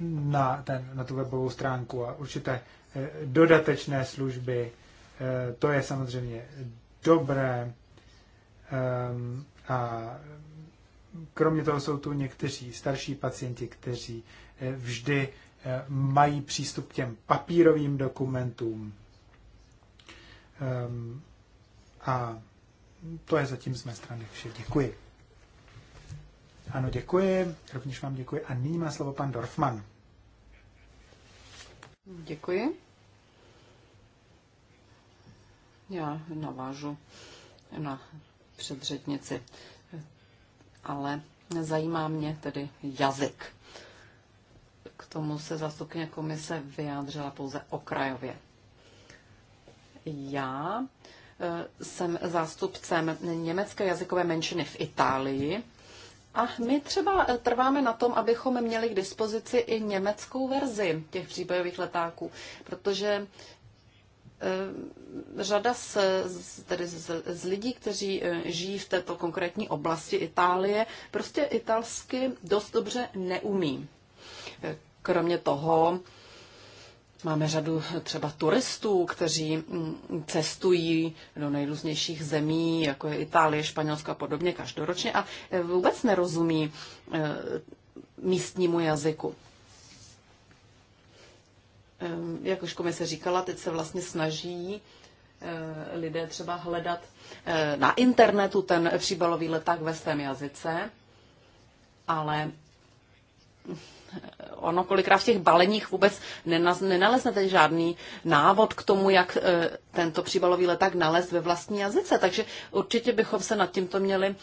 na, ten, na tu webovou stránku a určité dodatečné služby, eh, to je samozřejmě dobré. Ehm, a kromě toho jsou tu někteří starší pacienti, kteří eh, vždy eh, mají přístup k těm papírovým dokumentům. Ehm, a to je zatím z mé strany vše. Děkuji. Ano, děkuji. Rovněž vám děkuji. A nyní má slovo pan Dorfman. Děkuji. Já navážu na předřetnici, ale zajímá mě tedy jazyk. K tomu se zastupně komise vyjádřila pouze okrajově. Já e, jsem zástupcem německé jazykové menšiny v Itálii a my třeba e, trváme na tom, abychom měli k dispozici i německou verzi těch příbojových letáků, protože Eh, řada z, tedy z, z lidí, kteří eh, žijí v této konkrétní oblasti Itálie, prostě italsky dost dobře neumí. Eh, kromě toho máme řadu třeba turistů, kteří mm, cestují do nejrůznějších zemí, jako je Itálie, Španělsko a podobně každoročně a vůbec nerozumí místnímu jazyku jak už komise říkala, teď se vlastně snaží eh, lidé třeba hledat eh, na internetu ten příbalový leták ve svém jazyce, ale eh, ono kolikrát v těch baleních vůbec nenaleznete žádný návod k tomu, jak tento příbalový leták nalézt ve vlastní jazyce. Takže určitě bychom se nad tímto měli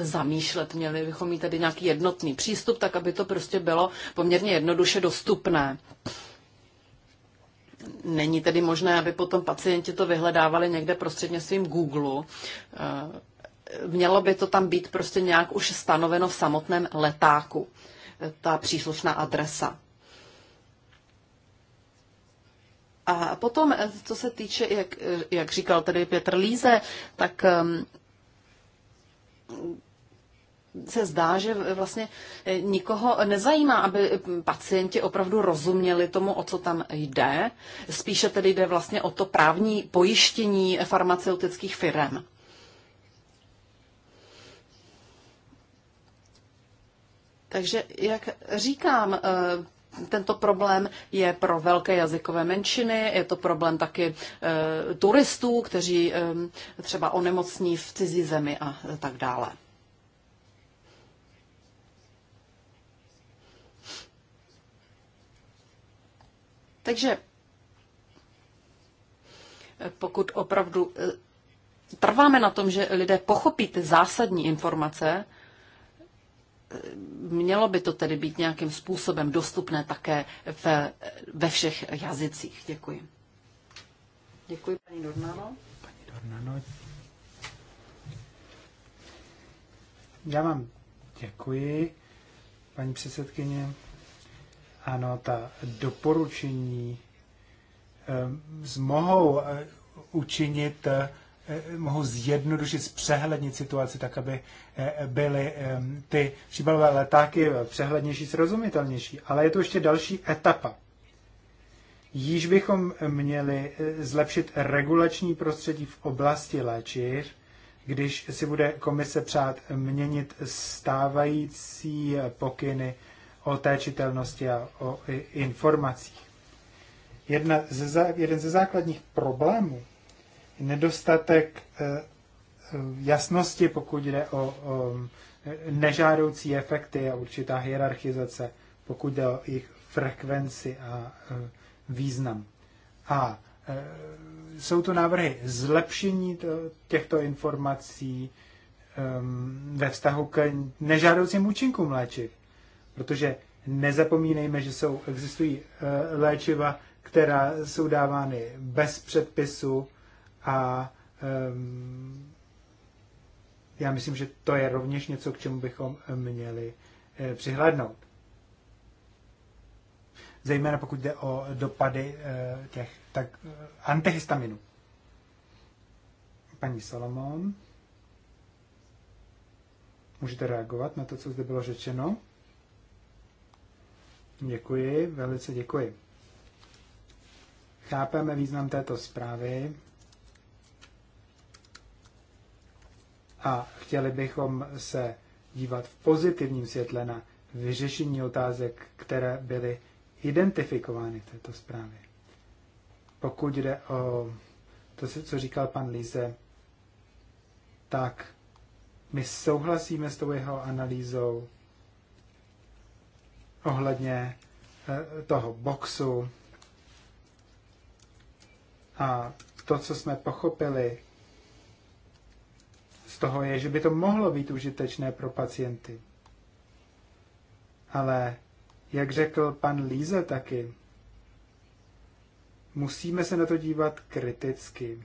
zamýšlet, měli bychom mít tedy nějaký jednotný přístup, tak aby to prostě bylo poměrně jednoduše dostupné. Není tedy možné, aby potom pacienti to vyhledávali někde prostřednictvím Google. Eh, mělo by to tam být prostě nějak už stanoveno v samotném letáku, eh, ta příslušná adresa. A potom, eh, co se týče, jak, jak říkal tedy Petr Líze, tak ehm, se zdá, že vlastně eh, nikoho nezajímá, aby eh, pacienti opravdu rozuměli tomu, o co tam jde. Spíše tedy jde vlastně o to právní pojištění farmaceutických firm. Takže, jak říkám, eh, tento problém je pro velké jazykové menšiny, je to problém taky turistů, kteří třeba onemocní v cizí zemi a tak dále. Takže eh, pokud opravdu eh, trváme na tom, že lidé pochopí ty zásadní informace, eh, mělo by to tedy být nějakým způsobem dostupné také ve, ve všech jazycích. Děkuji. Děkuji, paní Dornano. Paní Dornano. Já vám děkuji, paní předsedkyně. Ano, ta doporučení eh, mohou eh, učinit, eh, mohou zjednodušit, zpřehlednit situaci tak, aby byly ty příbalové letáky přehlednější, srozumitelnější. Ale je to ještě další etapa. Již bychom měli zlepšit regulační prostředí v oblasti léčiv, když si bude komise přát měnit stávající pokyny o té čitelnosti a o informacích. Jedna ze, jeden ze základních problémů je nedostatek eh, eh, jasnosti, pokud jde o, o eh, nežádoucí efekty a určitá hierarchizace, pokud jde o jejich frekvenci a význam. A jsou to návrhy zlepšení těchto informací ehm, ve vztahu k nežádoucím účinkům léčiv protože nezapomínejme, že jsou, existují eh, léčiva, která jsou dávány bez předpisu a um, já myslím, že to je rovněž něco, k čemu bychom měli eh, přihlédnout. Zejména pokud jde o dopady eh, těch tak, antihistaminů. Paní Salomon, můžete reagovat na to, co zde bylo řečeno? Děkuji, velice děkuji. Chápeme význam této zprávy a chtěli bychom se dívat v pozitivním světle na vyřešení otázek, které byly identifikovány v této zprávě. Pokud jde o to, co říkal pan Líze, tak my souhlasíme s tou jeho analýzou, ohledně eh, toho boxu. A to, co jsme pochopili z toho, je, že by to mohlo být užitečné pro pacienty. Ale, jak řekl pan Líze taky, musíme se na to dívat kriticky.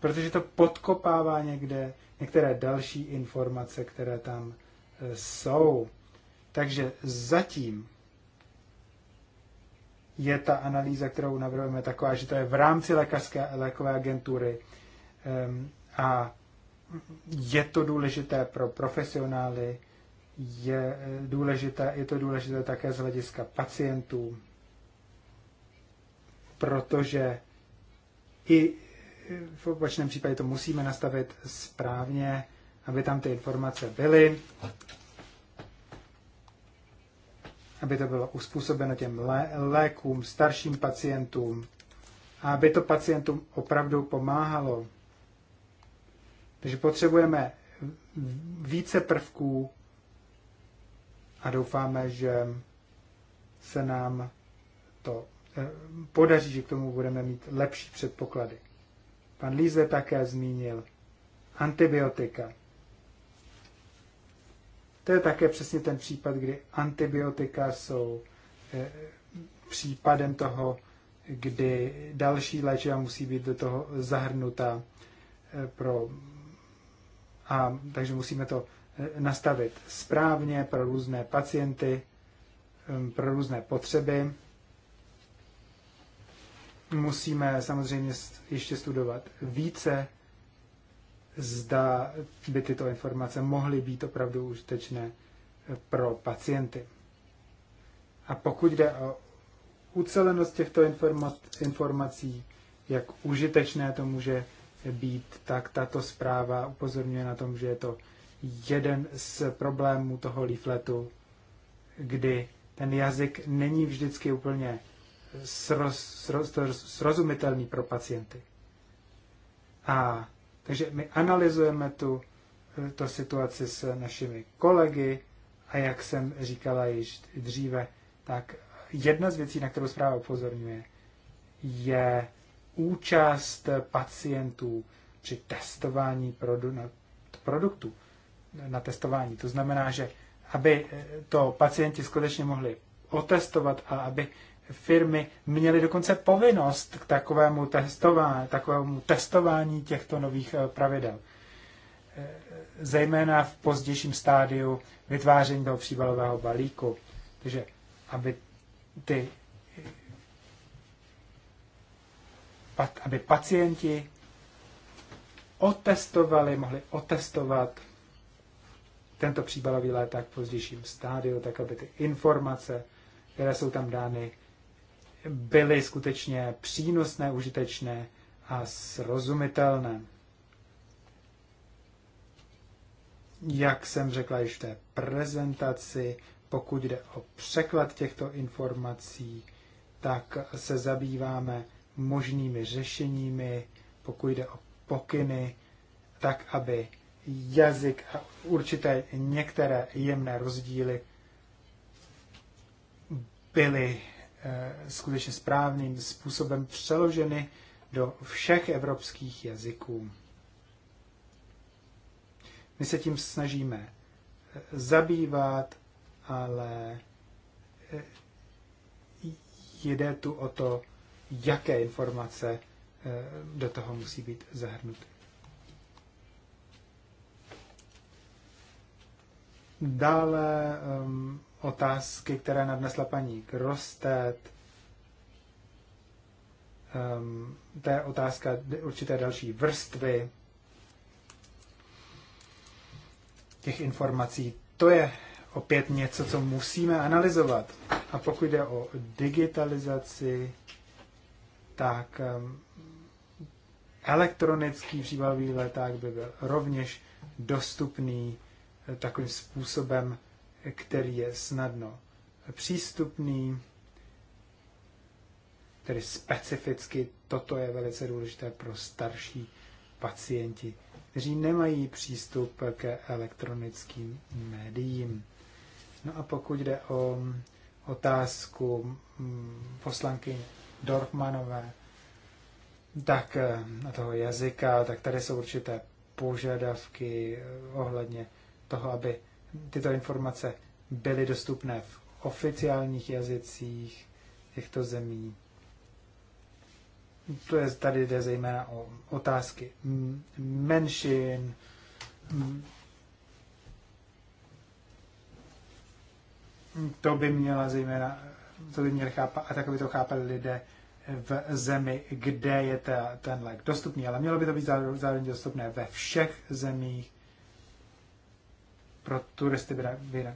Protože to podkopává někde některé další informace, které tam jsou. Takže zatím je ta analýza, kterou navrhujeme, taková, že to je v rámci lékařské lékové agentury a je to důležité pro profesionály, je, eh, důležité, je to důležité také z hlediska pacientů, protože i v opačném případě to musíme nastavit správně aby tam ty informace byly, aby to bylo uspůsobeno těm lé lékům, starším pacientům, a aby to pacientům opravdu pomáhalo. Takže potřebujeme více prvků a doufáme, že se nám to eh, podaří, že k tomu budeme mít lepší předpoklady. Pan Líze také zmínil antibiotika. To je také přesně ten případ, kdy antibiotika jsou eh, případem toho, kdy další léčiva musí být do toho zahrnuta. Eh, pro, a, takže musíme to eh, nastavit správně pro různé pacienty, pro různé potřeby. Musíme samozřejmě ještě studovat více zda by tyto informace mohly být opravdu užitečné pro pacienty. A pokud jde o ucelenost těchto informací, jak užitečné to může být, tak tato zpráva upozorňuje na tom, že je to jeden z problémů toho leafletu, kdy ten jazyk není vždycky úplně sroz, sroz, srozumitelný pro pacienty. A takže my analyzujeme tu, eh, tu situaci s našimi kolegy a jak jsem říkala již dříve, tak jedna z věcí, na kterou zpráva upozorňuje, je účast pacientů při testování produ- na produktu, na testování. To znamená, že aby to pacienti skutečně mohli otestovat a aby firmy měly dokonce povinnost k takovému testování, takovému testování těchto nových eh, pravidel. Eh, zejména v pozdějším stádiu vytváření toho příbalového balíku. Takže aby ty aby pacienti otestovali, mohli otestovat tento příbalový léták v pozdějším stádiu, tak aby ty informace, které jsou tam dány, byly skutečně přínosné, užitečné a srozumitelné. Jak jsem řekla již v té prezentaci, pokud jde o překlad těchto informací, tak se zabýváme možnými řešeními, pokud jde o pokyny, tak aby jazyk a určité některé jemné rozdíly byly Eh, skutečně správným způsobem přeloženy do všech evropských jazyků. My se tím snažíme eh, zabývat, ale eh, jde tu o to, jaké informace do toho musí být zahrnuty. Dále um, otázky, které nadnesla paní Krostet. Um, ehm, to je otázka určité další vrstvy těch informací. To je opět něco, co musíme analyzovat. A pokud jde o digitalizaci, tak um, elektronický příbalový leták by byl rovněž dostupný eh, takovým způsobem, který je snadno přístupný, tedy specificky toto je velice důležité pro starší pacienti, kteří nemají přístup ke elektronickým médiím. No a pokud jde o otázku mm, poslanky Dorfmanové, tak eh, na toho jazyka, tak tady jsou určité požadavky eh, ohledně toho, aby tyto informace byly dostupné v oficiálních jazycích těchto zemí. To je, tady jde zejména o otázky menšin, to by měla zejména, to by měl chápat, a by to chápali lidé v zemi, kde je ta, ten lék dostupný, ale mělo by to být zároveň dostupné ve všech zemích, pro turisty by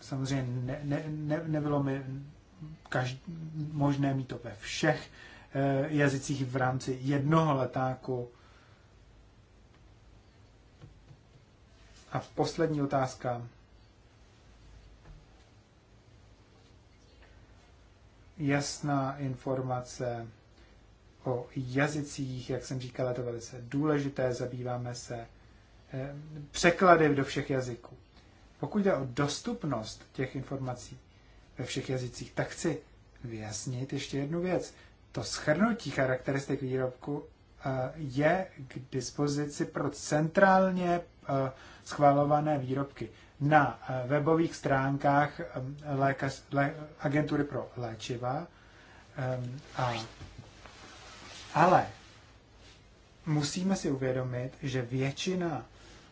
samozřejmě ne, ne, ne, nebylo mi každý, možné mít to ve všech e, jazycích v rámci jednoho letáku. A poslední otázka. Jasná informace o jazycích, jak jsem říkala, to velice důležité, zabýváme se eh, překlady do všech jazyků. Pokud jde o dostupnost těch informací ve všech jazycích, tak chci vyjasnit ještě jednu věc. To schrnutí charakteristik výrobku eh, je k dispozici pro centrálně eh, schvalované výrobky na eh, webových stránkách agentury pro léčiva. ale musíme si uvědomit, že většina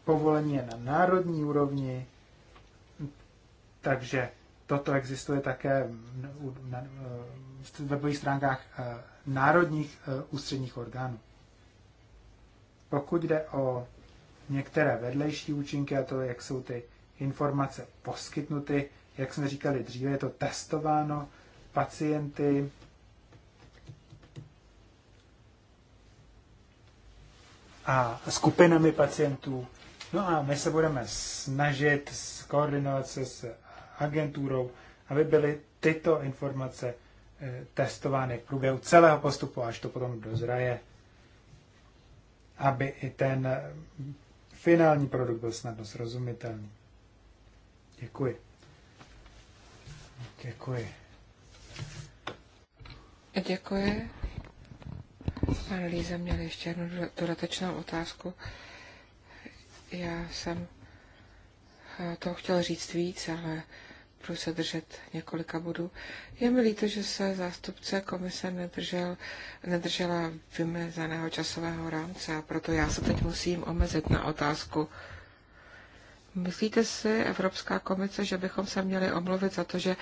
povolení je na národní úrovni takže toto existuje také v webových stránkách eh, národních eh, ústředních orgánů. Pokud jde o některé vedlejší účinky a to, jak jsou ty informace poskytnuty, jak jsme říkali dříve, je to testováno pacienty, a skupinami pacientů. No a my se budeme snažit skoordinovat se s agenturou, aby byly tyto informace eh, testovány v průběhu celého postupu, až to potom dozraje, aby i ten eh, finální produkt byl snadno srozumitelný. Děkuji. Děkuji. Děkuji. Pane Líza měl ještě jednu dodatečnou otázku. Já jsem eh, to chtěl říct víc, ale budu se držet několika bodů. Je mi líto, že se zástupce komise nedržel, nedržela vymezeného časového rámce a proto já se teď musím omezit na otázku. Myslíte si, Evropská komise, že bychom se měli omluvit za to, že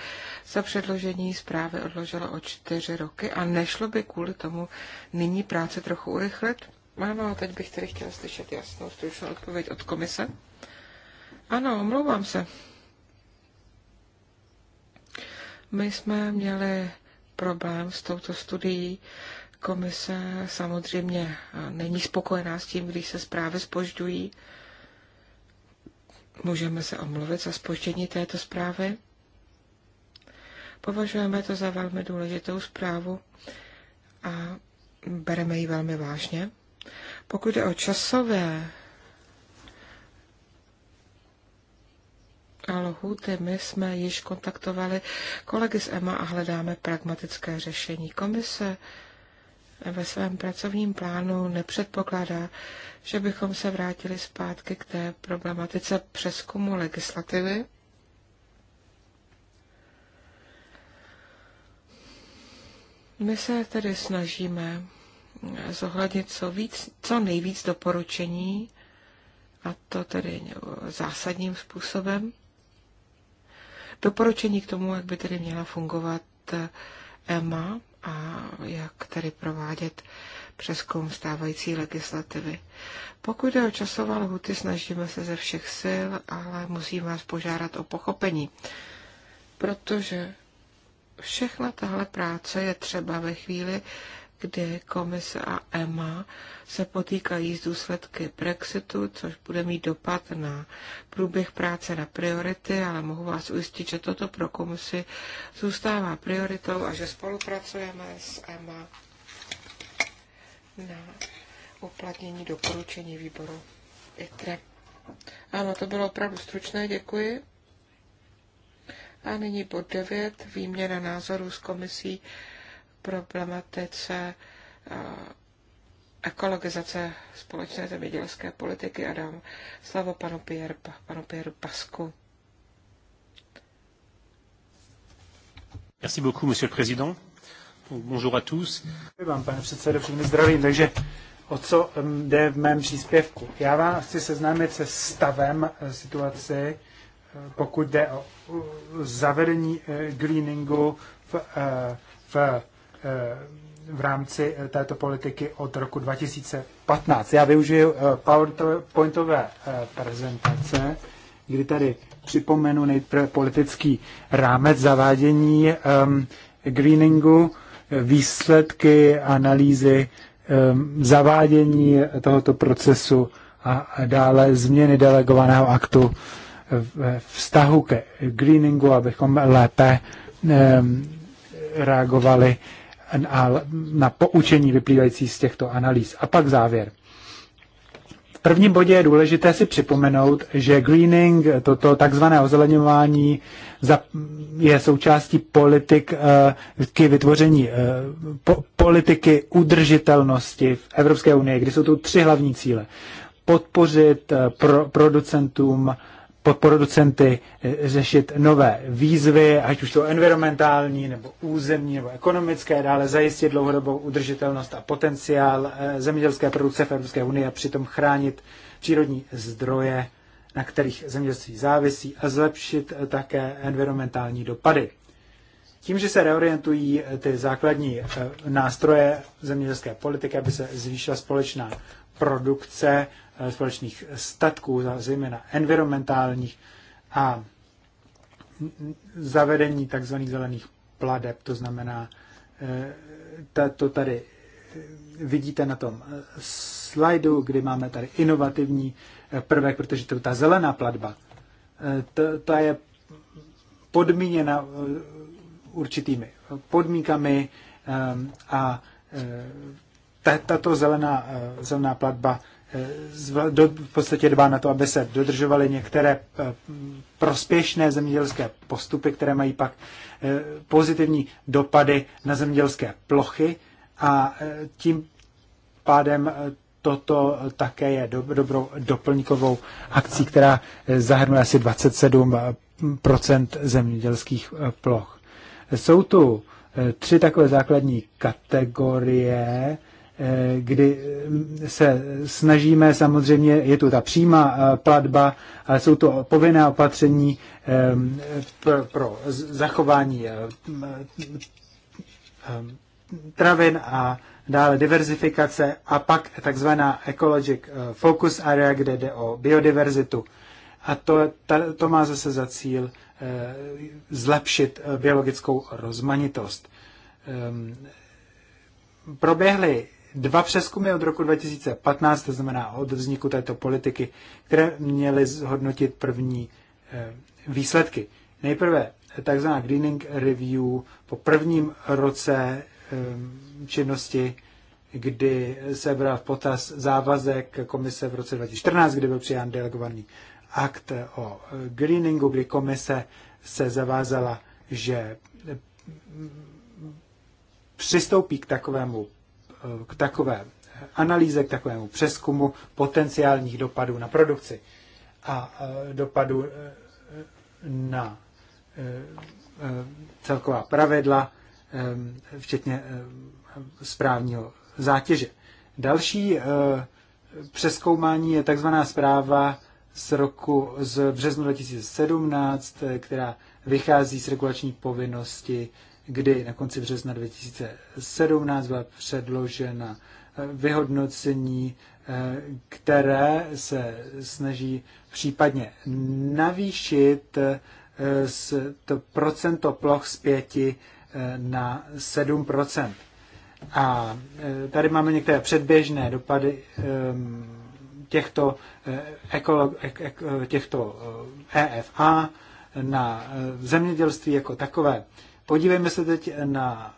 se předložení zprávy odložilo o čtyři roky a nešlo by kvůli tomu nyní práce trochu urychlit? Ano, a teď bych tedy chtěla slyšet jasnou stručnou odpověď od komise. Ano, omlouvám se. My jsme měli problém s touto studií. Komise samozřejmě není spokojená s tím, když se zprávy spožďují. Můžeme se omluvit za spoždění této zprávy. Považujeme to za velmi důležitou zprávu a bereme ji velmi vážně. Pokud je o časové lhůty. My jsme již kontaktovali kolegy z EMA a hledáme pragmatické řešení. Komise ve svém pracovním plánu nepředpokládá, že bychom se vrátili zpátky k té problematice přeskumu legislativy. My se tedy snažíme zohlednit co, víc, co nejvíc doporučení, a to tedy zásadním způsobem doporučení k tomu, jak by tedy měla fungovat EMA eh, e a jak tedy provádět přeskum stávající legislativy. Pokud jde o časové lhuty, snažíme se ze všech sil, ale musím vás požádat o pochopení, protože všechna tahle práce je třeba ve chvíli, kdy komise a EMA se potýkají s důsledky Brexitu, což bude mít dopad na průběh práce na priority, ale mohu vás ujistit, že toto pro komisi zůstává prioritou a že spolupracujeme s EMA na uplatnění doporučení výboru ITRE. Ano, to bylo opravdu stručné, děkuji. A nyní bod 9, výměna názorů s komisí problematice eh, ekologizace společné zemědělské politiky a dám slovo panu Pierre, panu Pierre Pasku. Merci beaucoup, monsieur le président. Bonjour à tous. Děkuji vám, pane předsedo, všichni zdravím. Takže o co jde v mém příspěvku? Já vám chci seznámit se stavem eh, situace, eh, pokud jde o zavedení greeningu v, v v rámci eh, této politiky od roku 2015. Já využiju eh, PowerPointové eh, prezentace, kdy tady připomenu nejprve politický rámec zavádění ehm, greeningu, výsledky analýzy ehm, zavádění tohoto procesu a dále změny delegovaného aktu v vztahu ke greeningu, abychom lépe ehm, reagovali na poučení vyplývající z těchto analýz. A pak závěr. V prvním bodě je důležité si připomenout, že greening, toto takzvané ozeleňování, je součástí politiky eh, vytvoření eh, politiky udržitelnosti v Evropské unii, kdy jsou tu tři hlavní cíle. Podpořit eh, producentům podproducenty eh, řešit nové výzvy, ať už to environmentální, nebo územní, nebo ekonomické, dále zajistit dlouhodobou udržitelnost a potenciál eh, zemědělské produkce v Evropské unii a přitom chránit přírodní zdroje, na kterých zemědělství závisí a zlepšit eh, také environmentální dopady. Tím, že se reorientují eh, ty základní eh, nástroje zemědělské politiky, aby se zvýšila společná produkce eh, společných statků, zejména environmentálních, a zavedení tzv. zelených pladeb, to znamená, to tady vidíte na tom slajdu, kdy máme tady inovativní prvek, protože to ta zelená platba, ta je podmíněna určitými podmínkami ehm, a eh, tato zelená, eh, zelená platba eh, v podstatě dbá na to, aby se dodržovaly některé prospěšné zemědělské postupy, které mají pak pozitivní dopady na zemědělské plochy a tím pádem toto také je dobrou doplňkovou akcí, která zahrnuje asi 27 zemědělských ploch. Jsou tu eh, tři takové základní kategorie, eh, kdy mm, se snažíme, samozřejmě je tu ta přímá eh, platba, ale jsou to povinné opatření ehm, pro, zachování travin a dále diverzifikace a pak takzvaná Ecologic Focus Area, kde jde o biodiverzitu. A to, to má zase za cíl Eh, zlepšit eh, biologickou rozmanitost. Ehm, proběhly dva přeskumy od roku 2015, to znamená od vzniku této politiky, které měly zhodnotit první eh, výsledky. Nejprve takzvaná Greening Review po prvním roce ehm, činnosti, kdy se bral v potaz závazek komise v roce 2014, kdy byl přiján delegovaný akt o greeningu, kdy komise se zavázala, že eh, přistoupí k takovému, eh, k takové analýze, k takovému přeskumu potenciálních dopadů na produkci a eh, dopadů na celková pravidla, včetně správního zátěže. Další přeskoumání je takzvaná zpráva z roku z březnu 2017, eh, která vychází z regulační povinnosti, kdy na konci března 2017 byla předložena eh, vyhodnocení, eh, které se snaží případně navýšit z to procento ploch z pěti na 7 A tady máme některé předběžné dopady ehm, těchto, eh, ekolo, eh, těchto EFA eh, e na zemědělství jako takové. Podívejme se teď na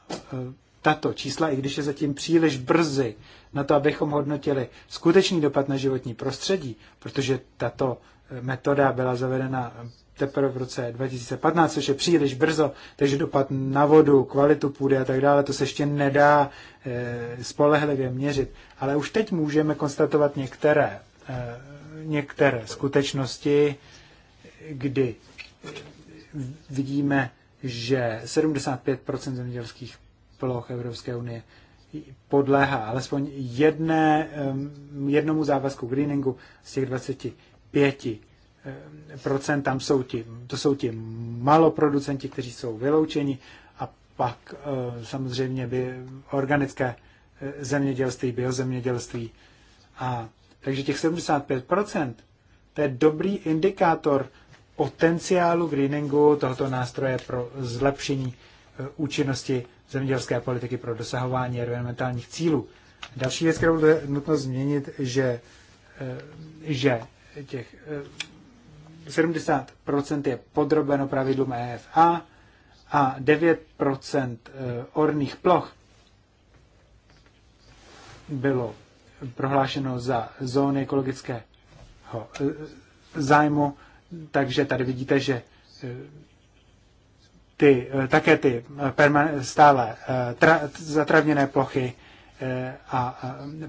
tato čísla, i když je zatím příliš brzy na to, abychom hodnotili skutečný dopad na životní prostředí, protože tato metoda byla zavedena teprve v roce 2015, což je příliš brzo, takže dopad na vodu, kvalitu půdy a tak dále, to se ještě nedá eh, spolehlivě měřit. Ale už teď můžeme konstatovat některé, eh, některé skutečnosti, kdy vidíme, že 75% zemědělských ploch Evropské unie podléhá alespoň jedné, jednomu závazku greeningu z těch 20 Eh, procent tam jsou ti, to jsou ti maloproducenti, kteří jsou vyloučeni a pak eh, samozřejmě by organické eh, zemědělství, biozemědělství. A, takže těch 75%, to je dobrý indikátor potenciálu greeningu tohoto nástroje pro zlepšení účinnosti zemědělské politiky pro dosahování environmentálních cílů. Další věc, kterou je nutno změnit, že, že těch 70% eh, je podrobeno pravidlům EFA a 9% eh, orných ploch bylo prohlášeno za zóny ekologického eh, zájmu, takže tady vidíte, že ty, také ty stále tra, zatravněné plochy a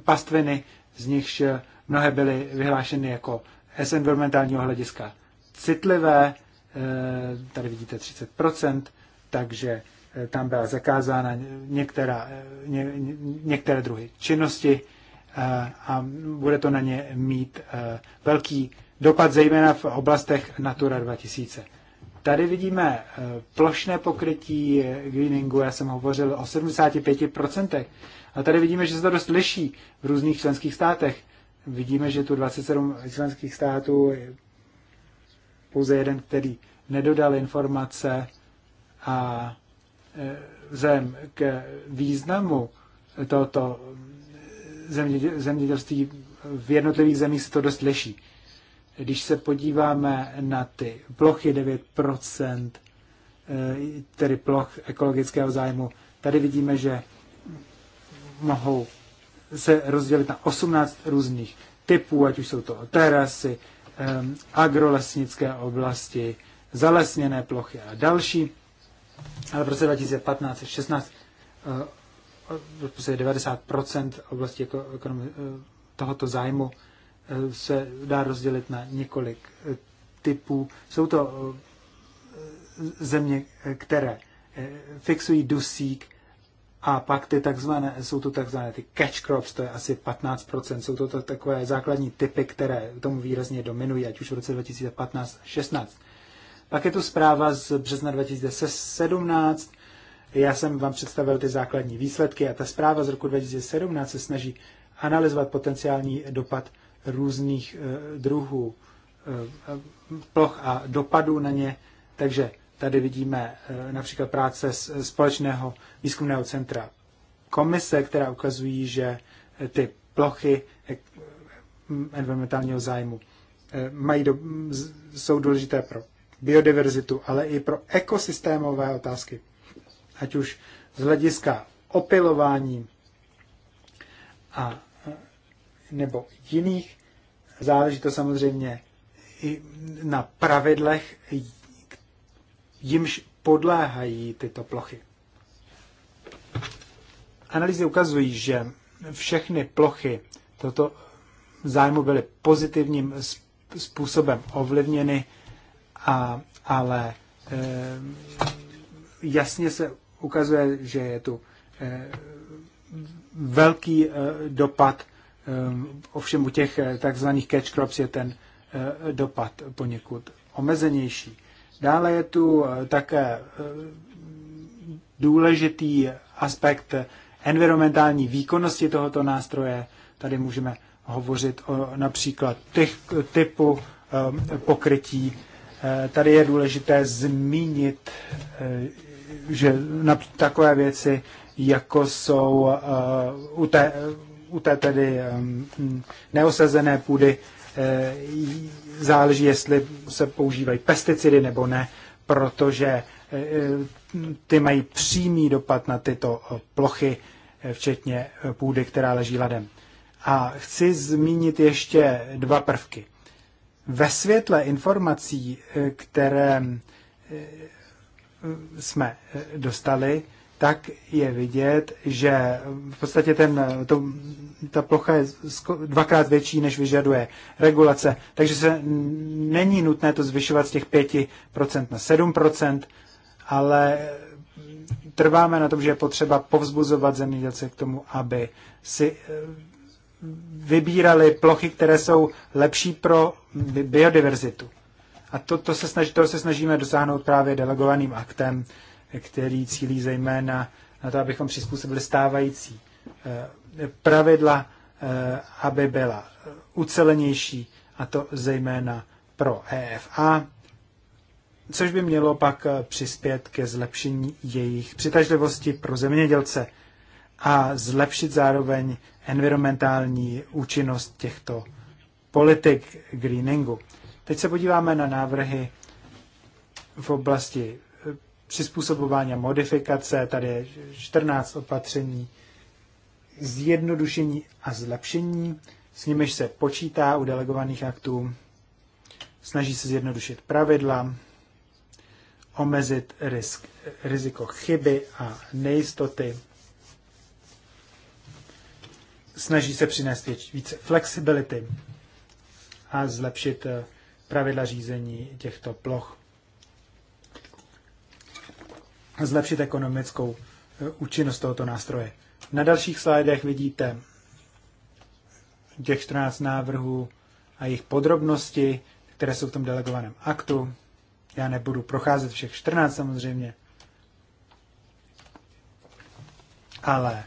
pastviny, z nichž mnohé byly vyhlášeny jako z environmentálního hlediska citlivé, eh, tady vidíte 30%, takže eh, tam byla zakázána některá, eh, ně, některé druhy činnosti a bude to na ně mít velký dopad, zejména v oblastech Natura 2000. Tady vidíme plošné pokrytí greeningu, já jsem hovořil o 75%, a tady vidíme, že se to dost liší v různých členských státech vidíme, že tu 27 členských států pouze jeden, který nedodal informace a e, zem k významu tohoto zemědělství v jednotlivých zemích se to dost leší. Když se podíváme na ty plochy 9%, e, tedy ploch ekologického zájmu, tady vidíme, že mohou se rozdělit na 18 různých typů, ať už jsou to terasy, agrolesnické oblasti, zalesněné plochy a další. Ale v roce 2015 až 16 90% oblasti jako eh, tohoto zájmu eh, se dá rozdělit na několik eh, typů. Jsou to země, které fixují dusík a pak ty takzvané, jsou to takzvané ty catch crops, to je asi 15%, jsou to, to takové základní typy, které tomu výrazně dominují, ať už v roce 2015-16. Pak je tu zpráva z března 2017, já jsem vám představil ty základní výsledky a ta zpráva z roku 2017 se snaží analyzovat potenciální dopad různých eh, druhů eh, ploch a dopadů na ně. Takže Tady vidíme eh, například práce z eh, společného výzkumného centra komise, která ukazují, že eh, ty plochy environmentálního zájmu mají do, jsou důležité pro biodiverzitu, ale i pro ekosystémové otázky. Ať už z hlediska opilování a nebo jiných. Záleží to samozřejmě i na pravidlech, jimž podléhají tyto plochy. Analýzy ukazují, že všechny plochy toto zájmu byly pozitivním způsobem ovlivněny, a, ale e, jasně se ukazuje, že je tu e, velký e, dopad, e, ovšem u těch e, takzvaných catch crops je ten e, dopad poněkud omezenější. Dále je tu eh, také eh, důležitý aspekt environmentální výkonnosti tohoto nástroje. Tady můžeme hovořit o například těch, typu eh, pokrytí. Tady je důležité zmínit, že na takové věci, jako jsou u té, u té tedy neosazené půdy, Eh, záleží, jestli se používají pesticidy nebo ne, protože eh, ty mají přímý dopad na tyto eh, plochy, včetně půdy, která leží ladem. A chci zmínit ještě dva prvky. Ve světle informací, které jsme dostali, tak je vidět, že v podstatě ten, to, ta plocha je dvakrát větší, než vyžaduje regulace, takže se není nutné to zvyšovat z těch 5% na 7%, ale trváme na tom, že je potřeba povzbuzovat zemědělce k tomu, aby si eh, vybírali plochy, které jsou lepší pro biodiverzitu. A to, to, se, snaží, to se snažíme dosáhnout právě delegovaným aktem, který cílí zejména na to, abychom přizpůsobili stávající eh, pravidla, eh, aby byla eh, ucelenější, a to zejména pro EFA, což by mělo pak přispět ke zlepšení jejich přitažlivosti pro zemědělce a zlepšit zároveň environmentální účinnost těchto politik greeningu. Teď se podíváme na návrhy v oblasti přizpůsobování a modifikace, tady je 14 opatření, zjednodušení a zlepšení, s nimiž se počítá u delegovaných aktů, snaží se zjednodušit pravidla, omezit risk, riziko chyby a nejistoty, snaží se přinést více flexibility a zlepšit eh, pravidla řízení těchto ploch zlepšit ekonomickou eh, účinnost tohoto nástroje. Na dalších slidech vidíte těch 14 návrhů a jejich podrobnosti, které jsou v tom delegovaném aktu. Já nebudu procházet všech 14 samozřejmě, ale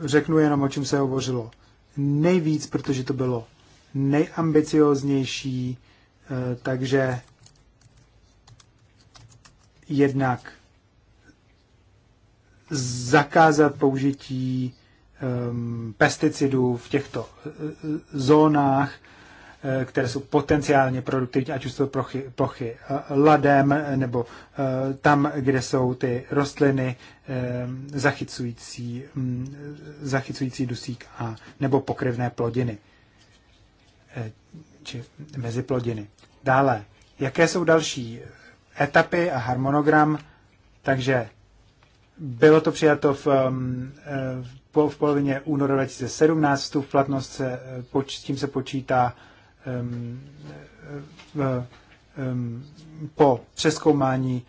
eh, řeknu jenom, o čem se hovořilo nejvíc, protože to bylo nejambicioznější, eh, takže jednak zakázat použití um, pesticidů v těchto eh, zónách, eh, které jsou potenciálně produktivní, ať už jsou plochy, plochy eh, ladem, nebo tam, kde jsou ty rostliny ehm, zachycující, hm, zachycující dusík a nebo pokryvné plodiny, či meziplodiny. Dále, jaké jsou další etapy a harmonogram, takže bylo to přijato v, um, eh, v polovině února 2017, v platnost se, eh, s tím se počítá um, eh, um, po přeskoumání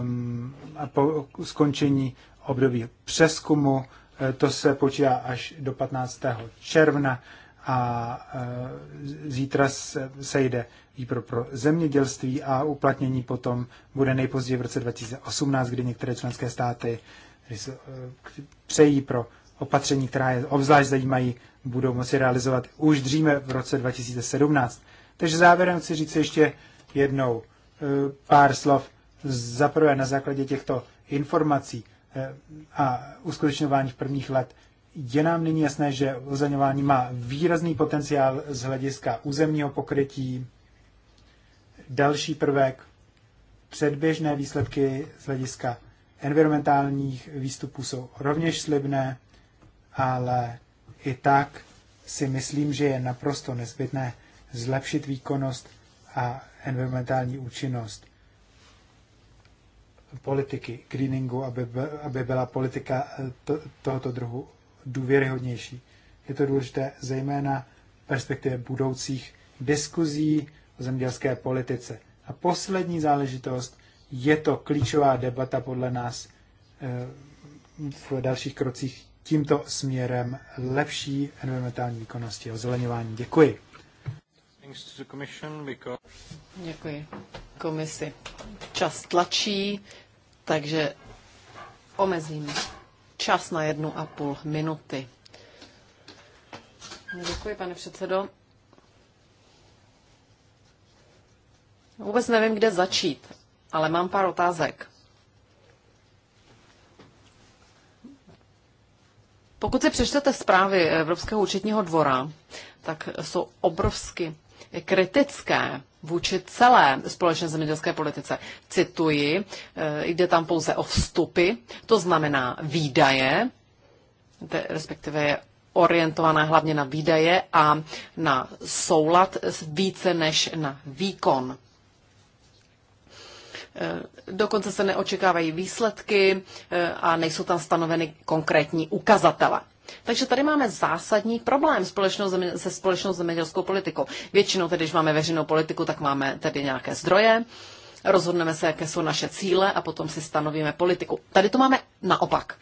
um, a po skončení období přeskumu. To se počítá až do 15. června a e, zítra sejde výbor pro zemědělství a uplatnění potom bude nejpozději v roce 2018, kdy některé členské státy e, přejí pro opatření, která je obzvlášť zajímají, budou moci realizovat už dříve v roce 2017. Takže závěrem chci říct ještě jednou e, pár slov. Zaprvé na základě těchto informací a uskutečňování v prvních let je nám nyní jasné, že ozeňování má výrazný potenciál z hlediska územního pokrytí. Další prvek, předběžné výsledky z hlediska environmentálních výstupů jsou rovněž slibné, ale i tak si myslím, že je naprosto nezbytné zlepšit výkonnost a environmentální účinnost politiky greeningu, aby, aby byla politika tohoto druhu důvěryhodnější. Je to důležité zejména v perspektivě budoucích diskuzí o zemědělské politice. A poslední záležitost, je to klíčová debata podle nás eh, v dalších krocích tímto směrem lepší environmentální výkonnosti o zeleněvání. Děkuji. Děkuji komisi. Čas tlačí, takže omezíme čas na jednu a půl minuty. Děkuji, pane předsedo. Vůbec nevím, kde začít, ale mám pár otázek. Pokud si přečtete zprávy Evropského účetního dvora, tak jsou obrovsky kritické vůči celé společné zemědělské politice. Cituji, eh, jde tam pouze o vstupy, to znamená výdaje, respektive je orientovaná hlavně na výdaje a na soulad více než na výkon. Eh, dokonce se neočekávají výsledky eh, a nejsou tam stanoveny konkrétní ukazatele. Takže tady máme zásadní problém společnou země, se společnou zemědělskou politikou. Většinou, tedy, když máme veřejnou politiku, tak máme tedy nějaké zdroje, rozhodneme se, jaké jsou naše cíle a potom si stanovíme politiku. Tady to máme naopak.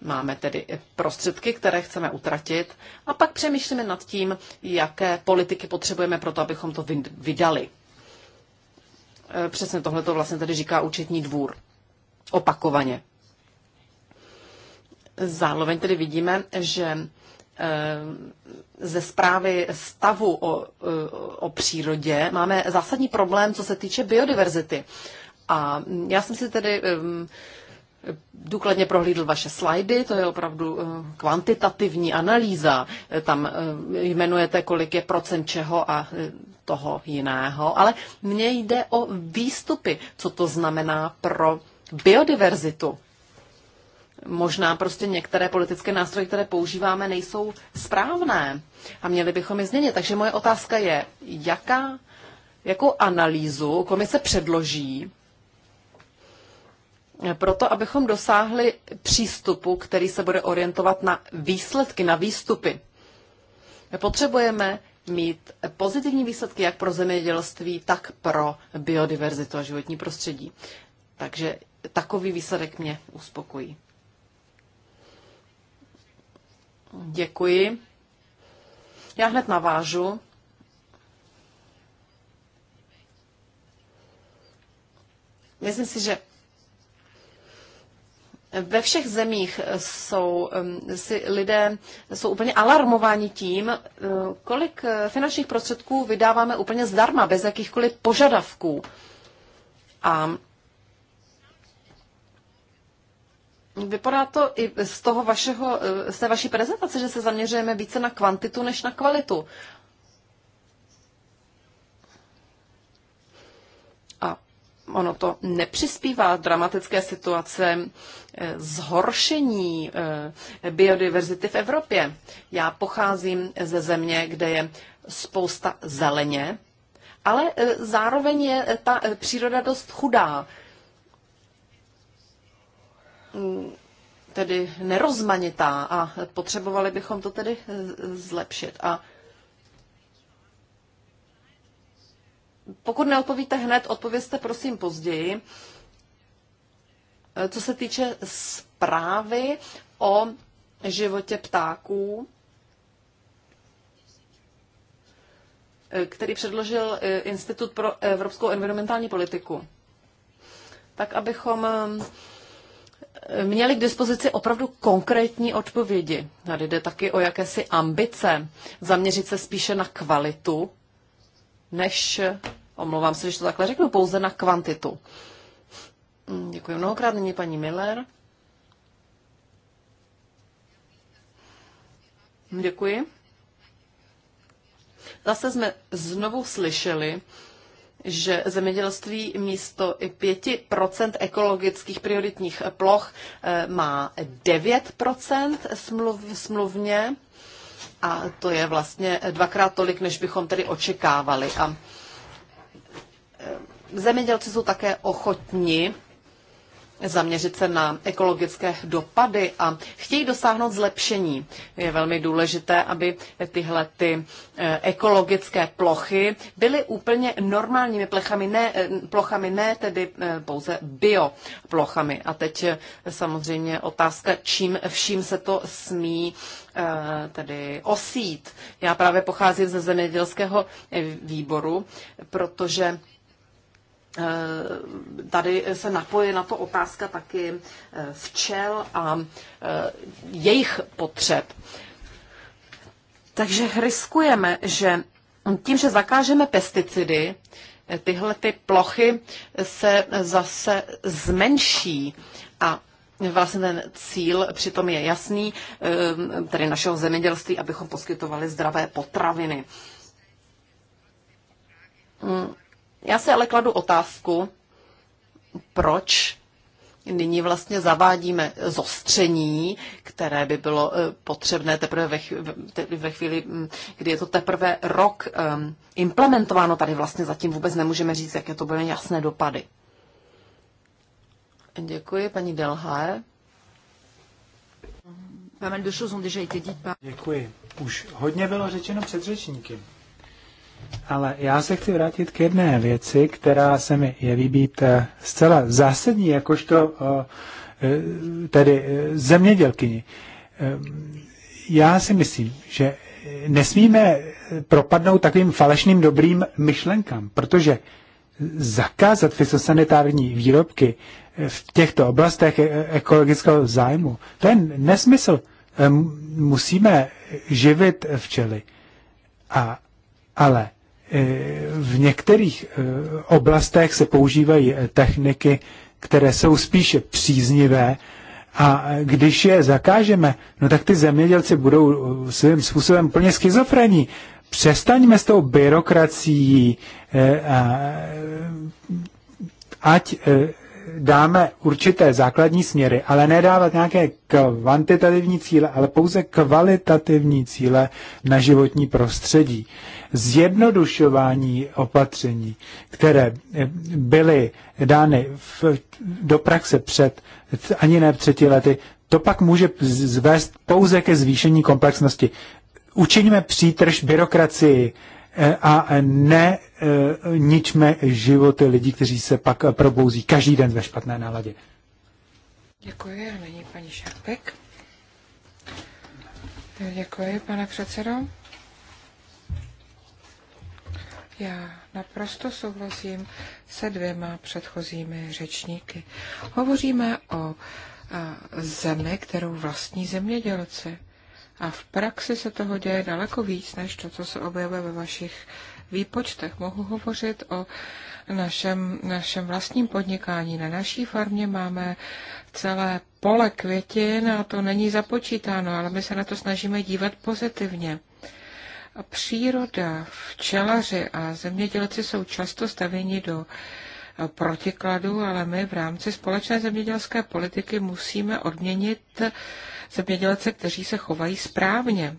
Máme tedy prostředky, které chceme utratit a pak přemýšlíme nad tím, jaké politiky potřebujeme pro to, abychom to vydali. E, přesně tohle to vlastně tady říká účetní dvůr. Opakovaně. Zároveň tedy vidíme, že eh, ze zprávy stavu o, eh, o přírodě máme zásadní problém, co se týče biodiverzity. A já jsem si tedy eh, důkladně prohlídl vaše slajdy, to je opravdu kvantitativní analýza. Tam jmenujete, kolik je procent čeho a toho jiného, ale mně jde o výstupy, co to znamená pro biodiverzitu. Možná prostě některé politické nástroje, které používáme, nejsou správné a měli bychom je změnit. Takže moje otázka je, jaká, jakou analýzu komise předloží proto, abychom dosáhli přístupu, který se bude orientovat na výsledky, na výstupy. Potřebujeme mít pozitivní výsledky jak pro zemědělství, tak pro biodiverzitu a životní prostředí. Takže takový výsledek mě uspokojí. Děkuji. Já hned navážu. Myslím si, že ve všech zemích jsou um, si lidé jsou úplně alarmováni tím, uh, kolik uh, finančních prostředků vydáváme úplně zdarma, bez jakýchkoliv požadavků. A Vypadá to i z toho vašeho, eh, z té vaší prezentace, že se zaměřujeme více na kvantitu než na kvalitu. A ono to nepřispívá dramatické situace eh, zhoršení eh, biodiverzity v Evropě. Já pocházím ze země, kde je spousta zeleně, ale zároveň je ta příroda dost chudá. Mm, tedy nerozmanitá a potřebovali bychom to tedy eh, zlepšit. A pokud neodpovíte hned, odpovězte prosím později. Eh, co se týče zprávy o životě ptáků, eh, který předložil Institut pro evropskou environmentální politiku, tak abychom měli k dispozici opravdu konkrétní odpovědi. Tady jde taky o jakési ambice, zaměřit se spíše na kvalitu, než, omlouvám se, že to takhle řeknu, pouze na kvantitu. Hmm, děkuji mnohokrát, nyní paní Miller. Děkuji. Zase jsme znovu slyšeli, že zemědělství místo 5% ekologických prioritních ploch eh, má 9% smluv, smluvně a to je vlastně dvakrát tolik, než bychom tedy očekávali. A eh, zemědělci jsou také ochotni zaměřit se na ekologické dopady a chtějí dosáhnout zlepšení. Je velmi důležité, aby tyhle ty eh, ekologické plochy byly úplně normálními plechami, ne, eh, plochami, ne tedy eh, pouze bioplochami. A teď samozřejmě otázka, čím vším se to smí tedy osít. Já právě pocházím ze zemědělského výboru, protože Eh, tady se napoje na to otázka taky eh, včel a eh, jejich potřeb. Takže riskujeme, že tím, že zakážeme pesticidy, tyhle ty plochy se zase zmenší a Vlastně ten cíl přitom je jasný, tedy našeho zemědělství, abychom poskytovali zdravé potraviny. Mm. Já se ale kladu otázku, proč nyní vlastně zavádíme zostření, které by bylo eh, potřebné teprve ve, chvíli, ve chvíli, mm, kdy je to teprve rok ehm, implementováno. Tady vlastně zatím vůbec nemůžeme říct, jaké to byly jasné dopady. Děkuji, paní Delhae. Děkuji. Už hodně bylo řečeno před řečníky. Ale já se chci vrátit k jedné věci, která se mi jeví být eh, zcela zásadní, jakožto eh, eh, tedy zemědělkyni. Já si myslím, že nesmíme propadnout takovým falešným dobrým myšlenkám, protože zakázat fysosanitární výrobky v těchto oblastech ekologického zájmu, to je nesmysl. Musíme živit včely. A ale e, v některých e, oblastech se používají e, techniky, které jsou spíše příznivé a když je zakážeme, no tak ty zemědělci budou svým způsobem plně schizofrení. Přestaňme s tou byrokracií a ať dáme určité základní směry, ale nedávat nějaké kvantitativní cíle, ale pouze kvalitativní cíle na životní prostředí zjednodušování opatření, které eh, byly dány v, do praxe před ani ne třetí lety, to pak může zvést pouze ke zvýšení komplexnosti. Učiňme přítrž byrokracii eh, a ne eh, ničme životy lidí, kteří se pak probouzí každý den ve špatné náladě. Děkuji a nyní paní Šarpek. Děkuji, pane předsedo. Já naprosto souhlasím se dvěma předchozími řečníky. Hovoříme o zemi, kterou vlastní zemědělci. A v praxi se toho děje daleko víc, než to, co se objevuje ve vašich výpočtech. Mohu hovořit o našem, našem vlastním podnikání. Na naší farmě máme celé pole květin a to není započítáno, ale my se na to snažíme dívat pozitivně. Příroda, včelaři a zemědělci jsou často stavěni do protikladu, ale my v rámci společné zemědělské politiky musíme odměnit zemědělce, kteří se chovají správně.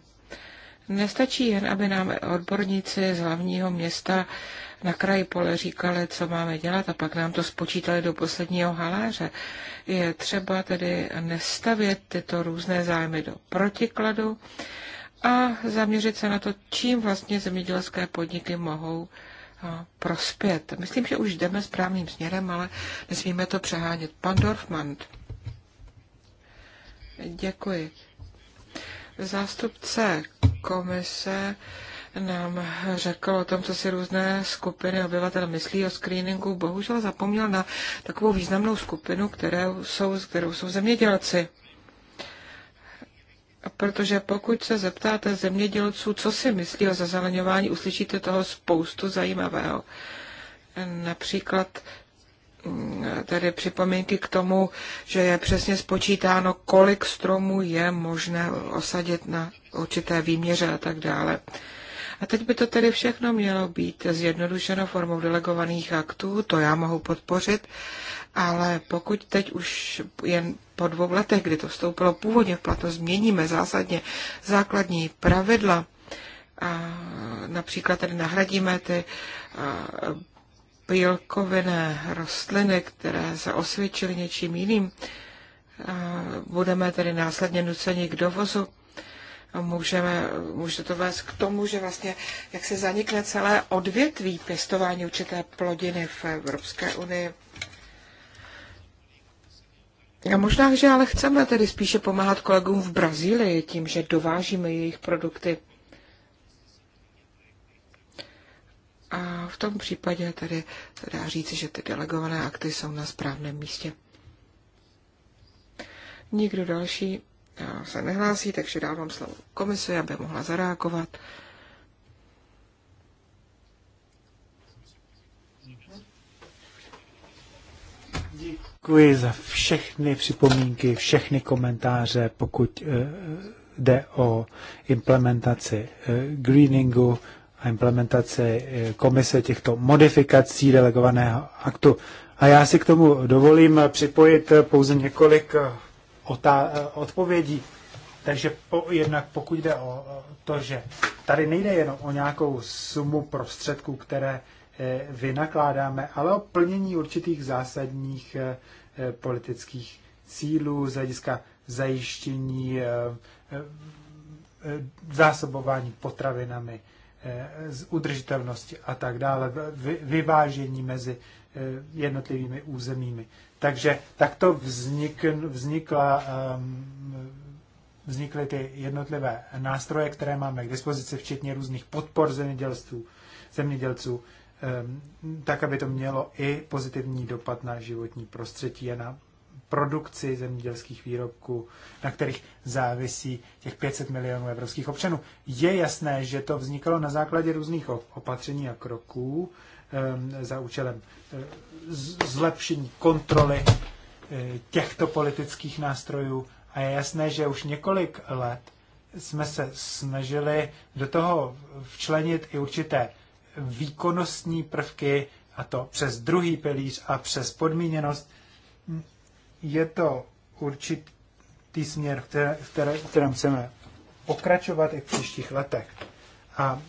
Nestačí jen, aby nám odborníci z hlavního města na kraji pole říkali, co máme dělat a pak nám to spočítali do posledního haláře. Je třeba tedy nestavět tyto různé zájmy do protikladu, a zaměřit se na to, čím vlastně zemědělské podniky mohou prospět. Myslím, že už jdeme správným směrem, ale nesmíme to přehánět. Pan Dorfmand. Děkuji. Zástupce komise nám řekl o tom, co si různé skupiny obyvatel myslí o screeningu. Bohužel zapomněl na takovou významnou skupinu, kterou jsou, kterou jsou zemědělci. Protože pokud se zeptáte zemědělců, co si myslí o zazeleňování, uslyšíte toho spoustu zajímavého. Například mm, tady připomínky k tomu, že je přesně spočítáno, kolik stromů je možné osadit na určité výměře a tak dále. A teď by to tedy všechno mělo být zjednodušeno formou delegovaných aktů, to já mohu podpořit, ale pokud teď už jen po dvou letech, kdy to vstoupilo původně v platnost, změníme zásadně základní pravidla, a například tady nahradíme ty bílkovinné rostliny, které se osvědčily něčím jiným, budeme tedy následně nuceni k dovozu. Můžeme, může to vést k tomu, že vlastně jak se zanikne celé odvětví pěstování určité plodiny v Evropské unii. A možná, že ale chceme tedy spíše pomáhat kolegům v Brazílii tím, že dovážíme jejich produkty. A v tom případě tedy se dá říci, že ty delegované akty jsou na správném místě. Nikdo další eh, se nehlásí, takže dávám slovo komisi, aby mohla zareagovat. Děkuji za všechny připomínky, všechny komentáře, pokud eh, jde o implementaci eh, greeningu a implementaci eh, komise těchto modifikací delegovaného aktu. A já si k tomu dovolím připojit pouze několik odpovědí. Takže po, jednak pokud jde o to, že tady nejde jenom o nějakou sumu prostředků, které Eh, vynakládáme, ale o plnění určitých zásadních eh, eh, politických cílů z hlediska zajištění zásobování potravinami, z udržitelnosti a tak dále, vyvážení mezi jednotlivými územími. Takže takto vznikla, ehm, vznikly ty jednotlivé nástroje, které máme k dispozici, včetně různých podpor zemědělců, zemědělců Ehm, tak, aby to mělo i pozitivní dopad na životní prostředí a na produkci zemědělských výrobků, na kterých závisí těch 500 milionů evropských občanů. Je jasné, že to vznikalo na základě různých opatření a kroků ehm, za účelem eh, zlepšení kontroly eh, těchto politických nástrojů a je jasné, že už několik let jsme se snažili do toho včlenit i určité výkonnostní prvky, a to přes druhý pilíř a přes podmíněnost. Je to určitý směr, v, které, v kterém chceme pokračovat i v příštích letech. A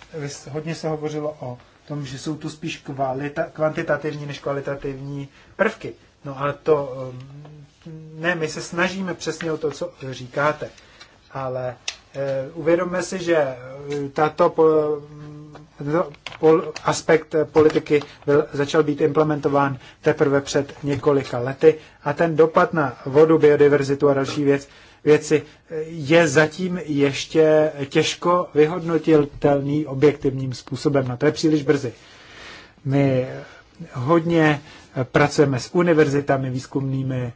hodně se hovořilo o tom, že jsou tu spíš kvalita, kvantitativní než kvalitativní prvky. No ale to, um, ne, my se snažíme přesně o to, co říkáte, ale eh, uvědomme si, že eh, tato tento aspekt eh, politiky byl, začal být implementován teprve před několika lety a ten dopad na vodu, biodiverzitu a další věc, věci eh, je zatím ještě těžko vyhodnotitelný objektivním způsobem. No to je příliš brzy. My hodně eh, pracujeme s univerzitami, výzkumnými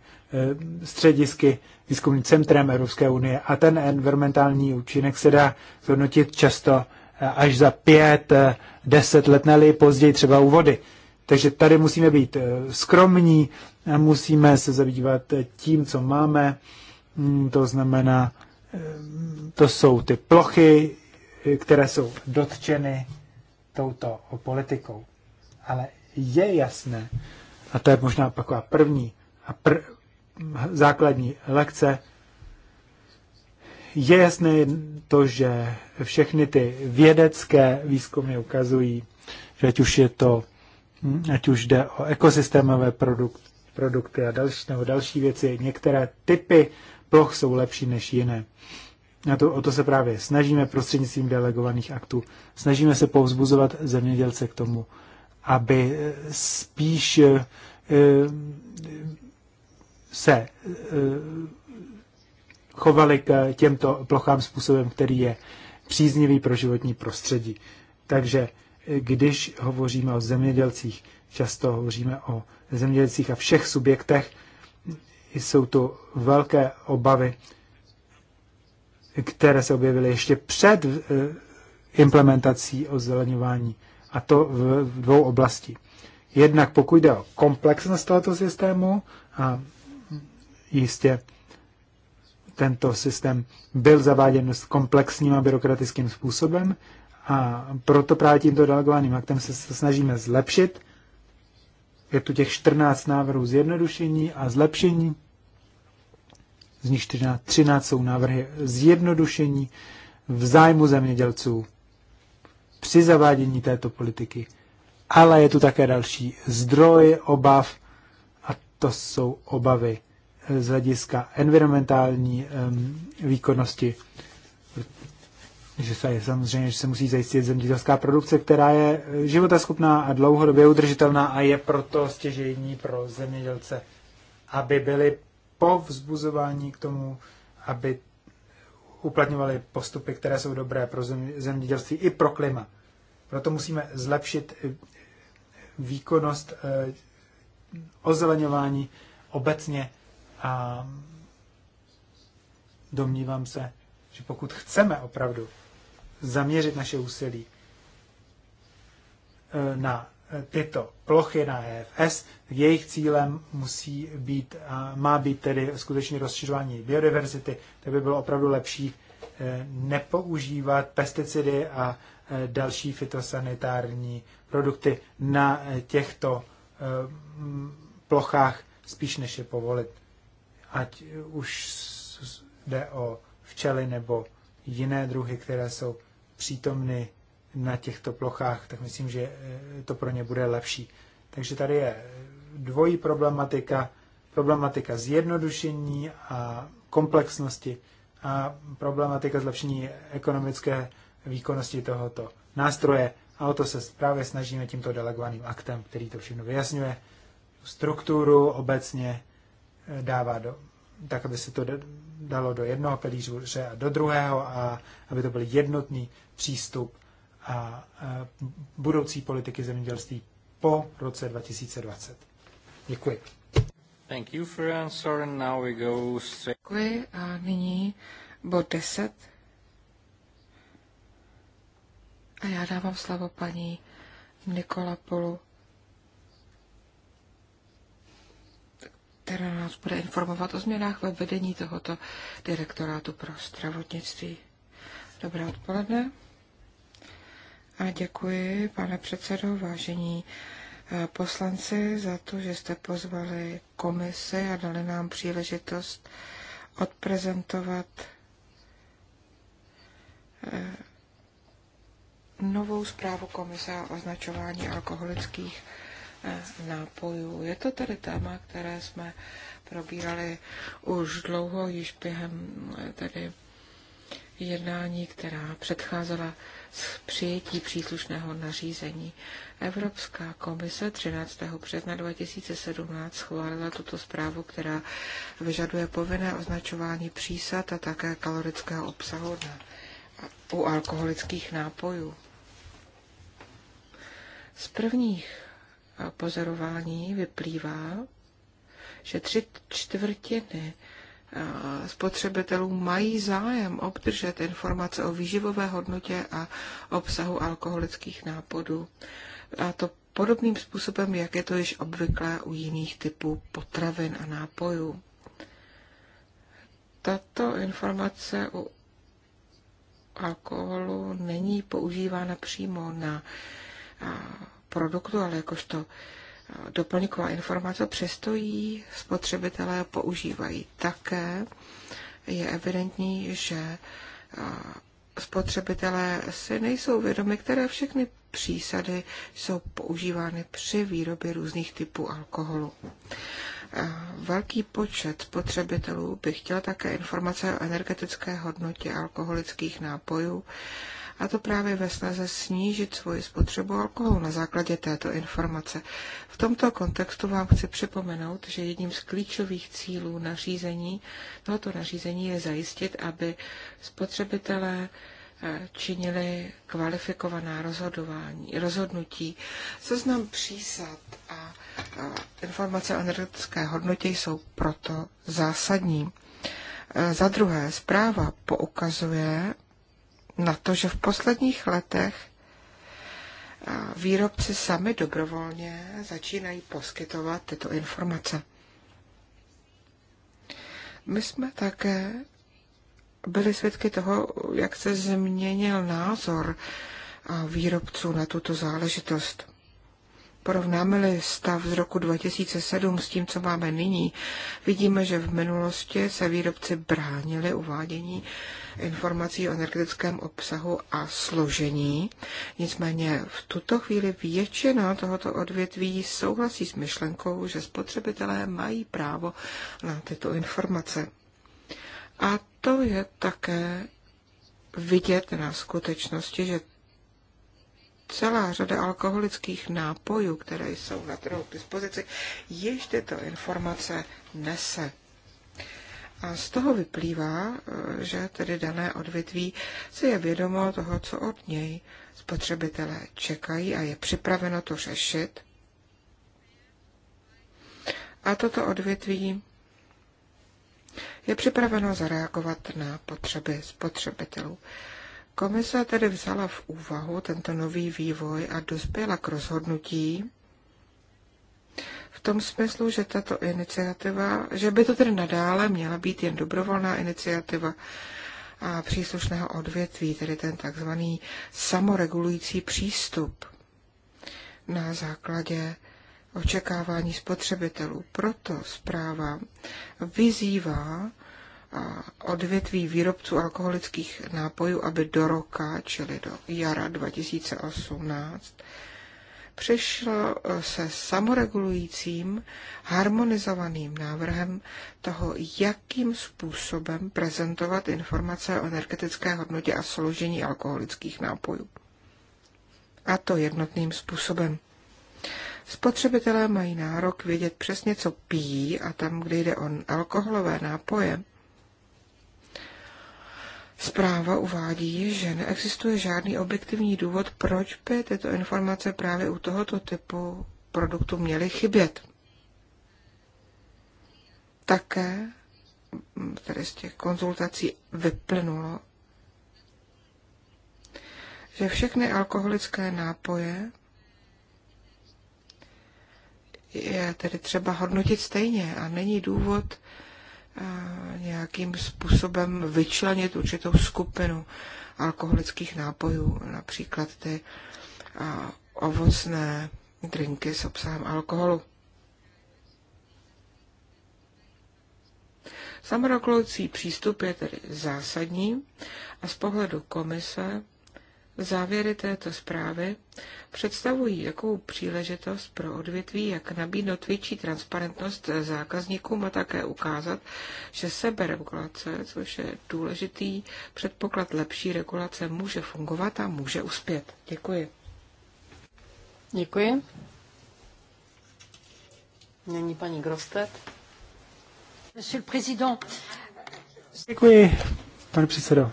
středisky, výzkumným centrem Evropské unie a ten environmentální účinek se dá zhodnotit často Eh, až za pět, eh, deset let, ne později třeba u vody. Takže tady musíme být eh, skromní, musíme se zabývat tím, co máme. Mm, to znamená, to jsou ty plochy, které jsou dotčeny touto politikou. Ale je jasné, a to je možná taková první a pr- základní lekce, je jasné to, že všechny ty vědecké výzkumy ukazují, že ať už je to, hm, ať už jde o ekosystémové produkt, produkty a další, nebo další věci, některé typy ploch jsou lepší než jiné. Na to, o to se právě snažíme prostřednictvím delegovaných aktů. Snažíme se povzbuzovat zemědělce k tomu, aby eh, spíš eh, eh, se chovali k těmto plochám způsobem, který je příznivý pro životní prostředí. Takže když hovoříme o zemědělcích, často hovoříme o zemědělcích a všech subjektech, jsou tu velké obavy, které se objevily ještě před eh, implementací ozeleňování. A to v dvou oblasti. Jednak pokud jde o komplexnost tohoto systému, a jistě tento systém byl zaváděn s komplexním a byrokratickým způsobem a proto právě tímto delegovaným aktem se snažíme zlepšit. Je tu těch 14 návrhů zjednodušení a zlepšení, z nich 14, 13 jsou návrhy zjednodušení v zájmu zemědělců při zavádění této politiky. Ale je tu také další zdroj obav a to jsou obavy z hlediska environmentální výkonnosti. Že se, samozřejmě, že se musí zajistit zemědělská produkce, která je životaschopná a dlouhodobě udržitelná a je proto stěžejní pro zemědělce, aby byli povzbuzováni k tomu, aby uplatňovali postupy, které jsou dobré pro zemědělství i pro klima. Proto musíme zlepšit eh, výkonnost eh, ozeleňování obecně a domnívám se, že pokud chceme opravdu zaměřit naše úsilí eh, na eh, tyto plochy na EFS, jejich cílem musí být, a má být tedy skutečně rozšiřování biodiverzity, tak by bylo opravdu lepší eh, nepoužívat pesticidy a další fitosanitární produkty na těchto plochách spíš než je povolit ať už jde o včely nebo jiné druhy, které jsou přítomny na těchto plochách, tak myslím, že eh, to pro ně bude lepší. Takže tady je dvojí problematika, problematika zjednodušení a komplexnosti a problematika zlepšení ekonomické výkonnosti tohoto nástroje. A o to se právě snažíme tímto delegovaným aktem, který to všechno vyjasňuje, strukturu obecně dává do, tak, aby se to dalo do jednoho pilíře a do druhého a aby to byl jednotný přístup a budoucí politiky zemědělství po roce 2020. Děkuji. Thank you for answer. Now we go straight... Děkuji a nyní bod 10. A já dávám slovo paní Nikola Polu která nás bude informovat o změnách ve vedení tohoto direktorátu pro zdravotnictví. Dobré odpoledne. A děkuji, pane předsedo, vážení eh, poslanci, za to, že jste pozvali komisi a dali nám příležitost odprezentovat eh, novou zprávu komise o označování alkoholických Eh, nápojů. Je to tedy téma, které jsme probírali už dlouho, již během eh, tedy jednání, která předcházela z přijetí příslušného nařízení. Evropská komise 13. března 2017 schválila tuto zprávu, která vyžaduje povinné označování přísad a také kalorického obsahu na, u alkoholických nápojů. Z prvních pozorování vyplývá, že tři čtvrtiny spotřebitelů mají zájem obdržet informace o výživové hodnotě a obsahu alkoholických nápodů. A to podobným způsobem, jak je to již obvyklé u jiných typů potravin a nápojů. Tato informace u alkoholu není používána přímo na produktu, ale jakožto eh, doplňková informace, přesto ji spotřebitelé používají také. Je evidentní, že eh, spotřebitelé si nejsou vědomi, které všechny přísady jsou používány při výrobě různých typů alkoholu. Eh, velký počet spotřebitelů by chtěl také informace o energetické hodnotě alkoholických nápojů a to právě ve snaze snížit svoji spotřebu alkoholu na základě této informace. V tomto kontextu vám chci připomenout, že jedním z klíčových cílů nařízení, tohoto nařízení je zajistit, aby spotřebitelé eh, činili kvalifikovaná rozhodování, rozhodnutí. Seznam přísad a informace o energetické hodnotě jsou proto zásadní. Eh, za druhé, zpráva poukazuje na to, že v posledních letech eh, výrobci sami dobrovolně začínají poskytovat tyto informace. My jsme také byli svědky toho, jak se změnil názor eh, výrobců na tuto záležitost. Porovnáme-li stav z roku 2007 s tím, co máme nyní, vidíme, že v minulosti se výrobci bránili uvádění informací o energetickém obsahu a složení. Nicméně v tuto chvíli většina tohoto odvětví souhlasí s myšlenkou, že spotřebitelé mají právo na tyto informace. A to je také vidět na skutečnosti, že celá řada alkoholických nápojů, které jsou na trhu k dispozici, již tyto informace nese. A z toho vyplývá, eh, že tedy dané odvětví si je vědomo toho, co od něj spotřebitelé čekají a je připraveno to řešit. A toto odvětví je připraveno zareagovat na potřeby spotřebitelů. Komise tedy vzala v úvahu tento nový vývoj a dospěla k rozhodnutí v tom smyslu, že tato iniciativa, že by to tedy nadále měla být jen dobrovolná iniciativa a příslušného odvětví, tedy ten takzvaný samoregulující přístup na základě očekávání spotřebitelů. Proto zpráva vyzývá odvětví výrobců alkoholických nápojů, aby do roka, čili do jara 2018, přišlo e, se samoregulujícím, harmonizovaným návrhem toho, jakým způsobem prezentovat informace o energetické hodnotě a složení alkoholických nápojů. A to jednotným způsobem. Spotřebitelé mají nárok vědět přesně, co pijí a tam, kde jde o alkoholové nápoje, Zpráva uvádí, že neexistuje žádný objektivní důvod, proč by tyto informace právě u tohoto typu produktu měly chybět. Také mm, tedy z těch konzultací vyplynulo, že všechny alkoholické nápoje je tedy třeba hodnotit stejně a není důvod nějakým způsobem vyčlenit určitou skupinu alkoholických nápojů, například ty ovocné drinky s obsahem alkoholu. Samorokloucí přístup je tedy zásadní a z pohledu komise Závěry této zprávy představují jakou příležitost pro odvětví, jak nabídnout větší transparentnost zákazníkům a také ukázat, že seberegulace, což je důležitý předpoklad lepší regulace, může fungovat a může uspět. Děkuji. Děkuji. Není paní Grostet. Monsieur le Président. Děkuji, pane předsedo.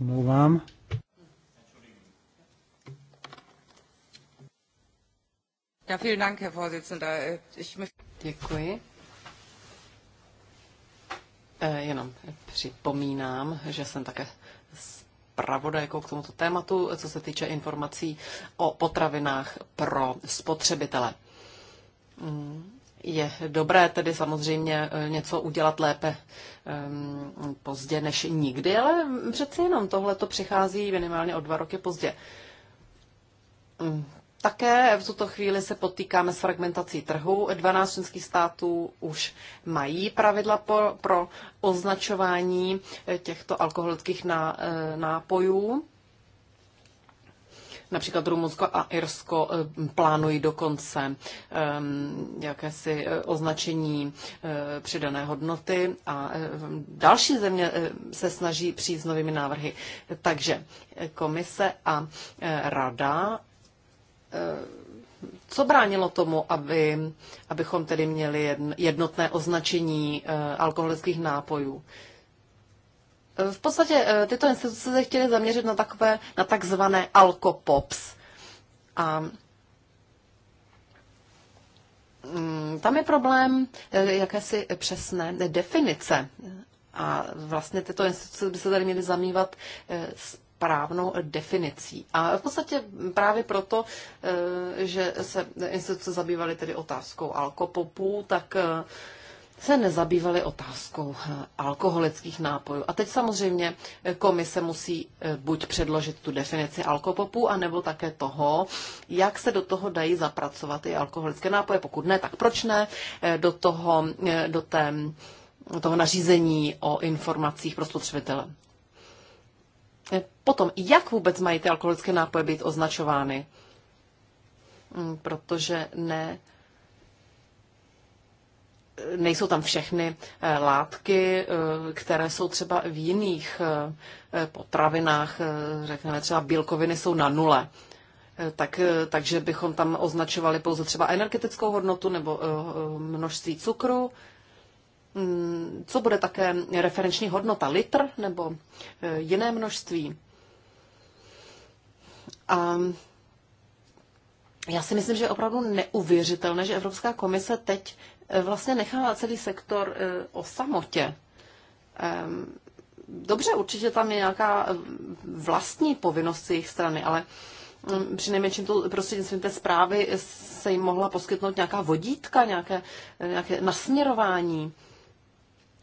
Omlouvám. Ja, Herr Ich Děkuji. E, jenom připomínám, že jsem také zpravodajkou k tomuto tématu, co se týče informací o potravinách pro spotřebitele. Mm je dobré tedy samozřejmě eh, něco udělat lépe ehm, pozdě než nikdy, ale přeci jenom tohle to přichází minimálně o dva roky pozdě. Mm, také v tuto chvíli se potýkáme s fragmentací trhu. 12 členských států už mají pravidla pro označování eh, těchto alkoholických eh, nápojů. Například Rumunsko a Irsko eh, plánují dokonce ehm, jakési eh, označení eh, přidané hodnoty a další země se snaží přijít s novými návrhy. Takže komise a rada co bránilo tomu, aby, abychom tedy měli jednotné označení alkoholických nápojů? v podstatě eh, tyto instituce se chtěly zaměřit na takové, na takzvané alkopops. A mm, tam je problém eh, jakési přesné definice. A vlastně tyto instituce by se tady měly zamývat eh, správnou definicí. A v podstatě právě proto, že se instituce zabývaly tedy otázkou alkopopu, tak se nezabývali otázkou eh, alkoholických nápojů. A teď samozřejmě eh, komise musí eh, buď předložit tu definici alkopopu, anebo také toho, jak se do toho dají zapracovat i alkoholické nápoje. Pokud ne, tak proč ne? Do toho, do té, do toho nařízení o informacích pro spotřebitele. Potom, jak vůbec mají ty alkoholické nápoje být označovány? Mm, protože ne nejsou tam všechny eh, látky, eh, které jsou třeba v jiných eh, potravinách, řekněme třeba bílkoviny jsou na nule. Tak, takže bychom tam označovali pouze třeba energetickou hodnotu nebo množství cukru. Mm, co bude také referenční hodnota? Litr nebo jiné množství? A já si myslím, že je opravdu neuvěřitelné, že Evropská komise teď Eh, vlastně nechává celý sektor eh, o samotě. Dobře, určitě tam je nějaká eh, vlastní povinnost z jejich strany, ale mm, při nejmenším to prostřednictvím té zprávy se jim mohla poskytnout nějaká vodítka, nějaké, nějaké nasměrování,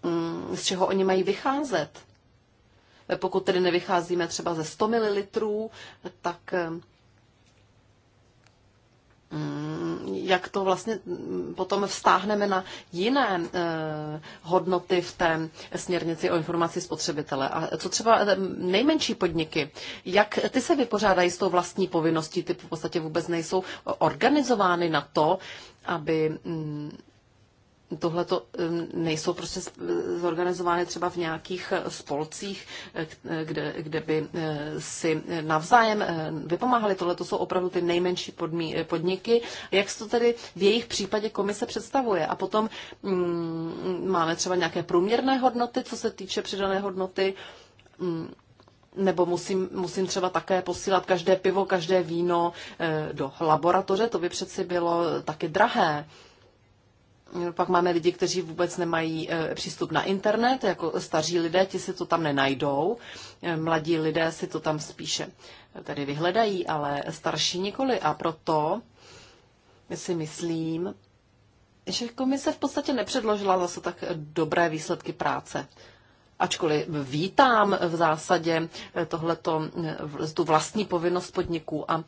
mm, z čeho oni mají vycházet. Pokud tedy nevycházíme třeba ze 100 ml, tak Mm, jak to vlastně mm, potom vztáhneme na jiné eh, hodnoty v té směrnici o informaci spotřebitele. A co třeba eh, nejmenší podniky, jak ty se vypořádají s tou vlastní povinností, ty v podstatě vůbec nejsou organizovány na to, aby mm, tohle to nejsou prostě zorganizovány třeba v nějakých eh, spolcích, eh, eh, kde, kde by si navzájem vypomáhali. Tohle to jsou opravdu ty nejmenší podmí, podniky. Jak se to tedy v jejich případě komise představuje? A potom mm, máme třeba nějaké průměrné hodnoty, co se týče přidané hodnoty. Mm, nebo musím, musím třeba také posílat každé pivo, každé víno do laboratoře, to by přeci bylo taky drahé. Pak máme lidi, kteří vůbec nemají e, přístup na internet, jako staří lidé, ti si to tam nenajdou. E, mladí lidé si to tam spíše e, tedy vyhledají, ale starší nikoli. A proto si myslím, že komise v podstatě nepředložila zase tak dobré výsledky práce. Ačkoliv vítám v zásadě tohleto, tu vlastní povinnost podniků a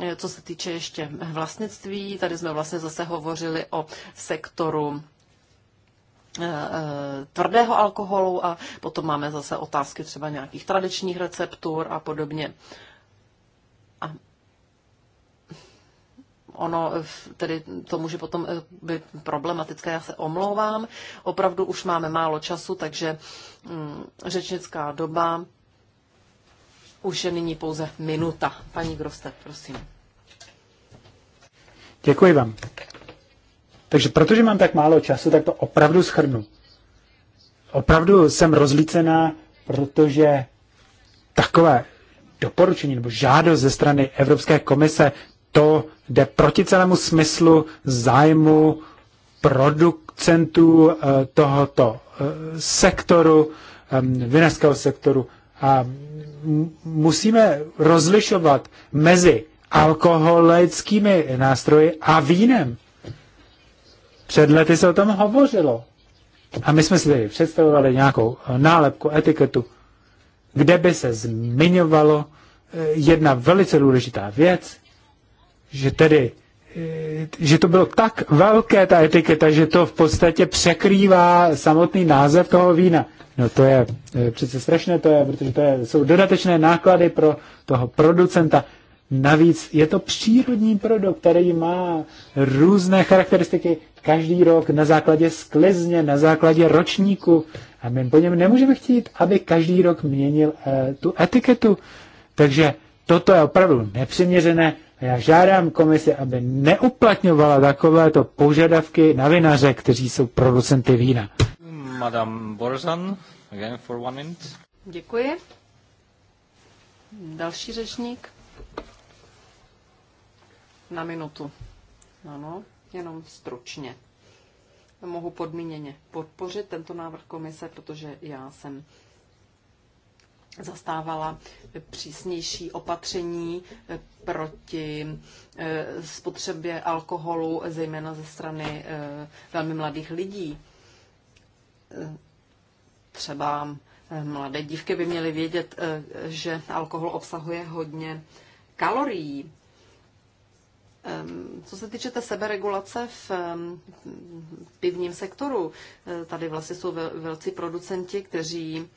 Eh, co se týče ještě vlastnictví, tady jsme vlastně zase hovořili o sektoru eh, eh, tvrdého alkoholu a potom máme zase otázky třeba nějakých tradičních receptur a podobně. A ono tedy to může potom být problematické, já se omlouvám. Opravdu už máme málo času, takže mm, řečnická doba už je nyní pouze minuta. Paní Grostet, prosím. Děkuji vám. Takže protože mám tak málo času, tak to opravdu schrnu. Opravdu jsem rozlícená, protože takové doporučení nebo žádost ze strany Evropské komise, to jde proti celému smyslu zájmu producentů eh, tohoto eh, sektoru, eh, vinařského sektoru, a musíme rozlišovat mezi alkoholickými nástroji a vínem. Před lety se o tom hovořilo. A my jsme si tady představovali nějakou eh, nálepku, etiketu, kde by se zmiňovalo eh, jedna velice důležitá věc, že tedy Eh, že to bylo tak velké, ta etiketa, že to v podstatě překrývá samotný název toho vína. No to je eh, přece strašné, to je, protože to je, jsou dodatečné náklady pro toho producenta. Navíc je to přírodní produkt, který má různé charakteristiky každý rok na základě sklizně, na základě ročníku. A my po něm nemůžeme chtít, aby každý rok měnil eh, tu etiketu. Takže toto je opravdu nepřiměřené a já žádám komisi, aby neuplatňovala takovéto požadavky na vinaře, kteří jsou producenty vína. Madame Borzan, again for one minute. Děkuji. Další řečník. Na minutu. Ano, jenom stručně. Mohu podmíněně podpořit tento návrh komise, protože já jsem zastávala přísnější opatření eh, proti eh, spotřebě alkoholu, zejména ze strany eh, velmi mladých lidí. Třeba mladé dívky by měly vědět, že alkohol obsahuje hodně kalorií. Ehm, co se týče té seberegulace v ehm, pivním sektoru, tady vlastně jsou velcí producenti, kteří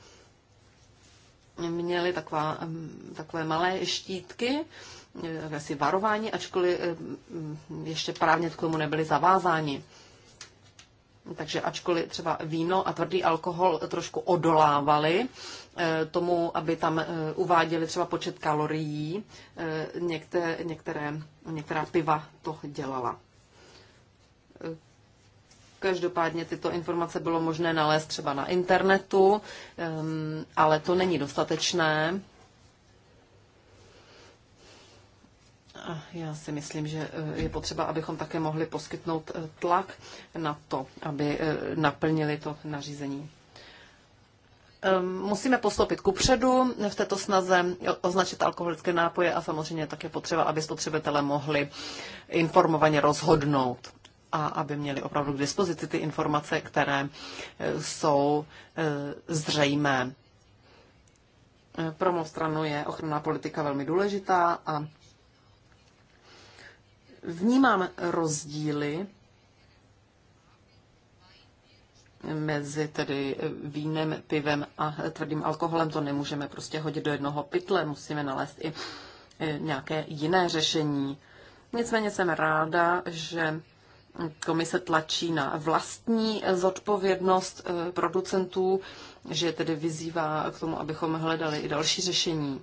měli taková, takové malé štítky, eh, asi varování, ačkoliv ještě právně k tomu nebyli zavázáni. Takže ačkoliv třeba víno a tvrdý alkohol trošku odolávali eh, tomu, aby tam eh, uváděli třeba počet kalorií, některé, některé, některá piva to dělala. Každopádně tyto informace bylo možné nalézt třeba na internetu, ehm, ale to není dostatečné. Já si myslím, že eh, je potřeba, abychom také mohli poskytnout eh, tlak na to, aby eh, naplnili to nařízení. Ehm, musíme postoupit ku předu v této snaze označit alkoholické nápoje a samozřejmě také potřeba, aby spotřebitelé mohli informovaně rozhodnout a aby měli opravdu k dispozici ty informace, které e, jsou e, zřejmé. E, pro mou stranu je ochranná politika velmi důležitá a vnímám rozdíly mezi tedy vínem, pivem a tvrdým alkoholem. To nemůžeme prostě hodit do jednoho pytle, musíme nalézt i nějaké jiné řešení. Nicméně jsem ráda, že komise tlačí na vlastní zodpovědnost eh, producentů, že tedy vyzývá k tomu, abychom hledali i další řešení.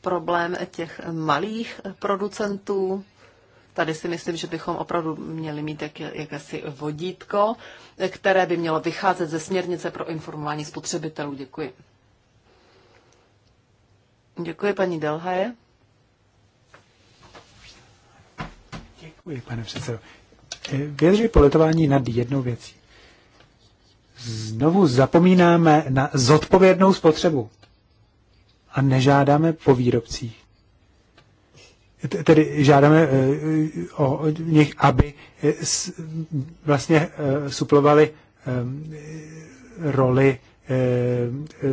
Problém těch malých producentů, tady si myslím, že bychom opravdu měli mít jak, jakési vodítko, které by mělo vycházet ze směrnice pro informování spotřebitelů. Děkuji. Děkuji paní Delhaje. Děkuji, pane předsedo. Eh, vyjadřuji politování nad jednou věcí. Znovu zapomínáme na zodpovědnou spotřebu a nežádáme po výrobcích. Tedy žádáme eh, o nich, aby eh, vlastně suplovali roli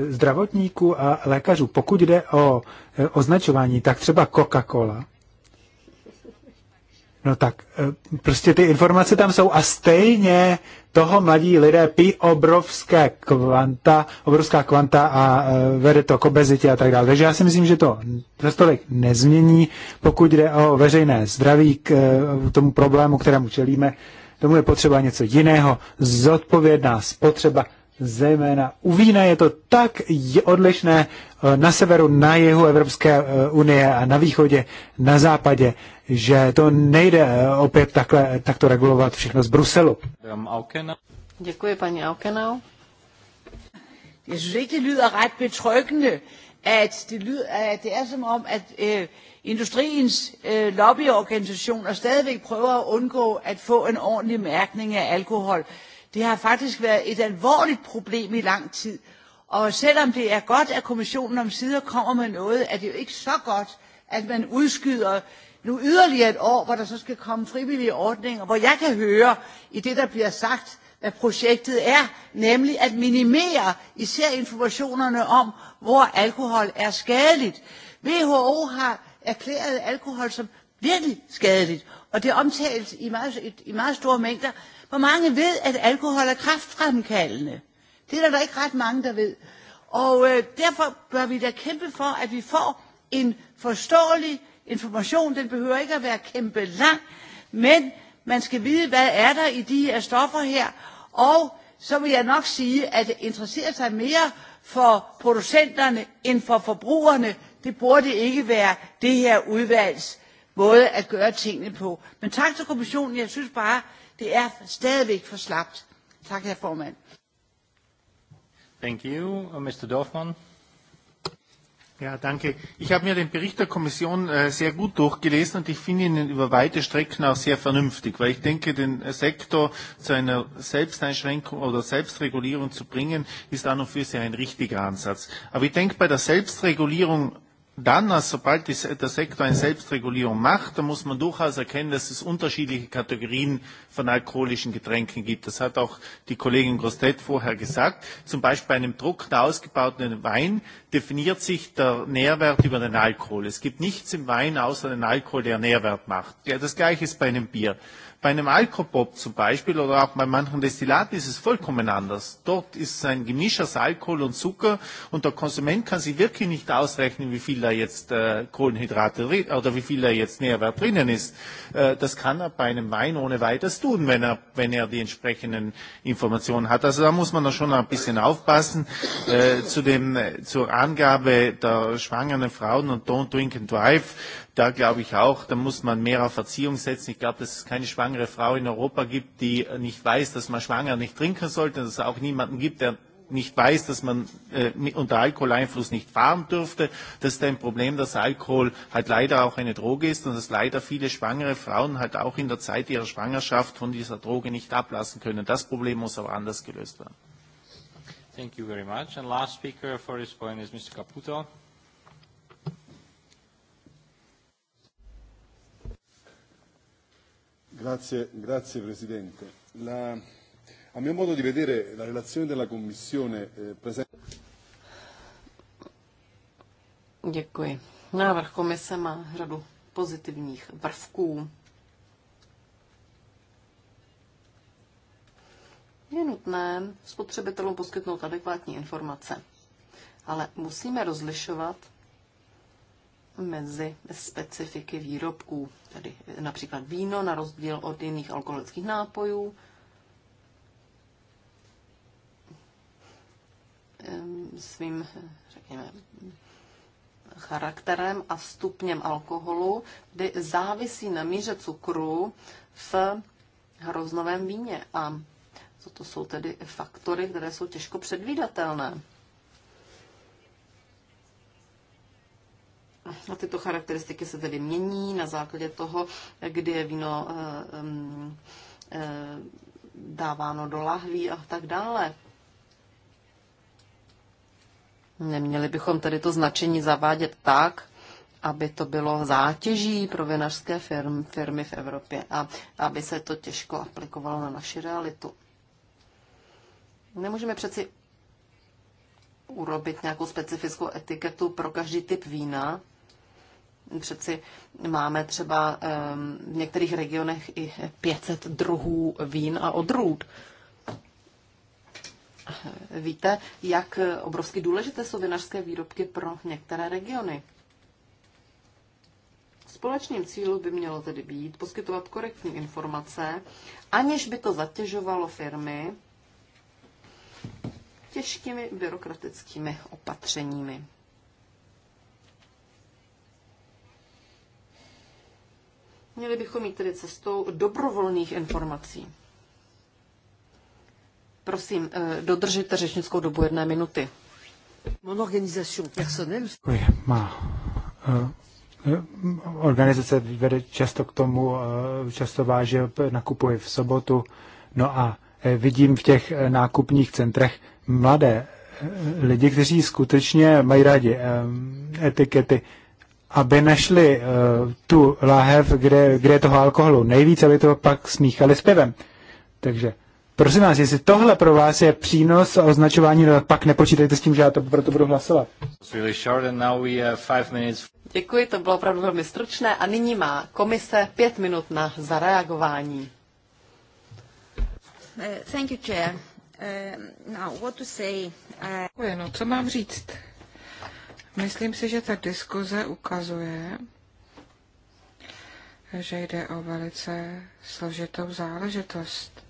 zdravotníků a lékařů. Pokud jde o označování, tak třeba Coca-Cola No tak, eh, prostě ty informace tam jsou a stejně toho mladí lidé pí obrovské kvanta, obrovská kvanta a eh, vede to k obezitě a tak dále. Takže já si myslím, že to za tolik nezmění, pokud jde o veřejné zdraví k eh, tomu problému, kterému čelíme. Tomu je potřeba něco jiného, zodpovědná spotřeba zejména u vína je to tak odlišné eh, na severu, na jihu Evropské eh, unie a na východě, na západě, že to nejde eh, opět takhle, takto regulovat všechno z Bruselu. Děkuji, paní Aukenau. Jeg synes ikke, det lyder ret betryggende, at det, lyder, at det er som om, at øh, industriens øh, lobbyorganisationer stadigvæk prøver at undgå at få en ordentlig mærkning af alkohol. Øh, Det har faktisk været et alvorligt problem i lang tid. Og selvom det er godt, at kommissionen om sider kommer med noget, er det jo ikke så godt, at man udskyder nu yderligere et år, hvor der så skal komme frivillige ordninger, hvor jeg kan høre i det, der bliver sagt, hvad projektet er, nemlig at minimere især informationerne om, hvor alkohol er skadeligt. WHO har erklæret alkohol som virkelig skadeligt, og det omtales i meget, i meget store mængder, Hvor mange ved, at alkohol er kraftfremkaldende? Det er der, der ikke ret mange, der ved. Og øh, derfor bør vi da kæmpe for, at vi får en forståelig information. Den behøver ikke at være kæmpe lang, men man skal vide, hvad er der i de her stoffer her. Og så vil jeg nok sige, at interessere sig mere for producenterne end for forbrugerne, det burde ikke være det her udvalgs måde at gøre tingene på. Men tak til kommissionen. Jeg synes bare, Det er stadigvæk for slapt. Tak, herr formand. Thank you. Uh, Mr. Dorfmann. Ja, danke. Ich habe mir den Bericht der Kommission äh, sehr gut durchgelesen und ich finde ihn über weite Strecken auch sehr vernünftig, weil ich denke, den Sektor zu einer Selbsteinschränkung oder Selbstregulierung zu bringen, ist an und für sich ein richtiger Ansatz. Aber ich denke, bei der Selbstregulierung dann, also sobald die, der Sektor eine Selbstregulierung macht, dann muss man durchaus erkennen, dass es unterschiedliche Kategorien von alkoholischen Getränken gibt. Das hat auch die Kollegin Grostet vorher gesagt. Zum Beispiel bei einem trocken ausgebauten Wein definiert sich der Nährwert über den Alkohol. Es gibt nichts im Wein außer den Alkohol, der Nährwert macht. Ja, das Gleiche ist bei einem Bier. Bei einem Alkopop zum Beispiel oder auch bei manchen Destillaten ist es vollkommen anders. Dort ist ein Gemisch aus Alkohol und Zucker und der Konsument kann sich wirklich nicht ausrechnen, wie viel da jetzt äh, Kohlenhydrate oder wie viel da jetzt Nährwert drinnen ist. Äh, das kann er bei einem Wein ohne weiteres tun, wenn er, wenn er die entsprechenden Informationen hat. Also da muss man da schon ein bisschen aufpassen. Äh, zu dem, äh, zur Angabe der schwangeren Frauen und Don't Drink and Drive Da glaube ich auch, da muss man mehr auf Erziehung setzen. Ich glaube, dass es keine schwangere Frau in Europa gibt, die nicht weiß, dass man schwanger nicht trinken sollte, dass es auch niemanden gibt, der nicht weiß, dass man äh, unter Alkoholeinfluss nicht fahren dürfte. Das ist ein Problem, dass Alkohol halt leider auch eine Droge ist und dass leider viele schwangere Frauen halt auch in der Zeit ihrer Schwangerschaft von dieser Droge nicht ablassen können. Das Problem muss aber anders gelöst werden. Thank you very much. And last speaker for this point is Mr. Caputo. Grazie, grazie Presidente. La, a mio modo di vedere la relazione della Commissione eh, presenta... Děkuji. Návrh komise má řadu pozitivních prvků. Je nutné spotřebitelům poskytnout adekvátní informace, ale musíme rozlišovat mezi specifiky výrobků, tedy například víno na rozdíl od jiných alkoholických nápojů. Svým, řekněme, charakterem a stupněm alkoholu, kdy závisí na míře cukru v hroznovém víně. A toto jsou tedy faktory, které jsou těžko předvídatelné. A tyto charakteristiky se tedy mění na základě toho, kdy je víno eh, eh, dáváno do lahví a tak dále. Neměli bychom tedy to značení zavádět tak, aby to bylo zátěží pro vinařské firm, firmy v Evropě a aby se to těžko aplikovalo na naši realitu. Nemůžeme přeci urobit nějakou specifickou etiketu pro každý typ vína, Přeci máme třeba v některých regionech i 500 druhů vín a odrůd. Víte, jak obrovsky důležité jsou vinařské výrobky pro některé regiony. Společným cílem by mělo tedy být poskytovat korektní informace, aniž by to zatěžovalo firmy těžkými byrokratickými opatřeními. Měli bychom jít tedy cestou dobrovolných informací. Prosím, eh, dodržujte řečnickou dobu jedné minuty. Mon organisation personnelle. Děkuji. Má eh, eh, organizace vede často k tomu, často váže, nakupuje v sobotu. No a vidím v těch nákupních centrech mladé lidi, kteří skutečně mají rádi etikety, aby našli uh, eh, tu láhev, kde, kde je toho alkoholu nejvíc, aby to pak smíchali s pivem. Takže prosím vás, jestli tohle pro vás je přínos a označování, no, pak nepočítejte s tím, že já to proto budu hlasovat. Děkuji, to bylo opravdu velmi stručné a nyní má komise pět minut na zareagování. Uh, thank you, Chair. Uh, now, what to say? Uh... No, co mám říct? Myslím si, že ta diskuze ukazuje, že jde o velice složitou záležitost.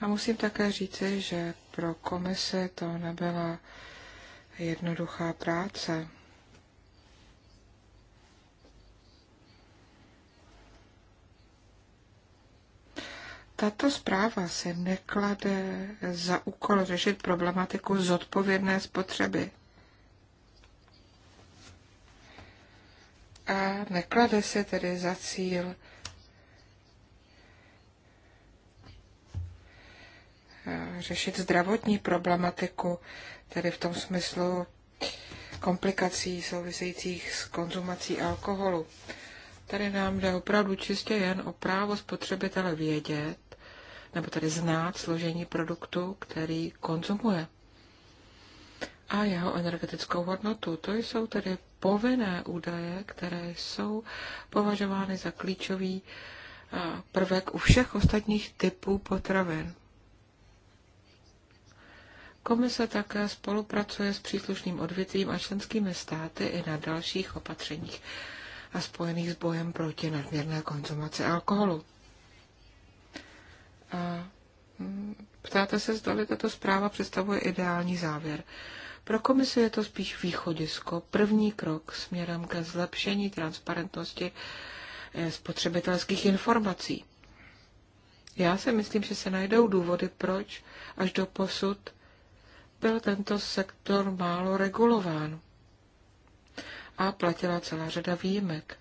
A musím také říci, že pro komisi to nebyla jednoduchá práce. Tato zpráva se neklade za úkol řešit problematiku zodpovědné spotřeby. A neklade se tedy za cíl eh, řešit zdravotní problematiku, tedy v tom smyslu komplikací souvisejících s konzumací alkoholu. Tady nám jde opravdu čistě jen o právo spotřebitele vědět, nebo tedy znát složení produktu, který konzumuje a jeho energetickou hodnotu. To jsou tedy povinné údaje, které jsou považovány za klíčový eh, prvek u všech ostatních typů potravin. Komise také spolupracuje s příslušným odvětvím a členskými státy i na dalších opatřeních a spojených s bojem proti nadměrné konzumaci alkoholu. A hm, ptáte se, zdali tato zpráva představuje ideální závěr. Pro komisi je to spíš východisko, první krok směrem ke zlepšení transparentnosti eh, spotřebitelských informací. Já si myslím, že se najdou důvody, proč až do posud byl tento sektor málo regulován a platila celá řada výjimek.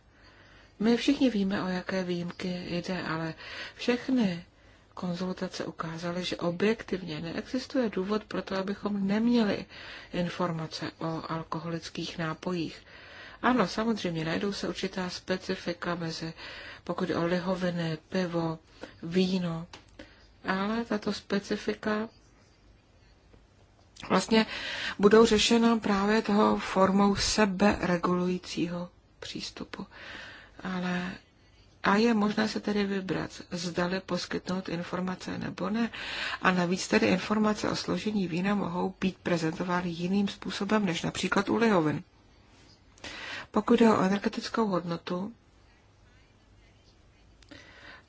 My všichni víme, o jaké výjimky jde, ale všechny konzultace ukázaly, že objektivně neexistuje důvod pro to, abychom neměli informace o alkoholických nápojích. Ano, samozřejmě najdou se určitá specifika mezi, pokud o lihoviny, pivo, víno, ale tato specifika vlastně budou řešena právě toho formou seberegulujícího přístupu. Ale a je možné se tedy vybrat, zdali poskytnout informace nebo ne. A navíc tedy informace o složení vína mohou být prezentovány jiným způsobem než například u lihovin. Pokud jde o energetickou hodnotu,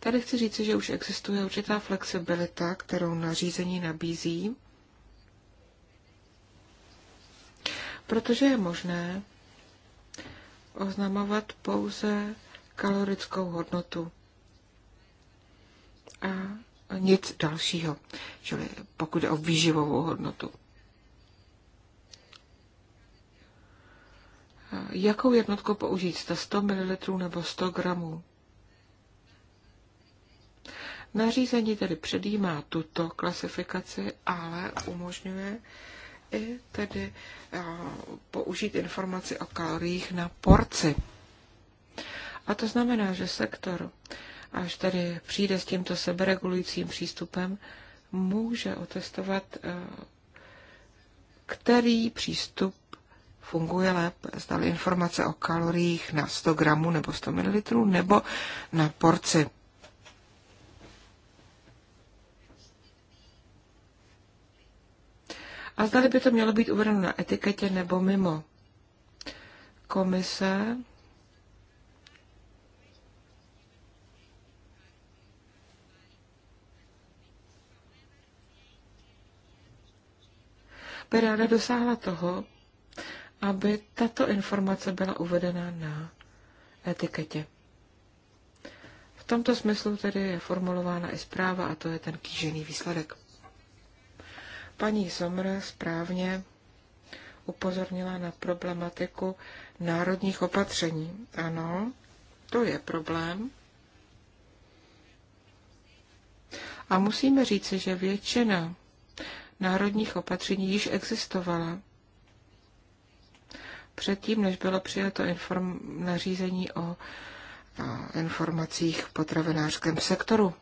tady chci říci, že už existuje určitá flexibilita, kterou nařízení nabízí, protože je možné oznamovat pouze kalorickou hodnotu a nic dalšího, čili pokud je o výživovou hodnotu. Jakou jednotku použít? Jste 100 ml nebo 100 gramů? Nařízení tedy předjímá tuto klasifikaci, ale umožňuje i tedy použít informaci o kaloriích na porci. A to znamená, že sektor, až tady přijde s tímto seberegulujícím přístupem, může otestovat, eh, který přístup funguje lépe. Zdali informace o kaloriích na 100 gramů nebo 100 ml nebo na porci. A zdali by to mělo být uvedeno na etiketě nebo mimo. Komise by ráda dosáhla toho, aby tato informace byla uvedena na etiketě. V tomto smyslu tedy je formulována i zpráva a to je ten kýžený výsledek. Paní Somr správně upozornila na problematiku národních opatření. Ano, to je problém. A musíme říci, že většina národních opatření již existovala. Předtím, než bylo přijato inform- nařízení o informacích v potravinářském sektoru.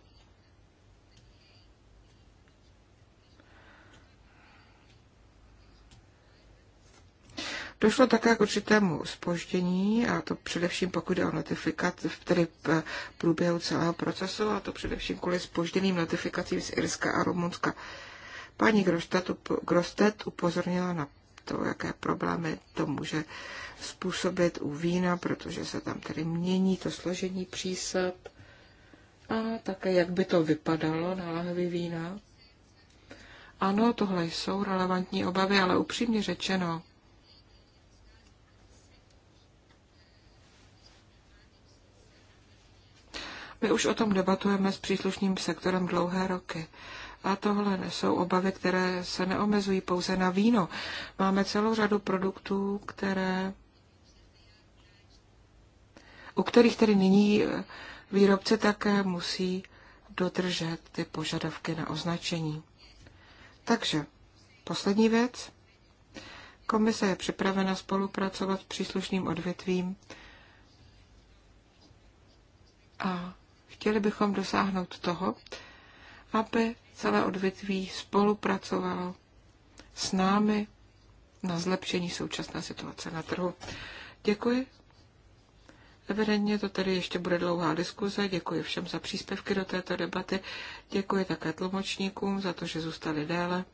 Došlo také k určitému spoždění, a to především pokud jde o notifikaci, tedy v e, průběhu celého procesu, a to především kvůli spožděným notifikacím z Irska a Rumunska. Paní Grostet upozornila na to, jaké problémy to může způsobit u vína, protože se tam tedy mění to složení přísad a také jak by to vypadalo na lahvi vína. Ano, tohle jsou relevantní obavy, ale upřímně řečeno, My už o tom debatujeme s příslušným sektorem dlouhé roky. A tohle jsou obavy, které se neomezují pouze na víno. Máme celou řadu produktů, které, u kterých tedy nyní eh, výrobce také musí dodržet ty požadavky na označení. Takže poslední věc. Komise je připravena spolupracovat s příslušným odvětvím a chtěli bychom dosáhnout toho, aby celé odvětví spolupracovalo s námi na zlepšení současné situace na trhu. Děkuji. Evidentně to tady ještě bude dlouhá diskuze. Děkuji všem za příspěvky do této debaty. Děkuji také tlumočníkům za to, že zůstali déle.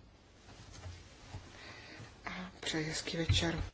A přeji hezký večer.